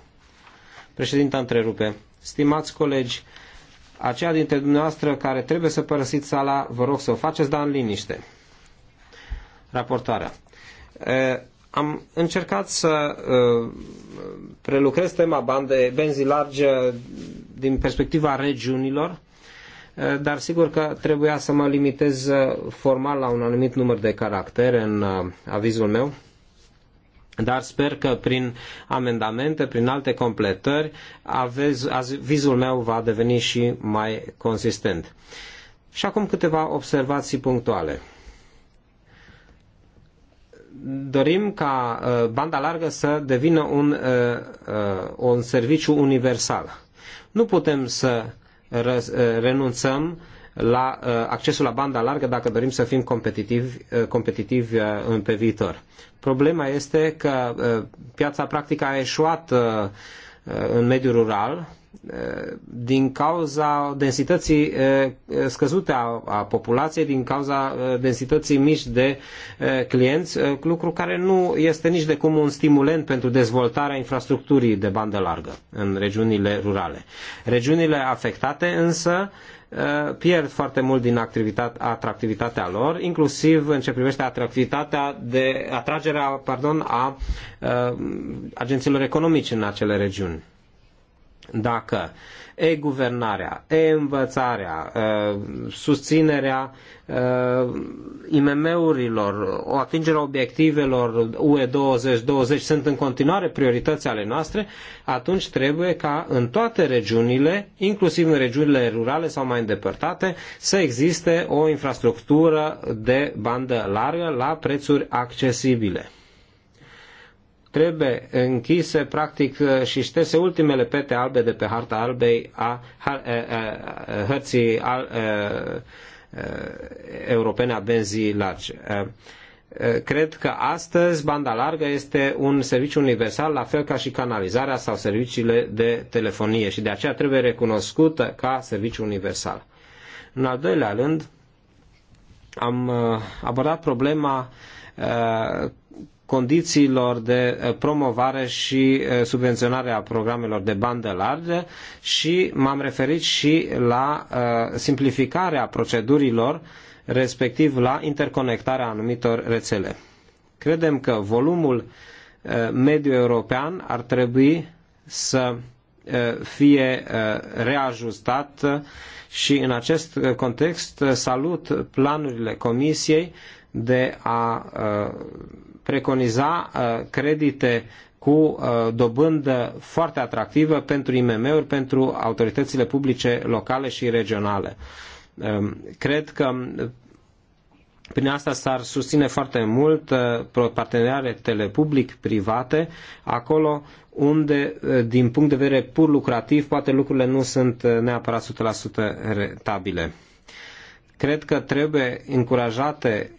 Președinta întrerupe. Stimați colegi, aceia dintre dumneavoastră care trebuie să părăsiți sala, vă rog să o faceți, dar în liniște. Raportarea. Uh, am încercat să uh, prelucrez tema bandei benzii largi din perspectiva regiunilor, uh, dar sigur că trebuia să mă limitez uh, formal la un anumit număr de caractere în avizul meu, dar sper că prin amendamente, prin alte completări, vizul avizul meu va deveni și mai consistent. Și acum câteva observații punctuale dorim ca uh, banda largă să devină un, uh, uh, un serviciu universal. Nu putem să renunțăm la accesul la banda largă dacă dorim să fim competitivi, competitivi pe viitor. Problema este că piața practică a eșuat în mediul rural din cauza densității scăzute a populației, din cauza densității mici de clienți, lucru care nu este nici de cum un stimulent pentru dezvoltarea infrastructurii de bandă largă în regiunile rurale. Regiunile afectate însă pierd foarte mult din atractivitatea lor, inclusiv în ce privește atractivitatea de atragerea pardon, a agențiilor economici în acele regiuni dacă e-guvernarea, e-învățarea, susținerea IMM-urilor, o atingerea obiectivelor UE 2020 sunt în continuare priorități ale noastre, atunci trebuie ca în toate regiunile, inclusiv în regiunile rurale sau mai îndepărtate, să existe o infrastructură de bandă largă la prețuri accesibile trebuie închise practic uh, și șterse ultimele pete albe de pe harta albei a, a, hărții europene a benzii largi. Cred că astăzi banda largă este un serviciu universal, la fel ca și canalizarea sau serviciile de telefonie și de aceea trebuie recunoscută ca serviciu universal. În al doilea rând, am uh, abordat problema uh, condițiilor de eh, promovare și eh, subvenționare a programelor de bandă largă și m-am referit și la eh, simplificarea procedurilor, respectiv la interconectarea anumitor rețele. Credem că volumul mediu european ar trebui să fie reajustat și în acest context salut planurile Comisiei de a preconiza uh, credite cu uh, dobândă foarte atractivă pentru IMM-uri, pentru autoritățile publice locale și regionale. Um, cred că prin asta s-ar susține foarte mult uh, parteneriatele public-private, acolo unde, din punct de vedere pur lucrativ, poate lucrurile nu sunt neapărat 100% rentabile. Cred că trebuie încurajate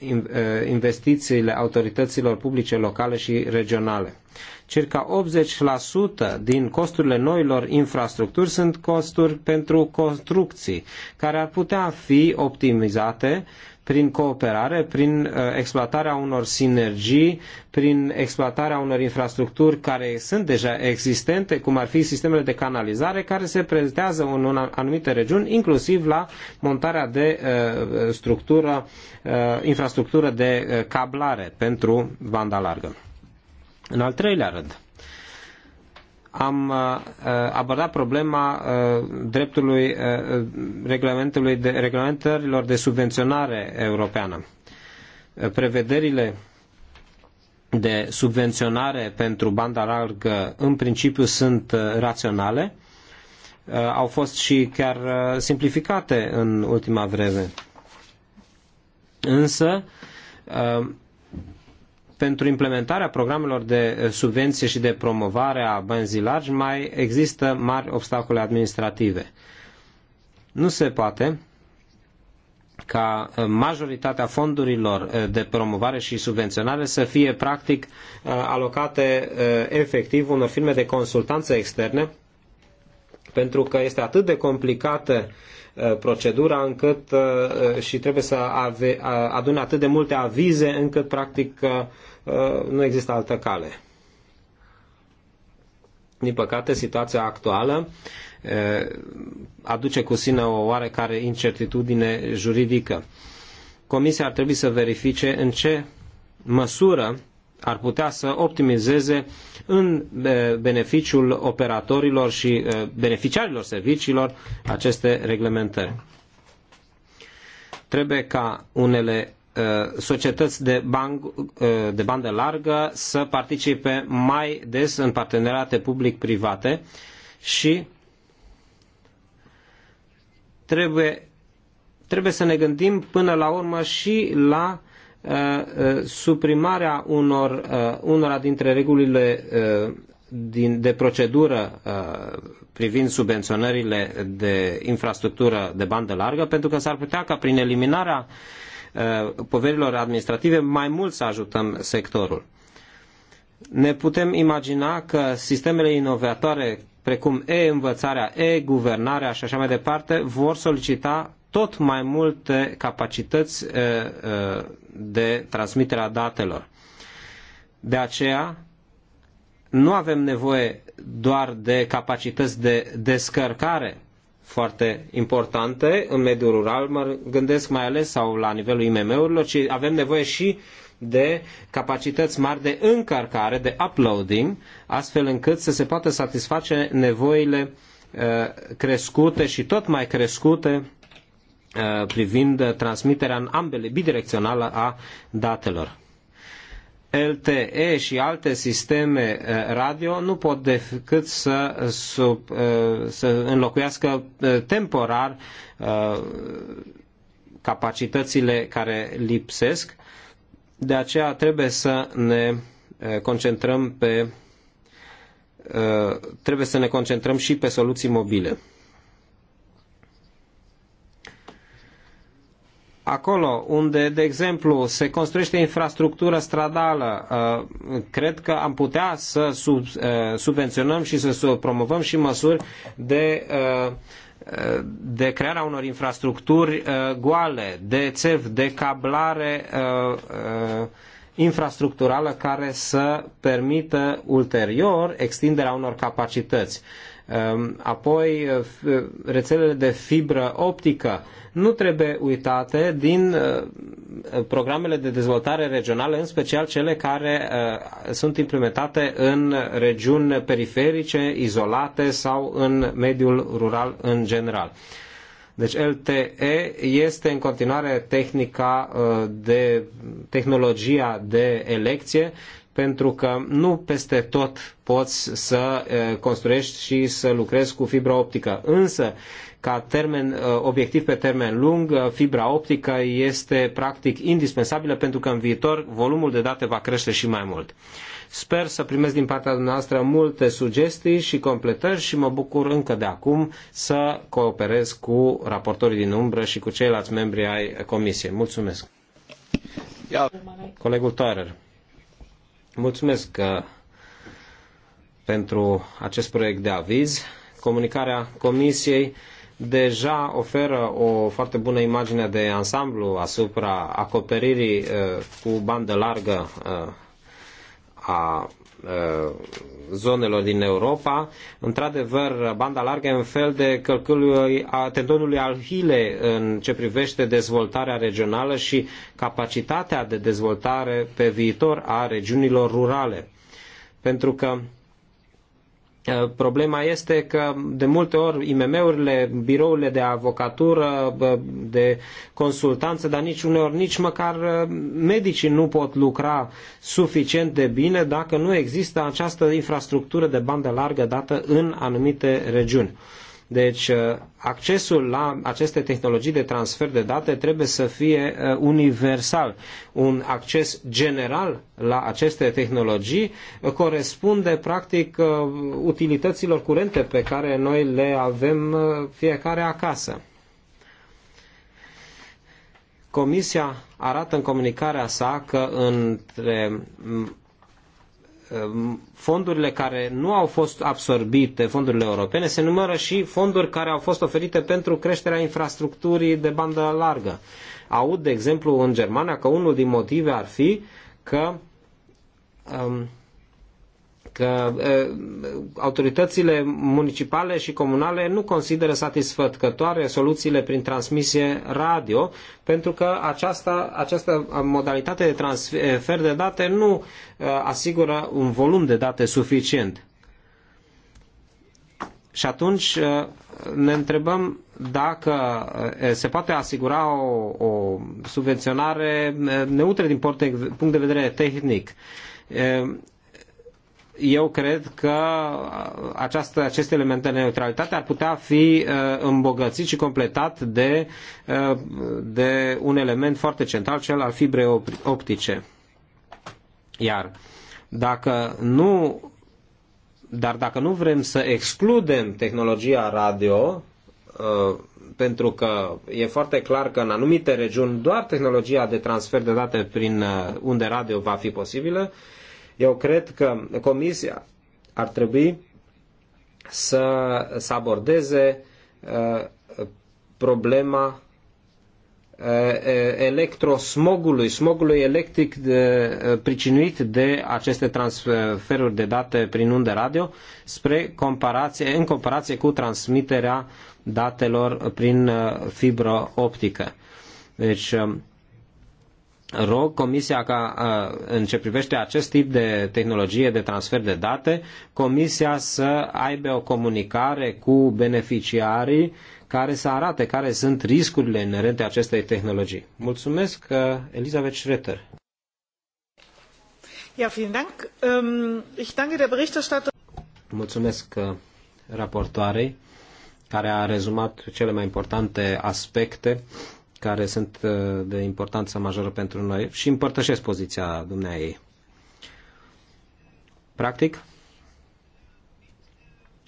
investițiile autorităților publice locale și regionale. Circa 80% din costurile noilor infrastructuri sunt costuri pentru construcții, care ar putea fi optimizate prin cooperare, prin uh, exploatarea unor sinergii, prin exploatarea unor infrastructuri care sunt deja existente, cum ar fi sistemele de canalizare care se prezentează în anumite regiuni, inclusiv la montarea de uh, structură, uh, infrastructură de cablare pentru banda largă. În al treilea rând, am uh, uh, abordat problema uh, dreptului reglementului de, reglementărilor de subvenționare europeană. Prevederile de subvenționare pentru banda largă în principiu sunt raționale, au fost și chiar simplificate în ultima vreme. Însă, pentru implementarea programelor de eh, subvenție și de promovare a benzii largi mai există mari obstacole administrative. Nu se poate ca eh, majoritatea fondurilor eh, de promovare și subvenționare să fie practic alocate efectiv unor firme de consultanță externe, pentru că este atât de complicată procedura încât și trebuie să adune atât de multe avize încât practic Uh, nu există altă cale. Din păcate, situația actuală uh, aduce cu sine o oarecare incertitudine juridică. Comisia ar trebui să verifice în ce măsură ar putea să optimizeze în uh, beneficiul operatorilor și beneficiarilor serviciilor aceste reglementări. Trebuie ca unele Uh, societăți de, bang, uh, de bandă largă să participe mai des în parteneriate public-private și trebuie, trebuie să ne gândim până la urmă și la uh, suprimarea unor, unora dintre regulile din, de procedură privind subvenționările de infrastructură de bandă largă, pentru că s-ar putea ca prin eliminarea uh, Uh, poverilor administrative, mai mult să ajutăm sectorul. Ne putem imagina că sistemele inovatoare precum e-învățarea, e-guvernarea și așa mai departe vor solicita tot mai multe capacități uh, uh, de transmitere a datelor. De aceea, nu avem nevoie doar de capacități de descărcare foarte importante în mediul rural, mă gândesc mai ales sau la nivelul IMM-urilor, ci avem nevoie și de capacități mari de încărcare, de uploading, astfel încât să se poată satisface nevoile uh, crescute și tot mai crescute uh, privind transmiterea în ambele bidirecțională a datelor. LTE și alte sisteme eh, radio nu pot decât să, sub, eh, să înlocuiască eh, temporar capacitățile care lipsesc. De aceea trebuie să ne concentrăm pe trebuie să ne concentrăm și pe soluții mobile. Acolo unde, de exemplu, se construiește infrastructură stradală, uh, cred că am putea să sub, uh, subvenționăm și să promovăm și măsuri de uh, de crearea unor infrastructuri goale, de țev, de cablare infrastructurală care să permită ulterior extinderea unor capacități. Ehm, apoi eh, eh, rețelele de fibră optică nu trebuie uitate din eh, programele de dezvoltare regională, în special cele care sunt implementate în regiuni periferice, izolate sau în mediul rural în general. Deci LTE este în continuare tehnica de tehnologia de elecție pentru că nu peste tot poți să construiești și să lucrezi cu fibra optică. Însă, ca termen, obiectiv pe termen lung, fibra optică este practic indispensabilă pentru că în viitor volumul de date va crește și mai mult. Sper să primesc din partea dumneavoastră multe sugestii și completări și mă bucur încă de acum să cooperez cu raportorii din umbră și cu ceilalți membri ai comisiei. Mulțumesc! Colegul Toarer. Mulțumesc uh, pentru acest proiect de aviz. Comunicarea Comisiei deja oferă o foarte bună imagine de ansamblu asupra acoperirii uh, cu bandă largă uh, a Uh, zonelor din Europa, într-adevăr, banda largă e un fel de călcâlului tendonului alhile în ce privește dezvoltarea regională și capacitatea de dezvoltare pe viitor a regiunilor rurale. Pentru că Uh, problema este că de multe ori IMM-urile, birourile de avocatură, uh, de consultanță, dar nici uneori nici măcar uh, medicii nu pot lucra suficient de bine dacă nu există această infrastructură de bandă largă dată în anumite regiuni. Deci uh, accesul la aceste tehnologii de transfer de date trebuie să fie uh, universal. Un acces general la aceste tehnologii uh, corespunde practic utilităților curente pe care noi le avem fiecare acasă. Comisia arată în comunicarea sa că între Ehm, fondurile care nu au fost absorbite, fondurile europene, se numără și fonduri care au fost oferite pentru creșterea infrastructurii de bandă largă. Aud, de exemplu, în Germania că unul din motive ar fi că um, că autoritățile municipale și comunale nu consideră satisfăcătoare soluțiile prin transmisie radio, pentru că aceasta, această modalitate de transfer de date nu asigură un volum de date suficient. Și atunci ne întrebăm dacă se poate asigura o, o subvenționare neutră din punct de vedere tehnic eu cred că această, acest element de neutralitate ar putea fi uh, îmbogățit și completat de, uh, de un element foarte central, cel al fibrei optice. Iar dacă nu dar dacă nu vrem să excludem tehnologia radio, uh, pentru că e foarte clar că în anumite regiuni doar tehnologia de transfer de date prin unde radio va fi posibilă, eu cred că Comisia ar trebui să, să abordeze uh, problema uh, electrosmogului, smogului electric de, uh, pricinuit de aceste transferuri de date prin unde radio spre comparație, în comparație cu transmiterea datelor prin fibră optică. Deci um, rog Comisia ca în ce privește acest tip de tehnologie de transfer de date, Comisia să aibă o comunicare cu beneficiarii care să arate care sunt riscurile inerente acestei tehnologii. Mulțumesc, uh, Elisabeth Schroeter. Ja, vielen Dank. Ähm, ich danke der Berichterstatter. Mulțumesc uh, raportoarei care a rezumat cele mai importante aspecte uh, care sunt uh, de importanță majoră pentru noi și împărtășesc poziția dumneai. Practic,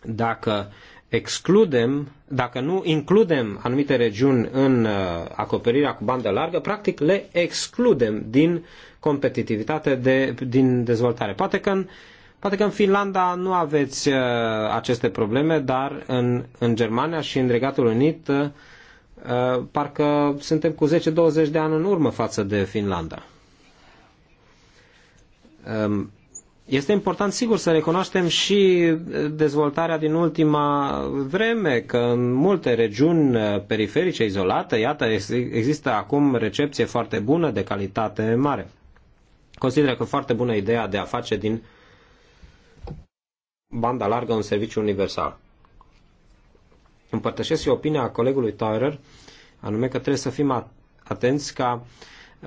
dacă excludem, dacă nu includem anumite regiuni în uh, acoperirea cu bandă largă, practic le excludem din competitivitate, de, din dezvoltare. Poate că, în, poate că în Finlanda nu aveți uh, aceste probleme, dar în, în Germania și în Regatul Unit Uh, parcă suntem cu 10-20 de ani în urmă față de Finlanda. Um, este important, sigur, să recunoaștem și dezvoltarea din ultima vreme, că în multe regiuni uh, periferice izolate, iată, există acum recepție foarte bună, de calitate mare. Consider că foarte bună ideea de a face din banda largă un serviciu universal împărtășesc și opinia colegului Teurer, anume că trebuie să fim atenți ca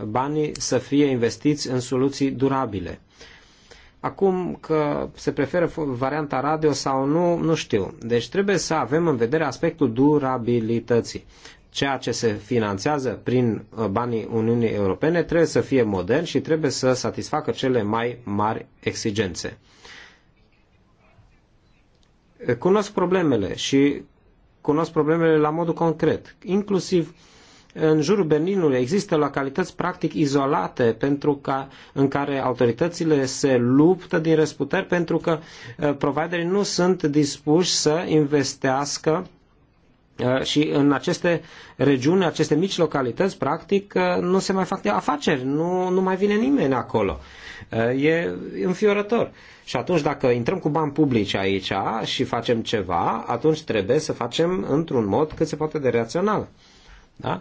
banii să fie investiți în soluții durabile. Acum că se preferă varianta radio sau nu, nu știu. Deci trebuie să avem în vedere aspectul durabilității. Ceea ce se finanțează prin uh, banii Uniunii Europene trebuie să fie modern și trebuie să satisfacă cele mai mari exigențe. Cunosc problemele și cunosc problemele la modul concret. Inclusiv în jurul Berlinului există localități practic izolate pentru ca, în care autoritățile se luptă din răsputeri pentru că uh, providerii nu sunt dispuși să investească Uh, și în aceste regiuni, aceste mici localități, practic, uh, nu se mai fac de afaceri, nu, nu mai vine nimeni acolo. Uh, e înfiorător. Și atunci, dacă intrăm cu bani publici aici și facem ceva, atunci trebuie să facem într-un mod cât se poate de rațional. Da?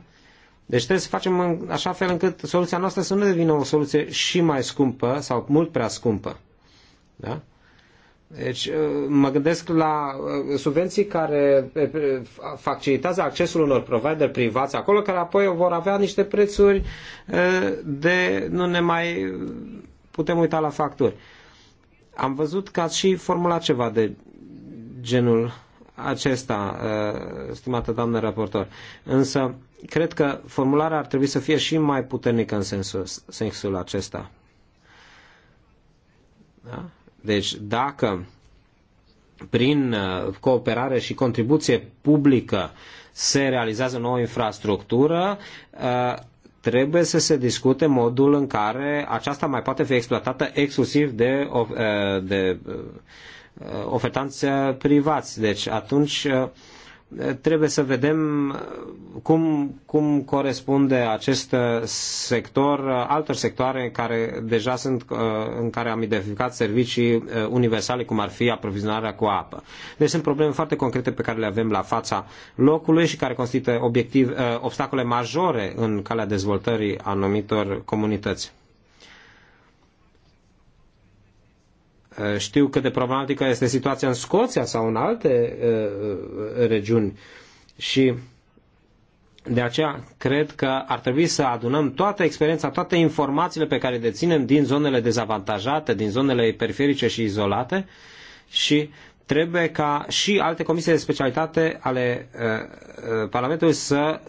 Deci trebuie să facem în așa fel încât soluția noastră să nu devină o soluție și mai scumpă sau mult prea scumpă. Da? Deci uh, mă gândesc la uh, subvenții care uh, facilitează accesul unor provider privați acolo, care apoi vor avea niște prețuri de nu ne mai putem uita la facturi. Am văzut că ați și formulat ceva de genul acesta, stimată doamnă raportor. Însă, cred că formularea ar trebui să fie și mai puternică în sensul, sensul acesta. Da? Deci dacă prin uh, cooperare și contribuție publică se realizează nouă infrastructură, uh, trebuie să se discute modul în care aceasta mai poate fi exploatată exclusiv de, uh, de ofertanți privați. Deci atunci trebuie să vedem uh, cum, cum corespunde acest sector uh, altor sectoare care deja sunt, uh, în care am identificat servicii universale, cum ar fi aprovizionarea cu apă. Deci sunt probleme foarte concrete pe care le avem la fața locului și care constituie obiectiv, obstacole majore în calea dezvoltării anumitor comunități. Eh, știu cât de problematică este situația în Scoția sau în alte eh, regiuni și de aceea cred că ar trebui să adunăm toată experiența, toate informațiile pe care le deținem din zonele dezavantajate, din zonele periferice și izolate și trebuie ca și alte comisii de specialitate ale eh, Parlamentului să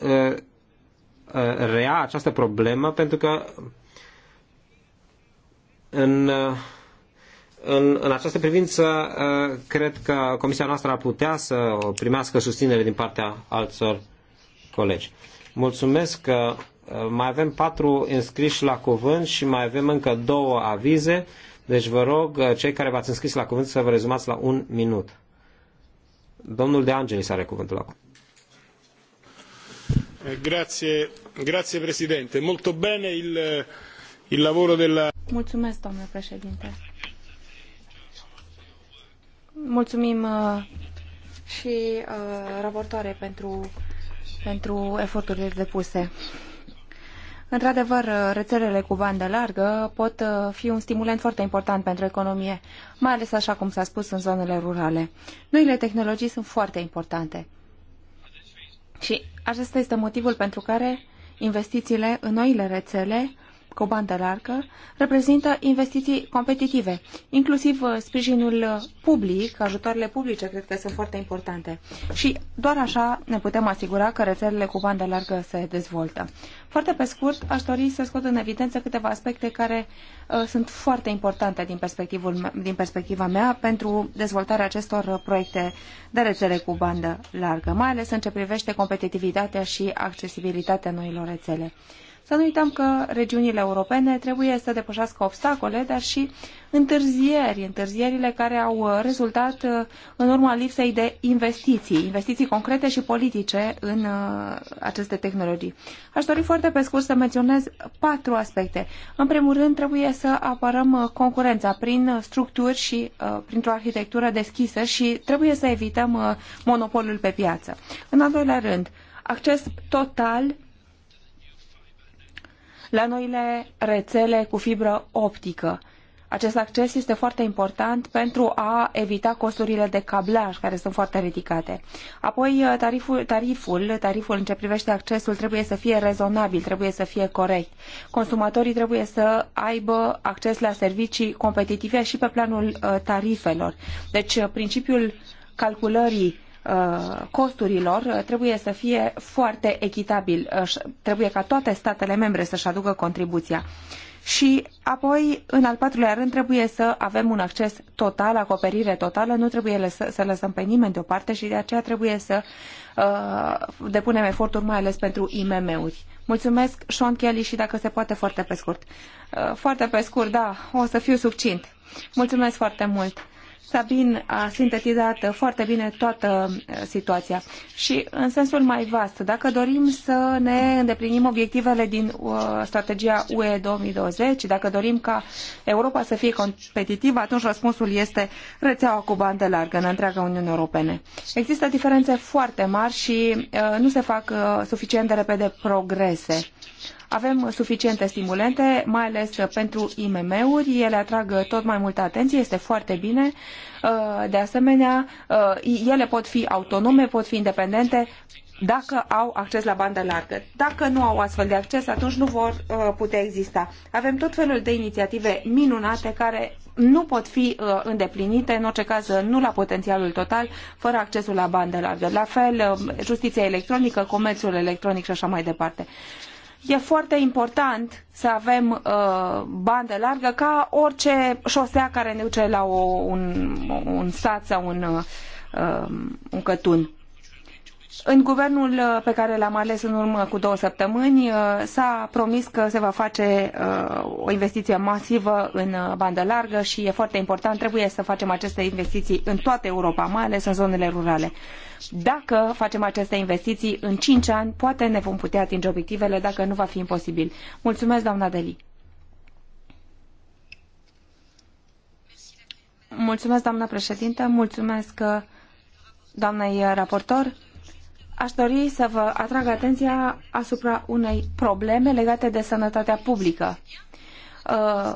rea această problemă pentru că în uh, în, în această privință, uh, cred că comisia noastră ar putea să primească susținere din partea altor colegi. Mulțumesc că uh, mai avem patru înscriși la cuvânt și mai avem încă două avize, deci vă rog, uh, cei care v-ați înscris la cuvânt, să vă rezumați la un minut. Domnul De Angelis are cuvântul acum. Grazie, grazie Presidente. Molto bene il, il lavoro della... Mulțumesc, domnule președinte. Mulțumim uh, și uh, raportoare pentru, pentru eforturile depuse. Într-adevăr, uh, rețelele cu bandă largă pot fi un stimulant foarte important pentru economie, mai ales așa cum s-a spus în zonele rurale. Noile tehnologii sunt foarte importante. Și acesta este motivul pentru care investițiile în noile rețele cu bandă largă reprezintă investiții competitive, inclusiv uh, sprijinul uh, public, ajutoarele publice cred că sunt foarte importante. Și doar așa ne putem asigura că rețelele cu bandă largă se dezvoltă. Foarte pe scurt, aș dori să scot în evidență câteva aspecte care uh, sunt foarte importante din, perspectivul, din perspectiva mea pentru dezvoltarea acestor uh, proiecte de rețele cu bandă largă, mai ales în ce privește competitivitatea și accesibilitatea noilor rețele. Uh, să nu uităm că regiunile europene trebuie să depășească obstacole, dar și întârzieri, întârzierile care au uh, rezultat uh, în urma lipsei de investiții, investiții concrete și politice în uh, aceste tehnologii. Aș dori foarte pe scurt să menționez patru aspecte. În primul rând, trebuie să apărăm concurența prin structuri și printr-o arhitectură deschisă și trebuie să evităm monopolul pe piață. În al doilea rând, acces total la noile rețele cu fibră optică. Acest acces este foarte important pentru a evita costurile de cablaj, care sunt foarte ridicate. Apoi, uh, tariful, tariful, tariful în ce privește accesul trebuie să fie rezonabil, trebuie să fie corect. Consumatorii trebuie să aibă acces la servicii competitive și pe planul uh, tarifelor. Deci, uh, principiul calculării Uh, costurilor uh, trebuie să fie foarte echitabil. Uh, trebuie ca toate statele membre să-și aducă contribuția. Și apoi, în al patrulea rând, trebuie să avem un acces total, acoperire totală, nu trebuie să lăsăm pe nimeni deoparte și de aceea trebuie să uh, depunem eforturi, mai ales pentru IMM-uri. Mulțumesc, Sean Kelly, și dacă se poate, foarte pe scurt. Uh, foarte pe scurt, da, o să fiu succint. Mulțumesc foarte mult. Sabin a sintetizat foarte bine toată uh, situația. Și în sensul mai vast, dacă dorim să ne îndeplinim obiectivele din uh, strategia UE 2020, dacă dorim ca Europa să fie competitivă, atunci răspunsul este rețeaua cu bandă largă în întreaga Uniune Europene. Există diferențe foarte mari și uh, nu se fac suficient de repede progrese avem suficiente stimulente, mai ales pentru IMM-uri. Ele atrag tot mai multă atenție, este foarte bine. Uh, de asemenea, uh, ele pot fi autonome, pot fi independente dacă au acces la bandă largă. Dacă nu au astfel de acces, atunci nu vor uh, putea exista. Avem tot felul de inițiative minunate care nu pot fi îndeplinite, în orice caz nu la potențialul total, fără accesul la bandă largă. La fel, justiția electronică, comerțul electronic și așa mai departe. Uh, e foarte important să avem uh, bandă largă ca orice șosea care ne duce la o, un, un sat sau un, uh, un cătun. În guvernul uh, pe care l-am ales în urmă cu două săptămâni uh, s-a promis că se va face uh, o investiție masivă în bandă largă și e foarte important, trebuie să facem aceste investiții în toată Europa, mai ales în zonele rurale. Dacă facem aceste investiții în 5 ani, poate ne vom putea atinge obiectivele, dacă nu va fi imposibil. Mulțumesc, doamna Deli. Mulțumesc, doamna președintă, mulțumesc doamnei raportor. Aș dori să vă atrag atenția asupra unei probleme legate de sănătatea publică. Uh,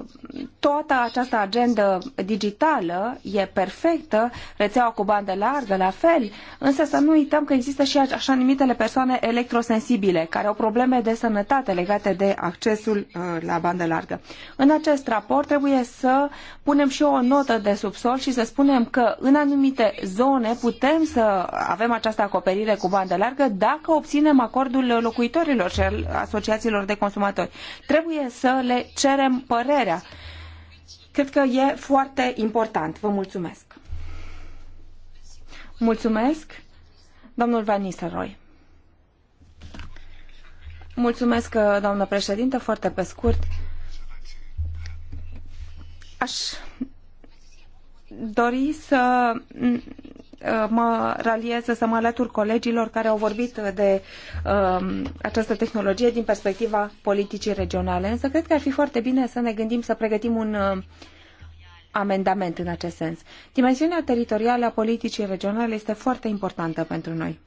toată această agendă digitală e perfectă, rețeaua cu bandă largă la fel, însă să nu uităm că există și așa numitele persoane electrosensibile care au probleme de sănătate legate de accesul uh, la bandă largă. În acest raport trebuie să punem și o notă de subsol și să spunem că în anumite zone putem să avem această acoperire cu bandă largă dacă obținem acordul locuitorilor și al asociațiilor de consumatori. Trebuie să le cerem părerea. Cred că e foarte important. Vă mulțumesc. Mulțumesc, domnul Van Nistelrooy. Mulțumesc, uh, doamnă președinte, foarte pe scurt. Aș dori să Uh, mă raliez să mă alătur colegilor care au vorbit de um, această tehnologie din perspectiva politicii regionale, însă cred că ar fi foarte bine să ne gândim să pregătim un uh, amendament în acest sens. Dimensiunea teritorială a politicii regionale este foarte importantă pentru noi.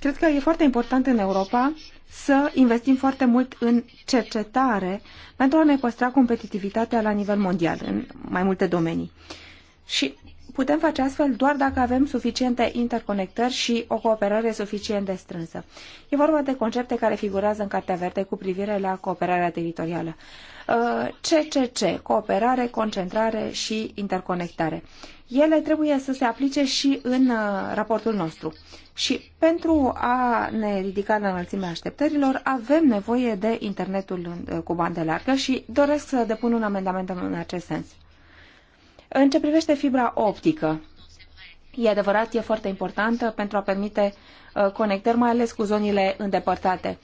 Cred că e foarte important în Europa să investim foarte mult în cercetare pentru a ne păstra competitivitatea la nivel mondial, în mai multe domenii. Uh, și putem face astfel doar dacă avem suficiente interconectări și o cooperare suficient de strânsă. E vorba de concepte care figurează în Cartea Verde cu privire la cooperarea teritorială. CCC, uh, cooperare, concentrare și interconectare. Ele trebuie să se aplice și în uh, raportul nostru. Și pentru a ne ridica la înălțimea așteptărilor, avem nevoie de internetul uh, cu bandă largă și doresc să depun un amendament în acest sens. În ce privește fibra optică, e adevărat, e foarte importantă pentru a permite uh, conectări, mai ales cu zonile îndepărtate.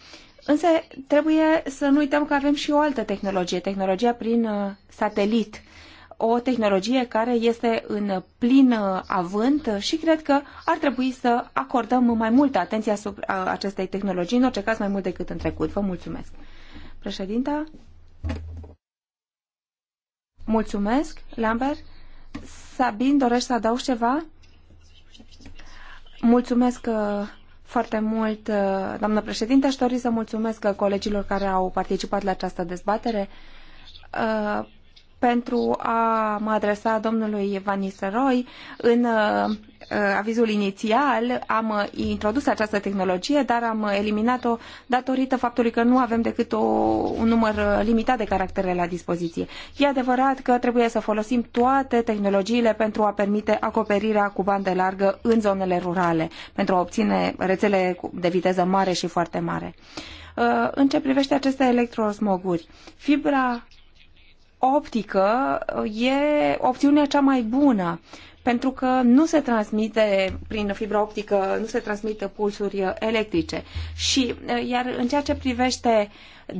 Însă trebuie să nu uităm că avem și o altă tehnologie, tehnologia prin uh, satelit, o tehnologie care este în plin uh, avânt și cred că ar trebui să acordăm mai multă atenție asupra acestei tehnologii, în orice caz mai mult decât în trecut. Vă mulțumesc. Președinta? Mulțumesc, Lambert. Sabin, dorești să adaugi ceva? Mulțumesc uh, foarte mult, uh, doamnă președinte. Aș dori să mulțumesc uh, colegilor care au participat la această dezbatere pentru a mă adresa domnului Ivan Nistelrooy. În uh, uh, avizul inițial am uh, introdus această tehnologie, dar am eliminat-o datorită faptului că nu avem decât o, un număr limitat de caractere la dispoziție. E adevărat că trebuie să folosim toate tehnologiile pentru a permite acoperirea cu bandă largă în zonele rurale, pentru a obține rețele de viteză mare și foarte mare. În ce privește aceste electrosmoguri, fibra optică e opțiunea cea mai bună pentru că nu se transmite prin fibra optică, nu se transmită pulsuri electrice. Și iar în ceea ce privește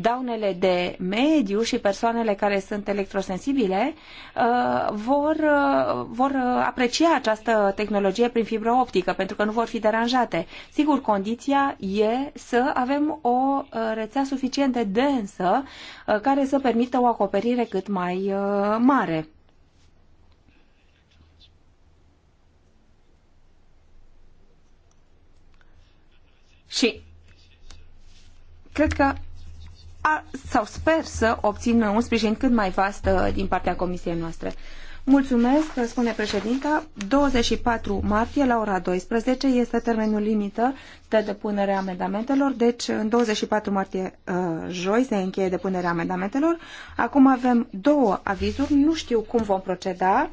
daunele de mediu și persoanele care sunt electrosensibile vor, vor aprecia această tehnologie prin fibra optică pentru că nu vor fi deranjate. Sigur, condiția e să avem o rețea suficient de densă care să permită o acoperire cât mai mare. Și cred că a, sau sper să obțin un sprijin cât mai vast uh, din partea comisiei noastre. Mulțumesc, spune președinta. 24 martie la ora 12 este termenul limită de depunere a amendamentelor, deci în 24 martie uh, joi se încheie depunerea amendamentelor. Acum avem două avizuri, nu știu cum vom proceda.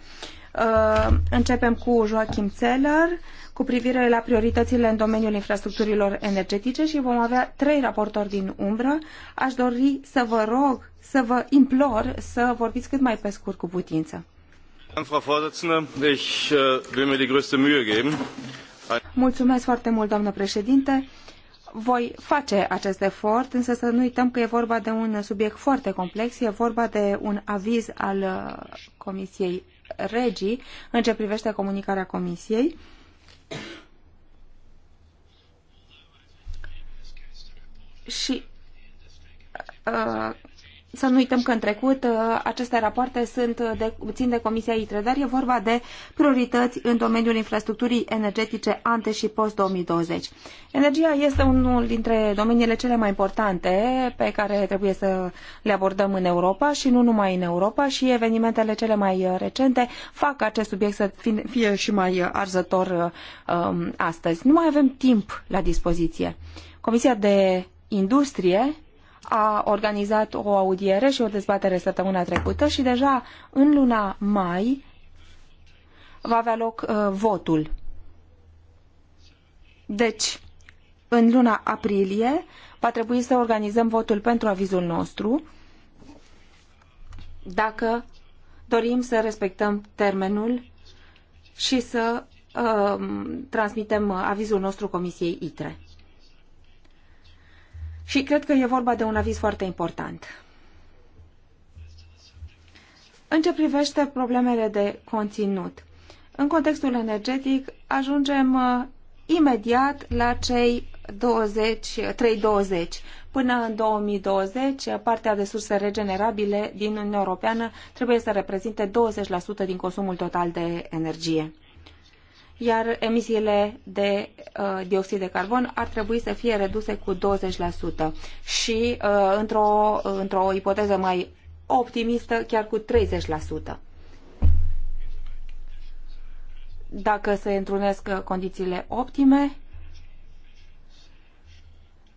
Uh, începem cu Joachim Zeller cu privire la prioritățile în domeniul infrastructurilor energetice și vom avea trei raportori din umbră. Aș dori să vă rog, să vă implor să vorbiți cât mai pe scurt cu putință. Äh, Mulțumesc foarte mult, doamnă președinte. Voi face acest efort, însă să nu uităm că e vorba de un subiect foarte complex, e vorba de un aviz al uh, Comisiei Regii în ce privește comunicarea Comisiei. Și uh, să nu uităm că în trecut uh, aceste rapoarte sunt uh, de, țin de Comisia ITRE, dar e vorba de priorități în domeniul infrastructurii energetice ante și post-2020. Energia este unul dintre domeniile cele mai importante pe care trebuie să le abordăm în Europa și nu numai în Europa și evenimentele cele mai uh, recente fac acest subiect să fie și mai arzător um, astăzi. Nu mai avem timp la dispoziție. Comisia de Industrie a organizat o audiere și o dezbatere săptămâna trecută și deja în luna mai va avea loc uh, votul. Deci, în luna aprilie va trebui să organizăm votul pentru avizul nostru dacă dorim să respectăm termenul și să uh, transmitem avizul nostru Comisiei ITRE. Și cred că e vorba de un aviz foarte important. În ce privește problemele de conținut, în contextul energetic ajungem uh, imediat la cei 20, 320. Până în 2020, partea de surse regenerabile din Uniunea Europeană trebuie să reprezinte 20% din consumul total de energie iar emisiile de uh, dioxid de carbon ar trebui să fie reduse cu 20% și uh, într-o, într ipoteză mai optimistă chiar cu 30%. Dacă se întrunesc uh, condițiile optime,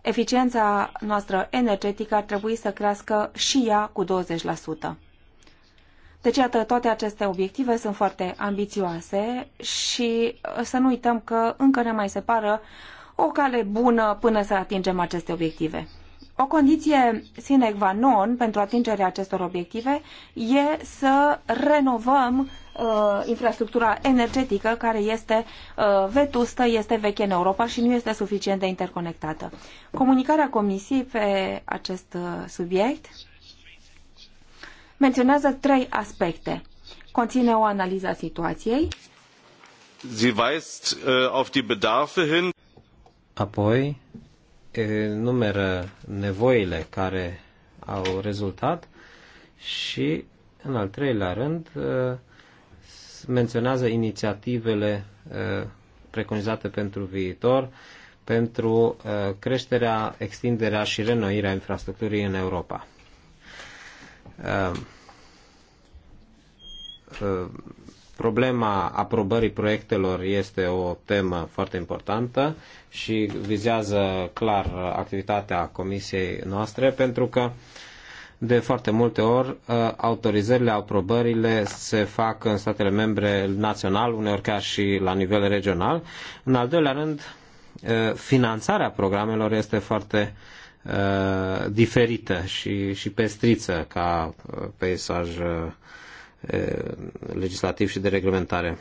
eficiența noastră energetică ar trebui să crească și ea cu 20%. Deci, iată, toate aceste obiective sunt foarte ambițioase și uh, să nu uităm că încă ne mai separă o cale bună până să atingem aceste obiective. O condiție sine qua non pentru atingerea acestor obiective e să renovăm uh, infrastructura energetică care este uh, vetustă, este veche în Europa și nu este suficient de interconectată. Comunicarea Comisiei pe acest uh, subiect menționează trei aspecte. Conține o analiză a situației. Sie weist uh, auf die Bedarfe hin. Apoi numără nevoile care au rezultat și, în al treilea rând, menționează inițiativele preconizate pentru viitor pentru creșterea, extinderea și renoirea infrastructurii în Europa. Um, um, problema aprobării proiectelor este o temă foarte importantă și vizează clar activitatea comisiei noastre pentru că de foarte multe ori uh, autorizările, aprobările se fac în statele membre național, uneori chiar și la nivel regional. În al doilea rând, uh, finanțarea programelor este foarte uh, Uh, diferită și, și pestriță ca uh, peisaj uh, uh, legislativ și de reglementare.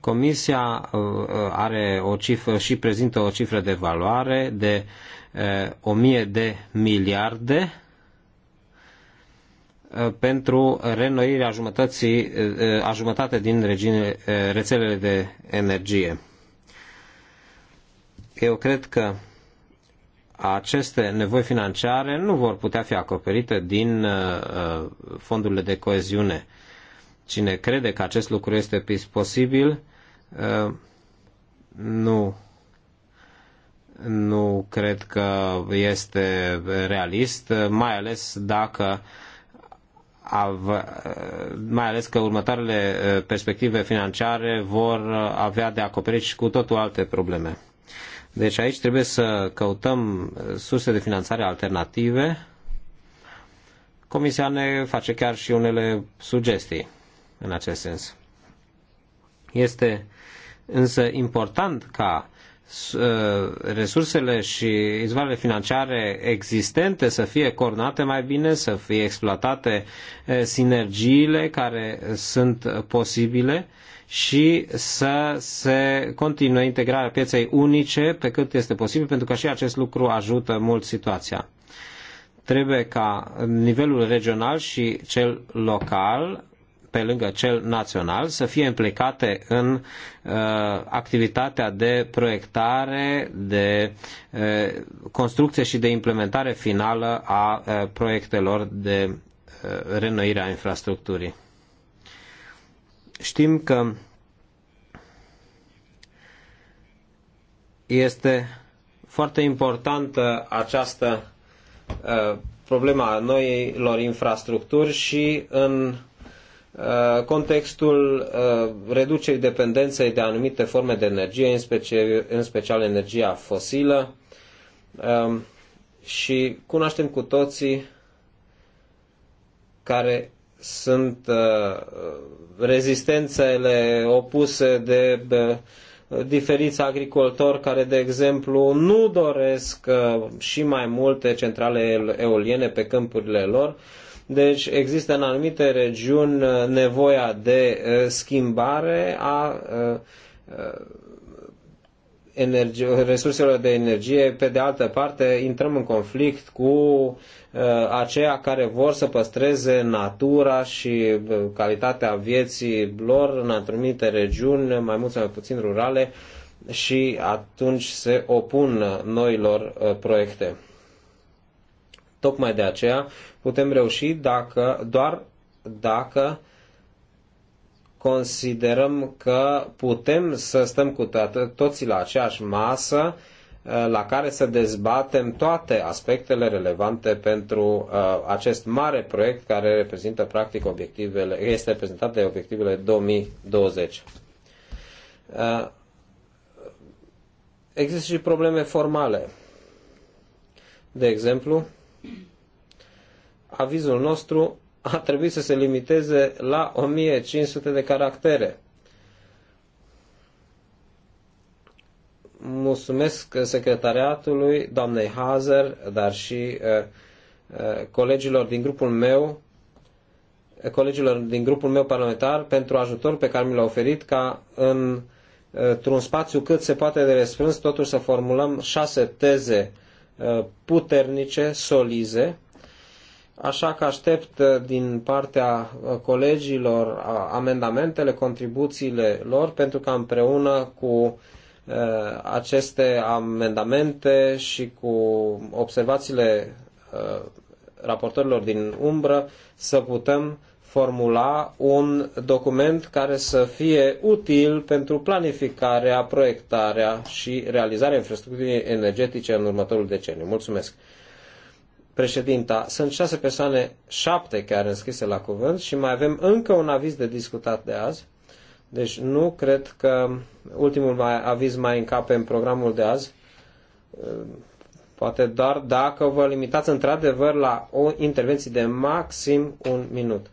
Comisia are o cifră și prezintă o cifră de valoare de o mie de miliarde pentru reînnoirea jumătății, a jumătate din regine, rețelele de energie. Eu cred că aceste nevoi financiare nu vor putea fi acoperite din uh, uh, fondurile de coeziune. Cine crede că acest lucru este posibil, uh, nu, nu cred că este realist, mai ales dacă mai ales că următoarele perspective financiare vor avea de acoperit și cu totul alte probleme. Deci aici trebuie să căutăm surse de finanțare alternative. Comisia ne face chiar și unele sugestii în acest sens. Este însă important ca uh, resursele și izvoarele financiare existente să fie coordonate mai bine, să fie exploatate uh, sinergiile care sunt posibile și să se continue integrarea pieței unice pe cât este posibil, pentru că și acest lucru ajută mult situația. Trebuie ca nivelul regional și cel local, pe lângă cel național, să fie implicate în uh, activitatea de proiectare, de uh, construcție și de implementare finală a uh, proiectelor de uh, renoire a infrastructurii. Știm că este foarte importantă această problema uh, problema noilor infrastructuri și în uh, contextul uh, reducerii dependenței de anumite forme de energie, în special, în special energia fosilă. Um, și cunoaștem cu toții care sunt uh, rezistențele opuse de uh, diferiți agricultori care, de exemplu, nu doresc uh, și mai multe centrale eoliene pe câmpurile lor. Deci există în anumite regiuni nevoia de schimbare a energie, resurselor de energie, pe de altă parte intrăm în conflict cu uh, aceia care vor să păstreze natura și uh, calitatea vieții lor în anumite regiuni, mai mult sau mai puțin rurale, și atunci se opun noilor uh, proiecte. Tocmai de aceea putem reuși dacă, doar dacă uh, considerăm că putem să stăm cu toții la aceeași masă uh, la care să dezbatem toate aspectele relevante pentru uh, acest mare proiect care reprezintă practic obiectivele, este reprezentat de obiectivele 2020. Uh, există și probleme formale. De exemplu, avizul nostru a trebuit să se limiteze la 1500 de caractere. Mulțumesc secretariatului, doamnei Hazer, dar și uh, uh, colegilor din grupul meu, eh, colegilor din grupul meu parlamentar pentru ajutor pe care mi l-a oferit ca în într-un spațiu cât se poate de restrâns, totuși să formulăm șase teze puternice, solize, așa că aștept uh, din partea uh, colegilor uh, amendamentele, contribuțiile lor, pentru că împreună cu aceste amendamente și cu observațiile raportorilor din umbră să putem formula un document care să fie util pentru planificarea, proiectarea și realizarea infrastructurii energetice în următorul deceniu. Mulțumesc! Președinta, sunt șase persoane, șapte chiar înscrise la cuvânt și mai avem încă un aviz de discutat de azi. Deci nu cred că ultimul mai, aviz mai încape în programul de azi. Ă, poate doar dacă vă limitați într-adevăr la o intervenție de maxim un minut.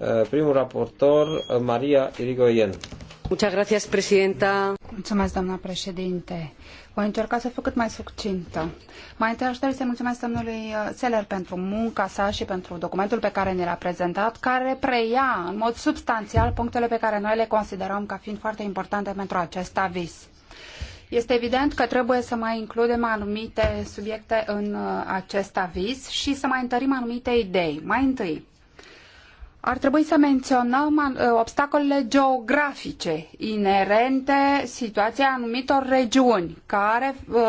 Ă, primul raportor, Maria Irigoyen. Mulțumesc, doamna președinte. Voi încerca să fiu cât mai succintă. Mai întâi aș dori să mulțumesc domnului uh, Seller pentru munca sa și pentru documentul pe care ne l-a prezentat, care preia în mod substanțial punctele pe care noi le considerăm ca fiind foarte importante pentru acest avis. Este evident că trebuie să mai includem anumite subiecte în uh, acest aviz și să mai întărim anumite idei. Mai întâi, ar trebui să menționăm uh, obstacolele geografice inerente situației anumitor regiuni care uh,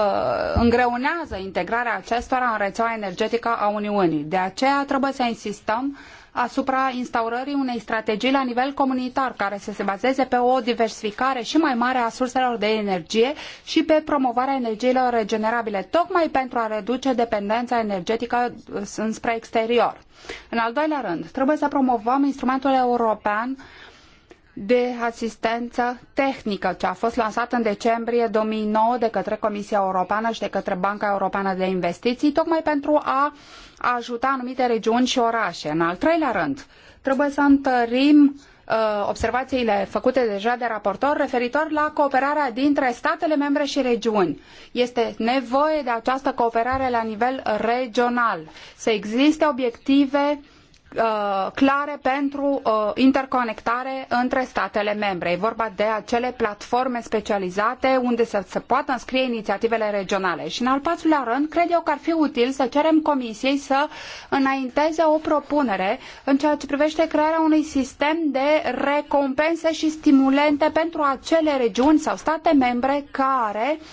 îngreunează integrarea acestora în rețeaua energetică a Uniunii. De aceea trebuie să insistăm asupra instaurării unei strategii la nivel comunitar care să se bazeze pe o diversificare și mai mare a surselor de energie și pe promovarea energiilor regenerabile, tocmai pentru a reduce dependența energetică uh, înspre exterior. În al doilea rând, trebuie să promovăm instrumentul european de asistență tehnică ce a fost lansat în decembrie 2009 de către Comisia Europeană și de către Banca Europeană de Investiții, tocmai pentru a ajuta anumite regiuni și orașe. În al treilea rând, trebuie să întărim uh, observațiile făcute deja de raportor referitor la cooperarea dintre statele membre și regiuni. Este nevoie de această cooperare la nivel regional. Să existe obiective uh, Uh, clare pentru uh, interconectare între statele membre. E vorba de acele platforme specializate unde să se poată înscrie inițiativele regionale. Și în al patrulea rând, cred eu că ar fi util să cerem Comisiei să înainteze o propunere în ceea ce privește crearea unui sistem de recompense și stimulente pentru acele regiuni sau state membre care uh,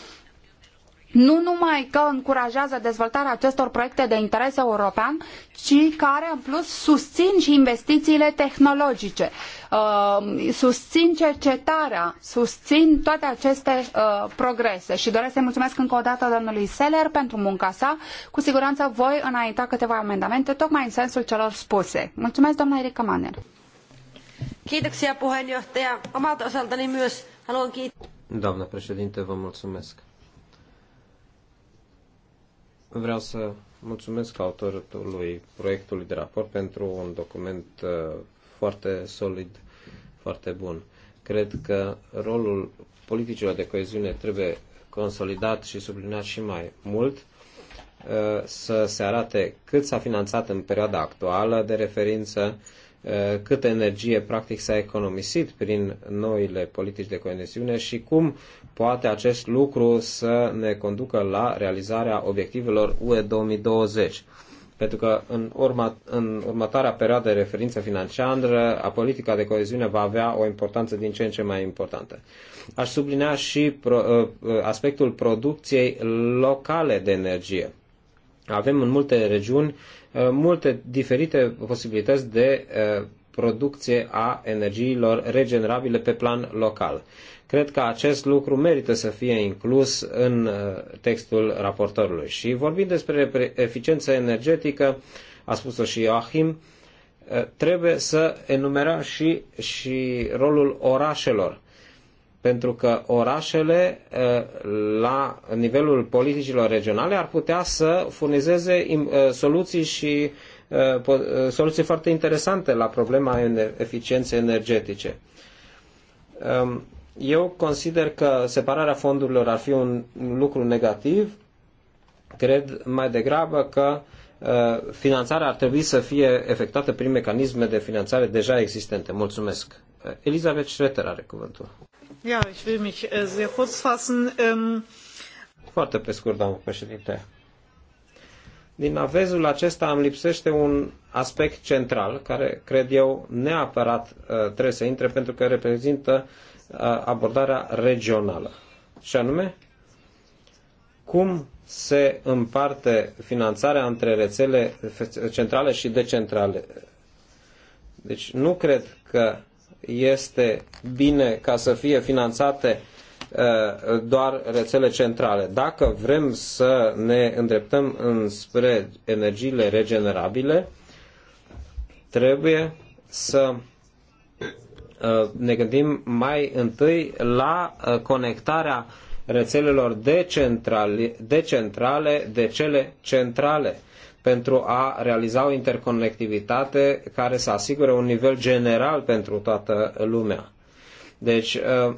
nu numai că încurajează dezvoltarea acestor proiecte de interes european, ci care în plus susțin și investițiile tehnologice, uh, susțin cercetarea, susțin toate aceste uh, progrese și doresc să-i mulțumesc încă o dată domnului Seller pentru munca sa. Cu siguranță voi înainta câteva amendamente tocmai în sensul celor spuse. Mulțumesc, doamna Erika Manner. Kiitoksia puheenjohtaja. Omalta osaltani myös haluan kiittää. Doamna președinte, vă mulțumesc. Vreau să mulțumesc autorului proiectului de raport pentru un document uh, foarte solid, foarte bun. Cred că rolul politicilor de coeziune trebuie consolidat și subliniat și mai mult uh, să se arate cât s-a finanțat în perioada actuală de referință, Uh, câtă energie practic s-a economisit prin noile politici de coeziune și cum poate acest lucru să ne conducă la realizarea obiectivelor UE 2020 pentru că în, urma, în următoarea perioadă de referință financiară, a politica de coeziune va avea o importanță din ce în ce mai importantă. Aș sublinea și pro, uh, uh, aspectul producției locale de energie. Avem în multe regiuni Uh, multe diferite posibilități de uh, producție a energiilor regenerabile pe plan local. Cred că acest lucru merită să fie inclus în uh, textul raportorului. Și vorbind despre eficiență energetică, a spus-o și Joachim, trebuie să enumerăm și, și rolul orașelor pentru că orașele la nivelul politicilor regionale ar putea să furnizeze soluții și soluții foarte interesante la problema eficienței energetice. Eu consider că separarea fondurilor ar fi un lucru negativ. Cred mai degrabă că finanțarea ar trebui să fie efectuată prin mecanisme de finanțare deja existente. Mulțumesc. Elizabeth Schroeter are cuvântul. Äh, ähm, Foarte pe scurt, doamnă președinte. Din avezul acesta îmi lipsește un aspect central, care cred eu neapărat uh, trebuie să intre pentru că reprezintă uh, abordarea regională. Și anume, cum se împarte finanțarea între rețele centrale și decentrale. Deci nu cred că este bine ca să fie finanțate uh, doar rețele centrale. Dacă vrem să ne îndreptăm înspre energiile regenerabile, trebuie să uh, ne gândim mai întâi la uh, conectarea rețelelor decentrale de cele centrale pentru a realiza o interconectivitate care să asigure un nivel general pentru toată lumea. Deci, uh,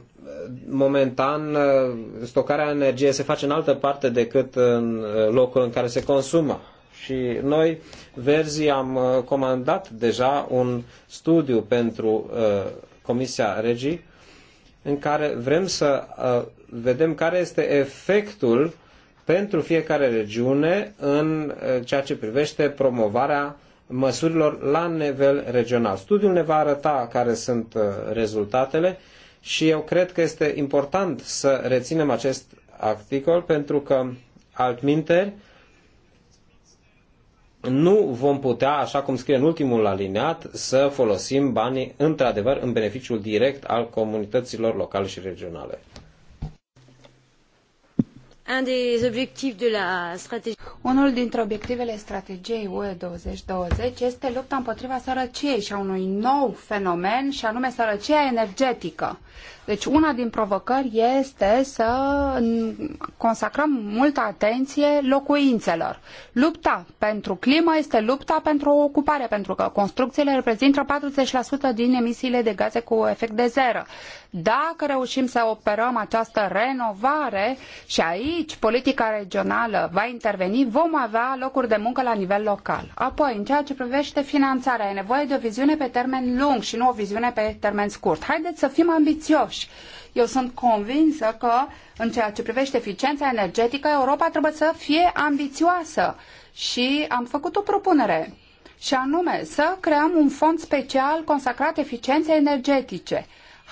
momentan, uh, stocarea energiei se face în altă parte decât în uh, locul în care se consumă. Și noi, Verzi, am comandat deja un studiu pentru Comisia Regii în care vrem să vedem care este efectul pentru fiecare regiune în eh, ceea ce privește promovarea măsurilor la nivel regional. Studiul ne va arăta care sunt eh, rezultatele și eu cred că este important să reținem acest articol pentru că altminteri nu vom putea, așa cum scrie în ultimul alineat, să folosim banii într-adevăr în beneficiul direct al comunităților locale și regionale. Unul dintre obiectivele strategiei UE 2020 este lupta împotriva sărăciei și a unui nou fenomen, și anume sărăcia energetică. Deci una din provocări este să consacrăm multă atenție locuințelor. Lupta pentru climă este lupta pentru ocupare, pentru că construcțiile reprezintă 40% din emisiile de gaze cu efect de zero. Dacă reușim să operăm această renovare și aici politica regională va interveni, vom avea locuri de muncă la nivel local. Apoi, în ceea ce privește finanțarea, e nevoie de o viziune pe termen lung și nu o viziune pe termen scurt. Haideți să fim ambițioși pași. Eu sunt convinsă că, în ceea ce privește eficiența energetică, Europa trebuie să fie ambițioasă și am făcut o propunere și anume să creăm un fond special consacrat eficienței energetice.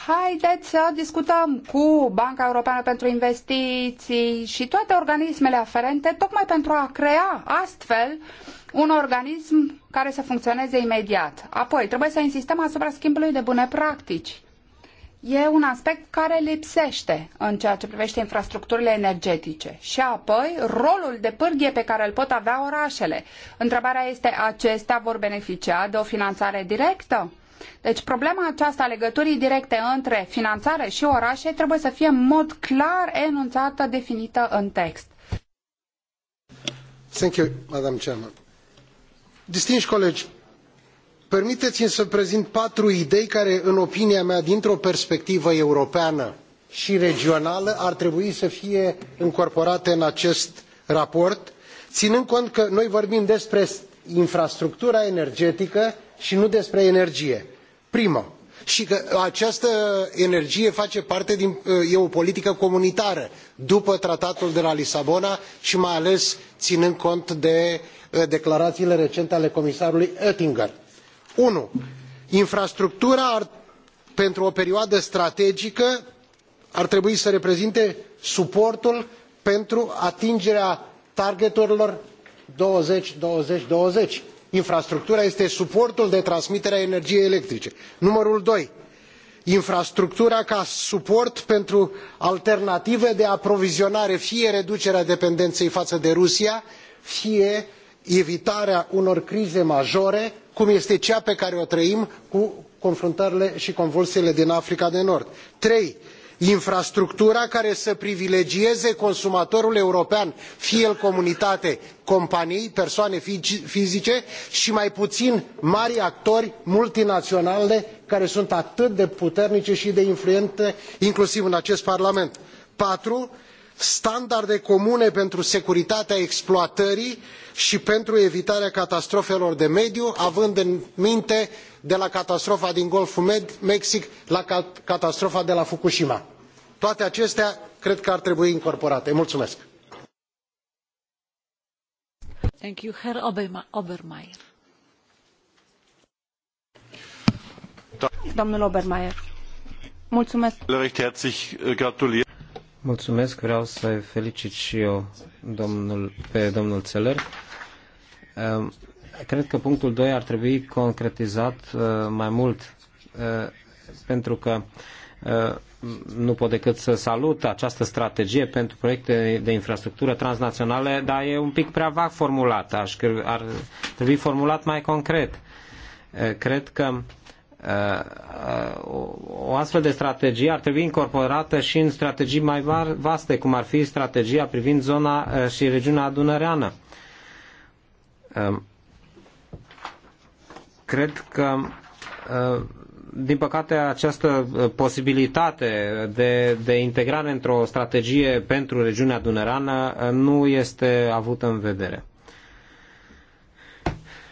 Haideți să discutăm cu Banca Europeană pentru Investiții și toate organismele aferente, tocmai pentru a crea astfel un organism care să funcționeze imediat. Apoi, trebuie să insistăm asupra schimbului de bune practici e un aspect care lipsește în ceea ce privește infrastructurile energetice. Și apoi, rolul de pârghie pe care îl pot avea orașele. Întrebarea este, acestea vor beneficia de o finanțare directă? Deci problema aceasta a legăturii directe între finanțare și orașe trebuie să fie în mod clar enunțată, definită în text. Thank you, Madam Chairman. Distinși colegi, permitei mi să prezint patru idei care în opinia mea dintr o perspectivă europeană i regională ar trebui să fie încorporate în acest raport inând cont că noi vorbim despre infrastructura energetică i nu despre energie primă i că această energie face parte din uh, e o politică comunitară după tratatul de la lisabona i mai ales inând cont de uh, declaraiile recente ale comisarului oettinger unu infrastructura pentru o perioadă strategică ar trebui să reprezinte suportul pentru atingerea targeturilor douăzeci douăzeci douăzeci infrastructura este suportul de transmitere a energiei electrice. numărul doi infrastructura ca suport pentru alternative de aprovizionare fie reducerea dependenei faă de rusia fie evitarea unor crize majore cum este cea pe care o trăim cu confruntările i convulsiile din africa de nord; trei infrastructura care să privilegieze consumatorul european fie el comunitate companii persoane fizice i mai puin mari actori multinaționale care sunt atât de puternici i de influeni inclusiv în acest parlament; patru standarde comune pentru securitatea exploatării i pentru evitarea catastrofelor de mediu având în minte de la catastrofa din golful mexic la catastrofa de la fukushima. toate acestea cred că ar trebui incorporate. Mulțumesc. Da. mulțumesc. Mulțumesc, vreau să felicit și eu domnul, pe domnul Țeler. Ehm, cred că punctul 2 ar trebui concretizat eh, mai mult, eh, pentru că eh, nu pot decât să salut această strategie pentru proiecte de infrastructură transnaționale, dar e un pic prea vag formulată, ar trebui formulat mai concret. Cred că Uh, uh, o astfel de strategie ar trebui incorporată și în strategii mai vaste, cum ar fi strategia privind zona uh, și regiunea dunăreană. Um, cred că din păcate, această posibilitate de, de integrare într-o strategie pentru regiunea dunăreană nu este avută în vedere.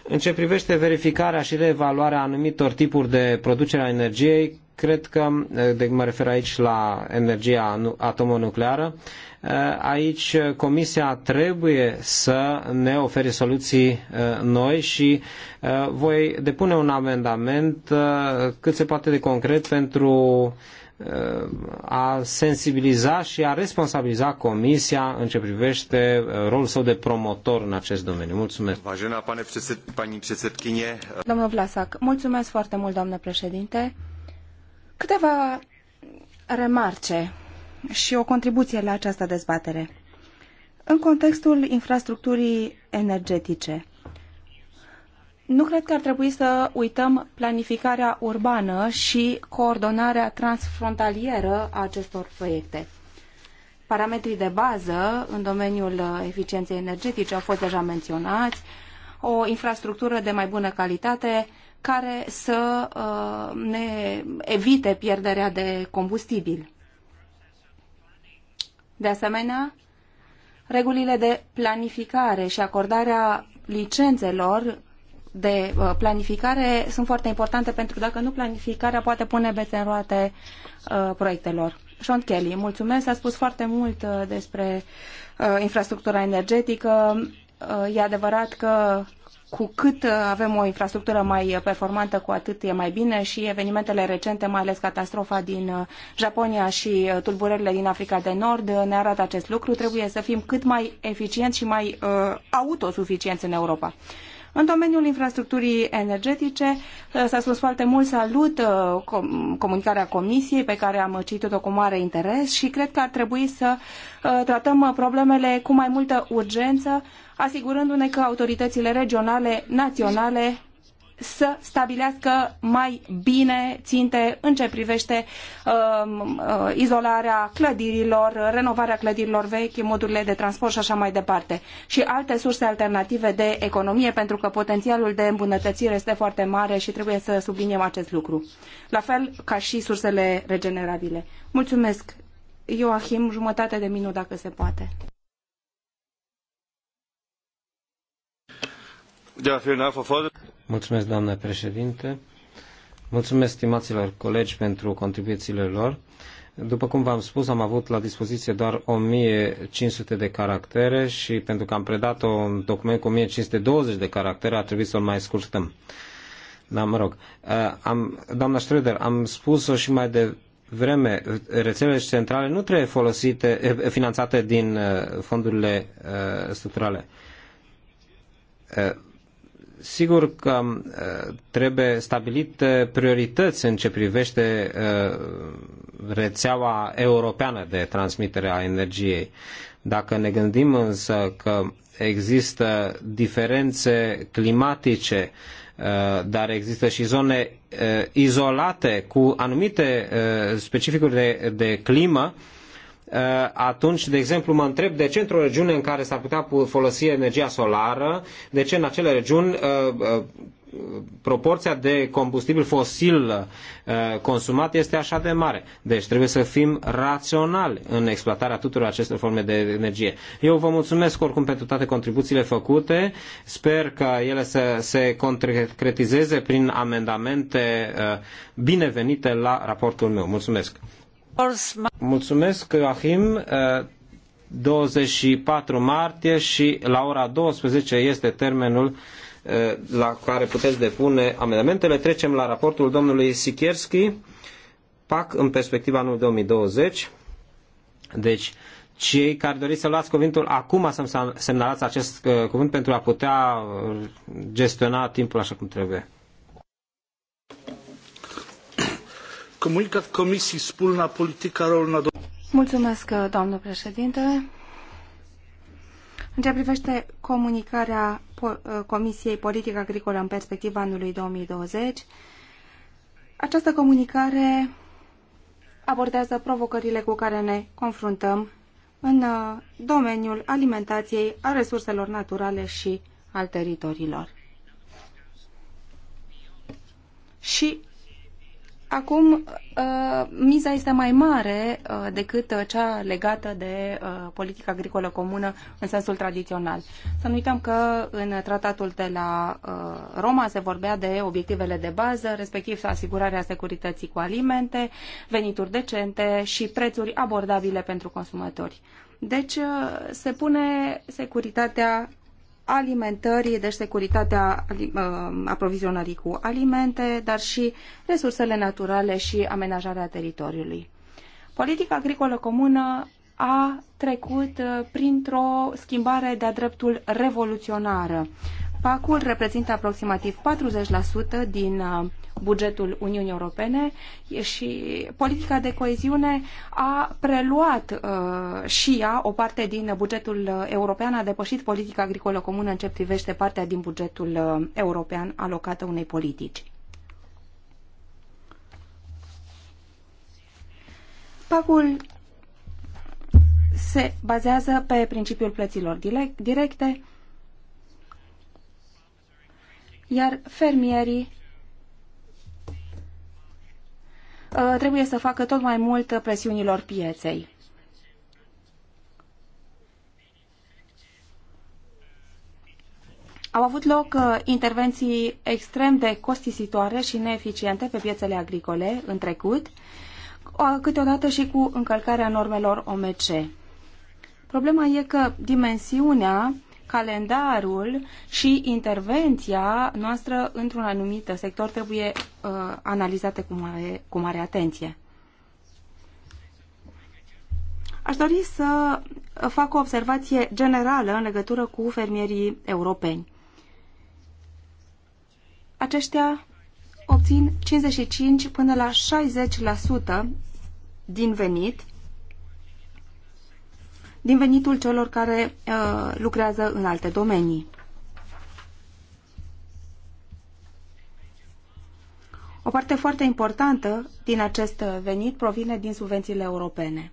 În ce privește verificarea și reevaluarea anumitor tipuri de producere a energiei, cred că, de, mă refer aici la energia atomonucleară, eh, aici Comisia trebuie să ne ofere soluții eh, noi și eh, voi depune un amendament cât se poate de concret pentru a sensibiliza și a responsabiliza Comisia în ce privește uh, rolul său de promotor în acest domeniu. Mulțumesc. Vajena, pane președ, pani președkine. Eh, Domnul Vlasac, mulțumesc foarte mult, doamnă președinte. Câteva remarce și o contribuție la această dezbatere. În contextul infrastructurii energetice, nu cred că ar trebui să uităm planificarea urbană și coordonarea transfrontalieră a acestor proiecte. Parametrii de bază în domeniul eficienței energetice au fost deja menționați, o infrastructură de mai bună calitate care să uh, ne evite pierderea de combustibil. De asemenea, regulile de planificare și acordarea licențelor de uh, planificare sunt foarte importante pentru că dacă nu planificarea poate pune bețe în roate uh, proiectelor. Sean Kelly, mulțumesc, a spus foarte mult uh, despre infrastructura energetică. E adevărat că cu cât avem o infrastructură mai performantă, cu atât e mai bine și evenimentele recente, mai ales catastrofa din Japonia și tulburările din Africa de Nord, ne arată acest lucru. Trebuie să fim cât mai eficienți și mai uh, autosuficienți în Europa. În domeniul infrastructurii energetice eh, s-a spus foarte mult, salut eh, comunicarea Comisiei pe care am citit-o cu mare interes și cred că ar trebui să eh, tratăm problemele cu mai multă urgență, asigurându-ne că autoritățile regionale, naționale să stabilească mai bine ținte în ce privește um, uh, izolarea clădirilor, renovarea clădirilor vechi, modurile de transport și așa mai departe. Și alte surse alternative de economie, pentru că potențialul de îmbunătățire este foarte mare și trebuie să subliniem acest lucru. La fel ca și sursele regenerabile. Mulțumesc! Joachim, jumătate de minut dacă se poate. Mulțumesc, doamnă președinte. Mulțumesc, stimaților colegi, pentru contribuțiile lor. După cum v-am spus, am avut la dispoziție doar 1500 de caractere și pentru că am predat un document cu 1520 de caractere, a trebuit să-l mai scurtăm. Da, mă rog. Am, doamna Schröder, am spus-o și mai de vreme, rețelele centrale nu trebuie folosite, finanțate din fondurile structurale Sigur că uh, trebuie stabilite priorități în ce privește uh, rețeaua europeană de transmitere a energiei. Dacă ne gândim însă că există diferențe climatice, uh, dar există și zone izolate cu anumite specificuri de, de climă, Eh, atunci, de exemplu, mă întreb de ce într-o regiune în care s-ar putea folosi energia solară, de ce în acele regiuni eh, eh, proporția de combustibil fosil consumat este așa de mare. Deci trebuie să fim raționali în exploatarea tuturor acestor forme de energie. Eu vă mulțumesc oricum pentru toate contribuțiile făcute. Sper că ele să se concretizeze prin amendamente binevenite la raportul meu. Mulțumesc! Mulțumesc, Joachim. 24 eh, martie și la ora 12 este termenul eh, la care puteți depune amendamentele. Trecem la raportul domnului Sikierski, PAC în perspectiva anului 2020. Deci, cei care doriți să luați cuvântul acum să-mi semnalați acest eh, cuvânt pentru a putea gestiona timpul așa cum trebuie. Comunicat Comisiei Rolna... Mulțumesc, doamnă președinte. În ce privește comunicarea Comisiei Politică Agricolă în perspectiva anului 2020, această comunicare abordează provocările cu care ne confruntăm în uh, domeniul alimentației, a resurselor naturale și al teritoriilor. Și Acum, uh, miza este mai mare uh, decât uh, cea legată de politica agricolă comună în sensul tradițional. Să nu uităm că în tratatul de la Roma se vorbea de obiectivele de bază, respectiv asigurarea securității cu alimente, venituri decente și prețuri abordabile pentru consumatori. Deci se pune securitatea alimentării, deci securitatea uh, aprovizionării cu alimente, dar și resursele naturale și amenajarea teritoriului. Politica agricolă comună a trecut uh, printr-o schimbare de-a dreptul revoluționară. PAC-ul reprezintă aproximativ 40% din uh, bugetul Uniunii Europene și politica de coeziune a preluat uh, și ea o parte din bugetul european, a depășit politica agricolă comună în ce privește partea din bugetul uh, european alocată unei politici. Pacul se bazează pe principiul plăților directe, iar fermierii Uh, trebuie să facă tot mai mult presiunilor pieței. Au avut loc uh, intervenții extrem de costisitoare și neeficiente pe piețele agricole în trecut, uh, câteodată și cu încălcarea normelor OMC. Problema e că dimensiunea calendarul și intervenția noastră într-un anumit sector trebuie uh, analizate cu mare, cu mare atenție. Aș dori să fac o observație generală în legătură cu fermierii europeni. Aceștia obțin 55 până la 60% din venit din venitul celor care uh, lucrează în alte domenii. O parte foarte importantă din acest venit provine din subvențiile europene.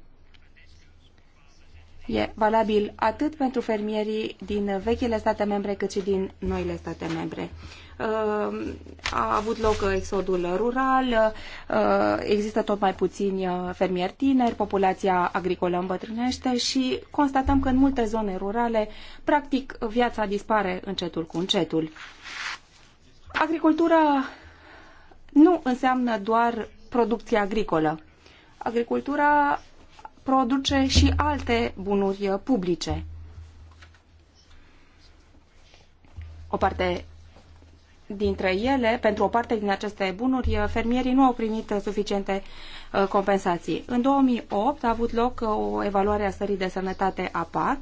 E valabil atât pentru fermierii din vechile state membre cât și din noile state membre a avut loc exodul rural, uh, există tot mai puțini uh, fermieri tineri, populația agricolă îmbătrânește și constatăm că în multe zone rurale, practic, viața dispare încetul cu încetul. Agricultura nu înseamnă doar producție agricolă. Agricultura produce și alte bunuri uh, publice. O parte dintre ele, pentru o parte din aceste bunuri, uh, fermierii nu au primit uh, suficiente uh, compensații. În 2008 a avut loc o evaluare a stării de sănătate a PAC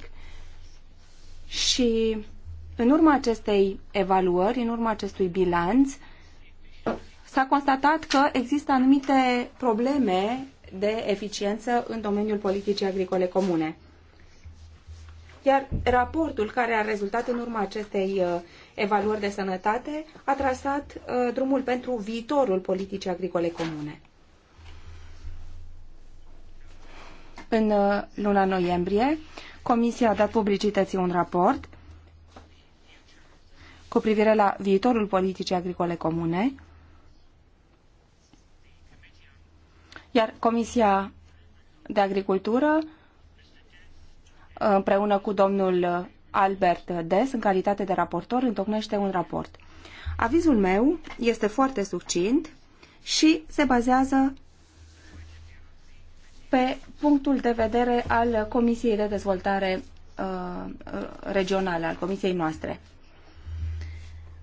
și în urma acestei evaluări, în urma acestui bilanț, s-a constatat că există anumite probleme de eficiență în domeniul politicii agricole comune. Iar raportul care a rezultat în urma acestei uh, evaluări de sănătate a trasat uh, drumul pentru viitorul politicii agricole comune. În uh, luna noiembrie, Comisia a dat publicității un raport cu privire la viitorul politicii agricole comune, iar Comisia de Agricultură împreună cu domnul Albert Des, în calitate de raportor, întocmește un raport. Avizul meu este foarte succint și se bazează pe punctul de vedere al Comisiei de Dezvoltare uh, Regională, al Comisiei noastre.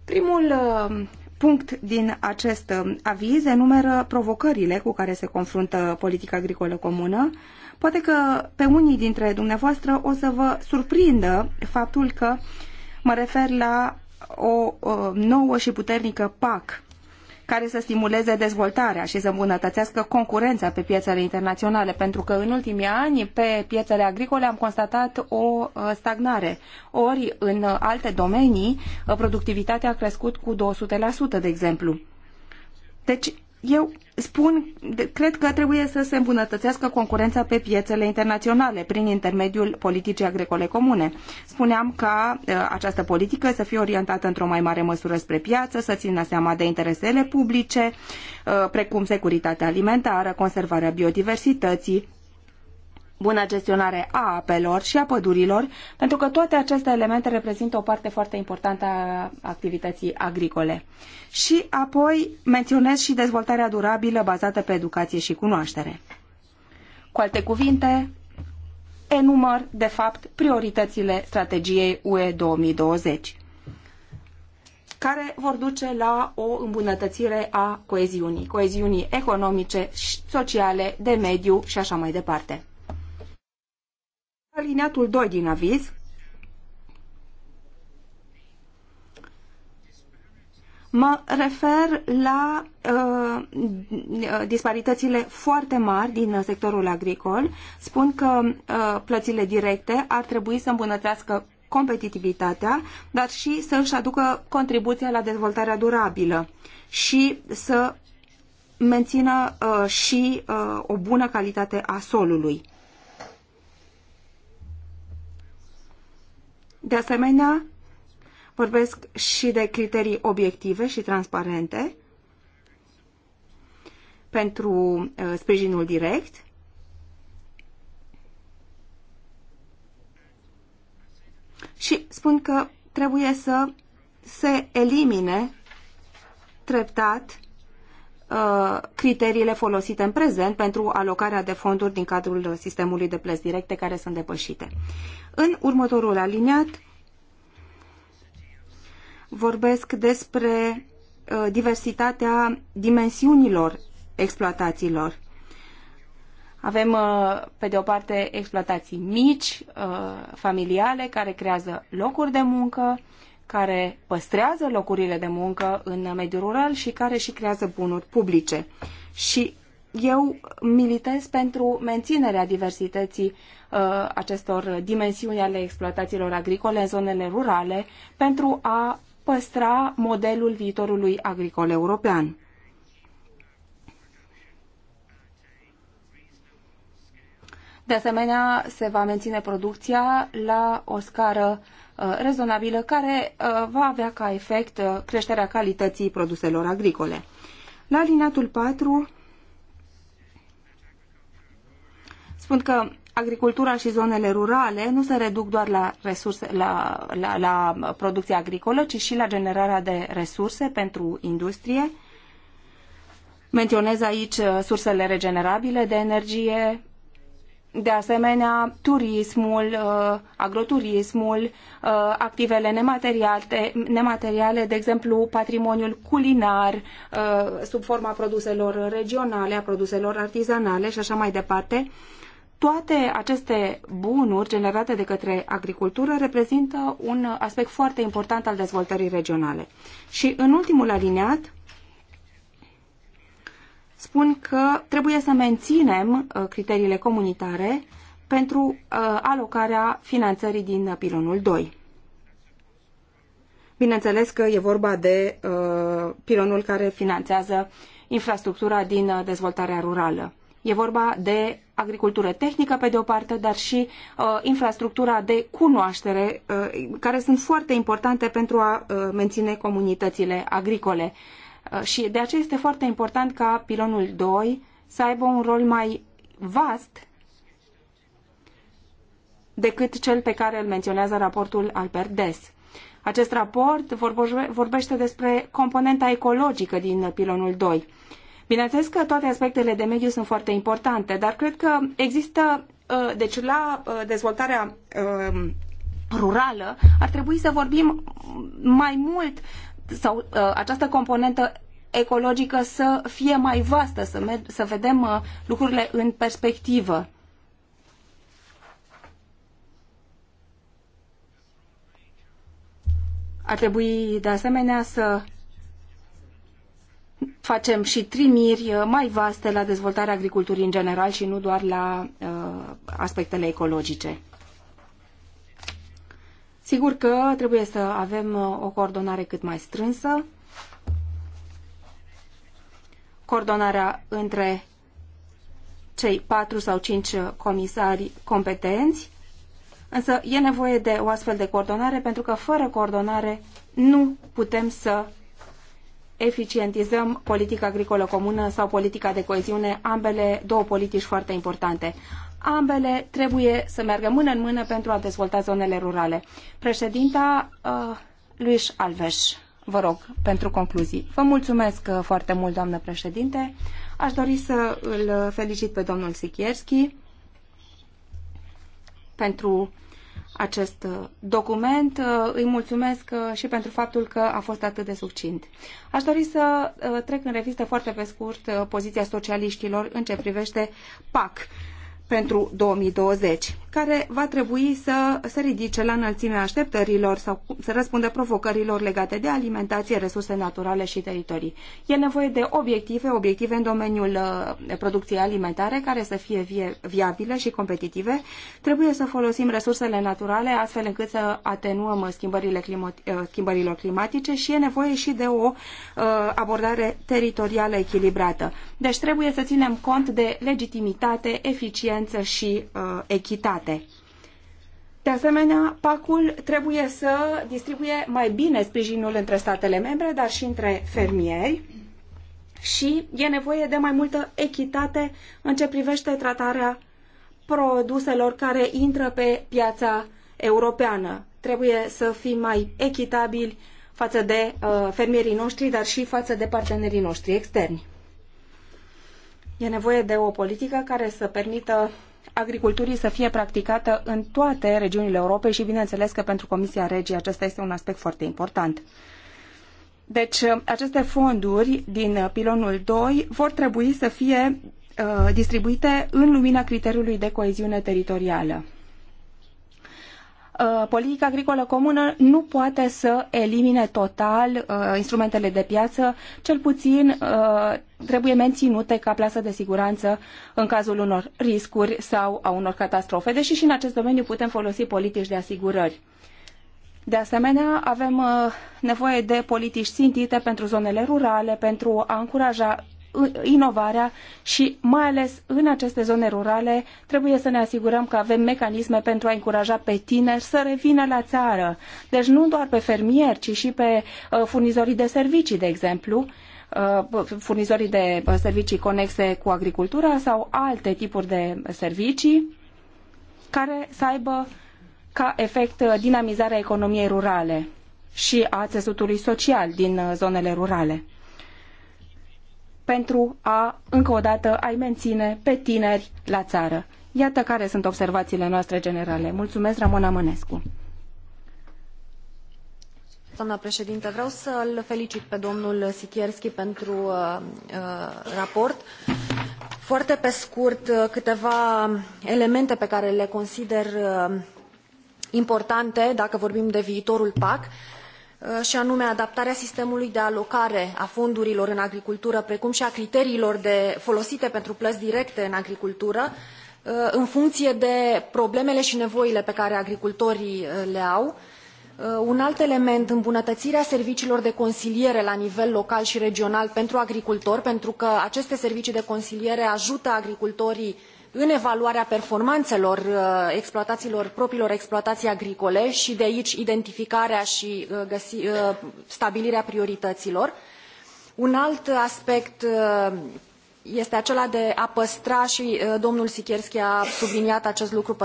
Primul uh, punct din acest uh, aviz enumeră provocările cu care se confruntă politica agricolă comună Poate că pe unii dintre dumneavoastră o să vă surprindă faptul că mă refer la o, o nouă și puternică PAC care să stimuleze dezvoltarea și să îmbunătățească concurența pe piețele internaționale, pentru că în ultimii ani pe piețele agricole am constatat o uh, stagnare. Ori în alte domenii uh, productivitatea a crescut cu 200%, de exemplu. Deci eu spun, cred că trebuie să se îmbunătățească concurența pe piețele internaționale prin intermediul politicii agricole comune. Spuneam ca uh, această politică să fie orientată într-o mai mare măsură spre piață, să țină seama de interesele publice, uh, precum securitatea alimentară, conservarea biodiversității, bună gestionare a apelor și a pădurilor, pentru că toate aceste elemente reprezintă o parte foarte importantă a activității agricole. Și apoi menționez și dezvoltarea durabilă bazată pe educație și cunoaștere. Cu alte cuvinte, enumăr, de fapt, prioritățile strategiei UE 2020 care vor duce la o îmbunătățire a coeziunii, coeziunii economice, sociale, de mediu și așa mai departe. Aliniatul 2 din aviz. Mă refer la uh, disparitățile foarte mari din sectorul agricol. Spun că uh, plățile directe ar trebui să îmbunătățească competitivitatea, dar și să își aducă contribuția la dezvoltarea durabilă și să mențină uh, și uh, o bună calitate a solului. De asemenea, vorbesc și de criterii obiective și transparente pentru uh, sprijinul direct. Și spun că trebuie să se elimine treptat uh, criteriile folosite în prezent pentru alocarea de fonduri din cadrul uh, sistemului de plăți directe care sunt depășite. În următorul aliniat vorbesc despre uh, diversitatea dimensiunilor exploatațiilor. Avem, uh, pe de o parte, exploatații mici, uh, familiale, care creează locuri de muncă, care păstrează locurile de muncă în mediul rural și care și creează bunuri publice. Și eu militez pentru menținerea diversității Uh, acestor dimensiuni ale exploatațiilor agricole în zonele rurale pentru a păstra modelul viitorului agricol european. De asemenea, se va menține producția la o scară uh, rezonabilă care uh, va avea ca efect creșterea calității produselor agricole. La alineatul 4 spun că agricultura și zonele rurale nu se reduc doar la, resurse, la, la, la producția agricolă, ci și la generarea de resurse pentru industrie. Menționez aici uh, sursele regenerabile de energie, de asemenea turismul, uh, agroturismul, uh, activele nemateriale, nemateriale, de exemplu patrimoniul culinar, sub forma produselor regionale, a produselor artizanale și așa mai departe toate aceste bunuri generate de către agricultură reprezintă un aspect foarte important al dezvoltării regionale. Și în ultimul alineat spun că trebuie să menținem uh, criteriile comunitare pentru uh, alocarea finanțării din uh, pilonul 2. Bineînțeles că e vorba de pilonul care finanțează infrastructura din dezvoltarea rurală. E vorba de agricultură tehnică, pe de o parte, dar și uh, infrastructura de cunoaștere, uh, care sunt foarte importante pentru a uh, menține comunitățile agricole. Uh, și de aceea este foarte important ca pilonul 2 să aibă un rol mai vast decât cel pe care îl menționează raportul Albert Des. Acest raport vorbește despre componenta ecologică din pilonul 2 Bineînțeles că toate aspectele de mediu sunt foarte importante, dar cred că există, uh, deci la uh, dezvoltarea um, rurală ar trebui să vorbim mai mult sau uh, această componentă ecologică să fie mai vastă, să, să vedem lucrurile în perspectivă. Ar trebui de asemenea să facem și trimiri mai vaste la dezvoltarea agriculturii în general și nu doar la uh, aspectele ecologice. Sigur că trebuie să avem uh, o coordonare cât mai strânsă, coordonarea între cei patru sau cinci comisari competenți, însă e nevoie de o astfel de coordonare pentru că fără coordonare nu putem să eficientizăm politica agricolă comună sau politica de coeziune, ambele două politici foarte importante. Ambele trebuie să meargă mână în mână pentru a dezvolta zonele rurale. Președinta uh, Luis Alves, vă rog, pentru concluzii. Vă mulțumesc uh, foarte mult, doamnă președinte. Aș dori să îl felicit pe domnul Sikierski pentru acest uh, document. Uh, îi mulțumesc uh, și pentru faptul că a fost atât de succint. Aș dori să trec în revistă foarte pe scurt poziția socialiștilor în ce privește PAC pentru 2020, care va trebui să se ridice la înălțimea așteptărilor sau să răspundă provocărilor legate de alimentație, resurse naturale și teritorii. E nevoie de obiective, obiective în domeniul uh, producției alimentare care să fie viabile și competitive. Trebuie să folosim resursele naturale astfel încât să atenuăm schimbările climat- uh, schimbărilor climatice și e nevoie și de o uh, abordare teritorială echilibrată. Deci trebuie să ținem cont de legitimitate, eficiență, eficiență și uh, echitate. De asemenea, PAC-ul trebuie să distribuie mai bine sprijinul între statele membre, dar și între fermieri și e nevoie de mai multă echitate în ce privește tratarea produselor care intră pe piața europeană. Trebuie să fim mai echitabili față de uh, fermierii noștri, dar și față de partenerii noștri externi. E nevoie de o politică care să permită agriculturii să fie practicată în toate regiunile Europei și bineînțeles că pentru Comisia Regii acesta este un aspect foarte important. Deci aceste fonduri din pilonul 2 vor trebui să fie uh, distribuite în lumina criteriului de coeziune teritorială. Uh, politica agricolă comună nu poate să elimine total uh, instrumentele de piață, cel puțin uh, trebuie menținute ca plasă de siguranță în cazul unor riscuri sau a unor catastrofe, deși și în acest domeniu putem folosi politici de asigurări. De asemenea, avem nevoie de politici țintite pentru zonele rurale, pentru a încuraja inovarea și mai ales în aceste zone rurale trebuie să ne asigurăm că avem mecanisme pentru a încuraja pe tineri să revină la țară. Deci nu doar pe fermieri, ci și pe uh, furnizorii de servicii, de exemplu, uh, furnizorii de uh, servicii conexe cu agricultura sau alte tipuri de servicii care să aibă ca efect dinamizarea economiei rurale și a țesutului social din zonele rurale pentru a, încă o dată, a-i menține pe tineri la țară. Iată care sunt observațiile noastre generale. Mulțumesc, Ramona Mănescu. Doamna președinte, vreau să-l felicit pe domnul Sikierski pentru uh, uh raport. Foarte pe scurt, uh, câteva elemente pe care le consider uh, importante dacă vorbim de viitorul PAC. Uh, Uh, și anume adaptarea sistemului de alocare a fondurilor în agricultură, precum și a criteriilor de, folosite pentru plăți directe în agricultură, uh, în funcție de problemele și nevoile pe care agricultorii uh, le au. Un alt element, îmbunătățirea serviciilor de consiliere la nivel local și regional pentru agricultori, pentru că aceste servicii de consiliere ajută agricultorii în evaluarea performanțelor uh, exploatațiilor, propriilor exploatații agricole și de aici identificarea și uh, uh, stabilirea priorităților. Un alt aspect este acela de a păstra i domnul siekierski a subliniat acest lucru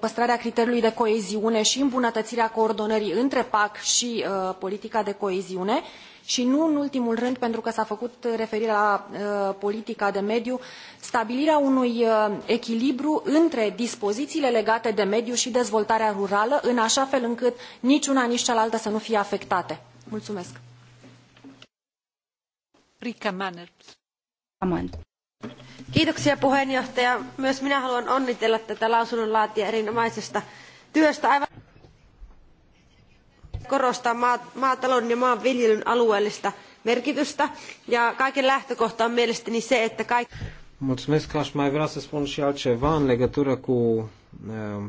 păstrarea criteriului de coeziune și îmbunătățirea coordonării între PAC și politica de coeziune și nu în ultimul rând, pentru că s-a făcut referire la uh, politica de mediu, stabilirea unui uh, echilibru între dispozițiile legate de mediu și dezvoltarea rurală, în așa fel încât nici una, nici cealaltă să nu fie afectate. Mulțumesc! Kiitoksia puheenjohtaja. Myös minä haluan onnitella tätä lausunnonlaatia erinomaisesta työstä. Aivan korostaa maatalouden ja maanviljelyn alueellista merkitystä ja kaiken lähtökohta on mielestäni se, että kaikki... Mulțumesc că aș mai vrea să spun și altceva în legătură cu uh,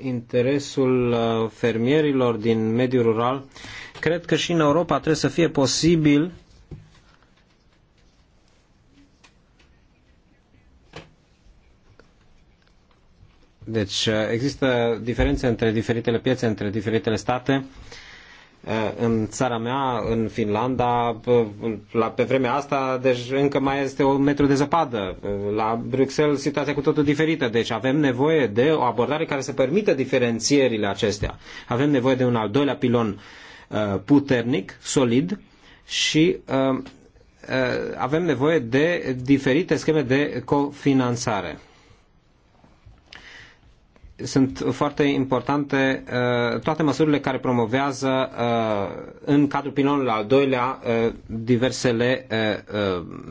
interesul uh, fermierilor din mediul rural. Cred că și în Europa trebuie să fie posibil Deci uh, există diferențe între diferitele piețe, între diferitele state. Uh, în țara mea, în Finlanda, la, pe vremea asta, deci încă mai este un metru de zăpadă. La Bruxelles situația cu totul diferită, deci avem nevoie de o abordare care să permită diferențierile acestea. Avem nevoie de un al doilea pilon puternic, solid și avem nevoie de diferite scheme de cofinanțare sunt foarte importante uh, toate măsurile care promovează uh, în cadrul pilonului al doilea uh, diversele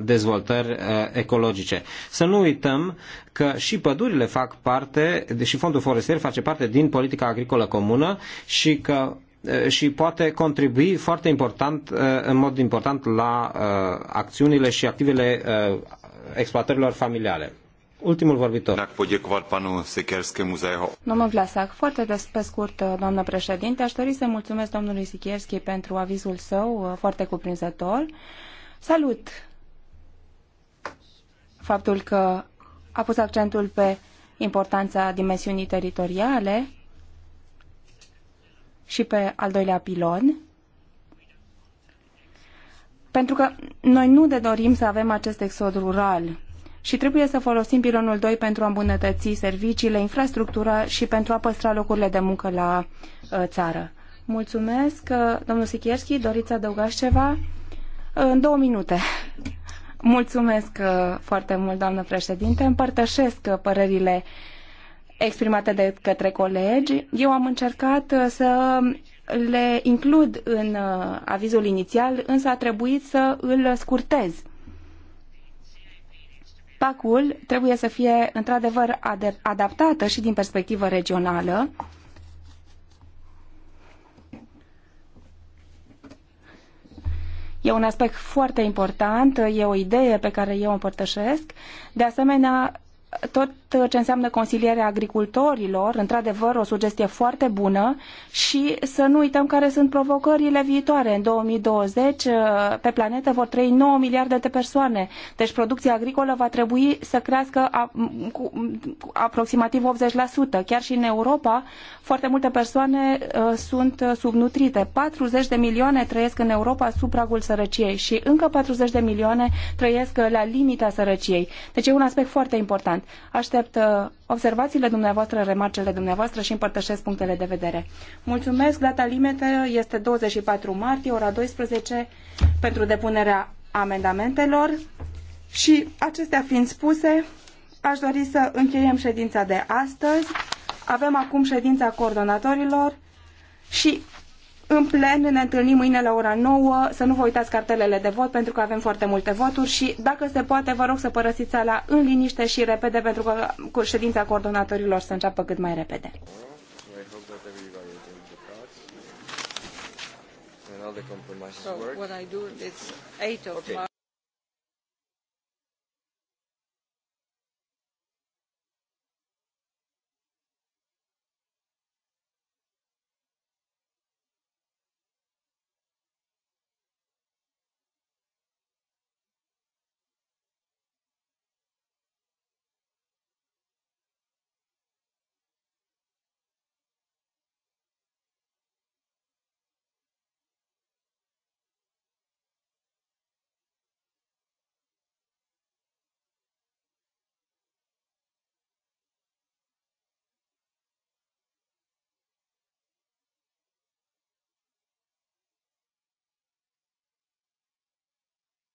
dezvoltări ecologice. Să nu uităm că și pădurile fac parte, și fondul forestier face parte din politica agricolă comună și că și poate contribui foarte important, în mod important la acțiunile și activele exploatărilor familiale. Ultimul vorbitor. Domnul Vlasac, foarte des pe scurt, doamnă președinte, aș dori să mulțumesc domnului Sikierski pentru avizul său foarte cuprinzător. Salut faptul că a pus accentul pe importanța dimensiunii teritoriale și pe al doilea pilon. Pentru că noi nu de dorim să avem acest exod rural și trebuie să folosim pilonul 2 pentru a îmbunătăți serviciile, infrastructura și pentru a păstra locurile de muncă la uh, țară. Mulțumesc. Uh, domnul Sikierski, doriți să adăugați ceva? Uh, în două minute. [laughs] Mulțumesc foarte mult, doamnă președinte. Împărtășesc părerile exprimate de către colegi. Eu am încercat să le includ în avizul inițial, însă a trebuit să îl scurtez PAC-ul trebuie să fie într-adevăr adaptată și din perspectivă regională, E un aspect foarte important, e o idee pe care eu o împărtășesc. De asemenea, tot ce înseamnă consilierea agricultorilor, într-adevăr o sugestie foarte bună și să nu uităm care sunt provocările viitoare. În 2020 uh, pe planetă vor trăi 9 miliarde de persoane, deci producția agricolă va trebui să crească a, cu, aproximativ 80%. Chiar și în Europa foarte multe persoane uh, sunt uh, subnutrite. 40 de milioane trăiesc în Europa sub pragul sărăciei și încă 40 de milioane trăiesc uh, la limita sărăciei. Deci e un aspect foarte important important. Aștept uh, observațiile dumneavoastră, remarcele dumneavoastră și împărtășesc punctele de vedere. Mulțumesc. Data limită este 24 martie, ora 12, pentru depunerea amendamentelor. Și acestea fiind spuse, aș dori să încheiem ședința de astăzi. Avem acum ședința coordonatorilor și în plen ne întâlnim mâine la ora 9. Să nu vă uitați cartelele de vot pentru că avem foarte multe voturi și dacă se poate, vă rog să părăsiți sala în liniște și repede pentru că ședința coordonatorilor să înceapă cât mai repede. So what I do, it's 8 okay.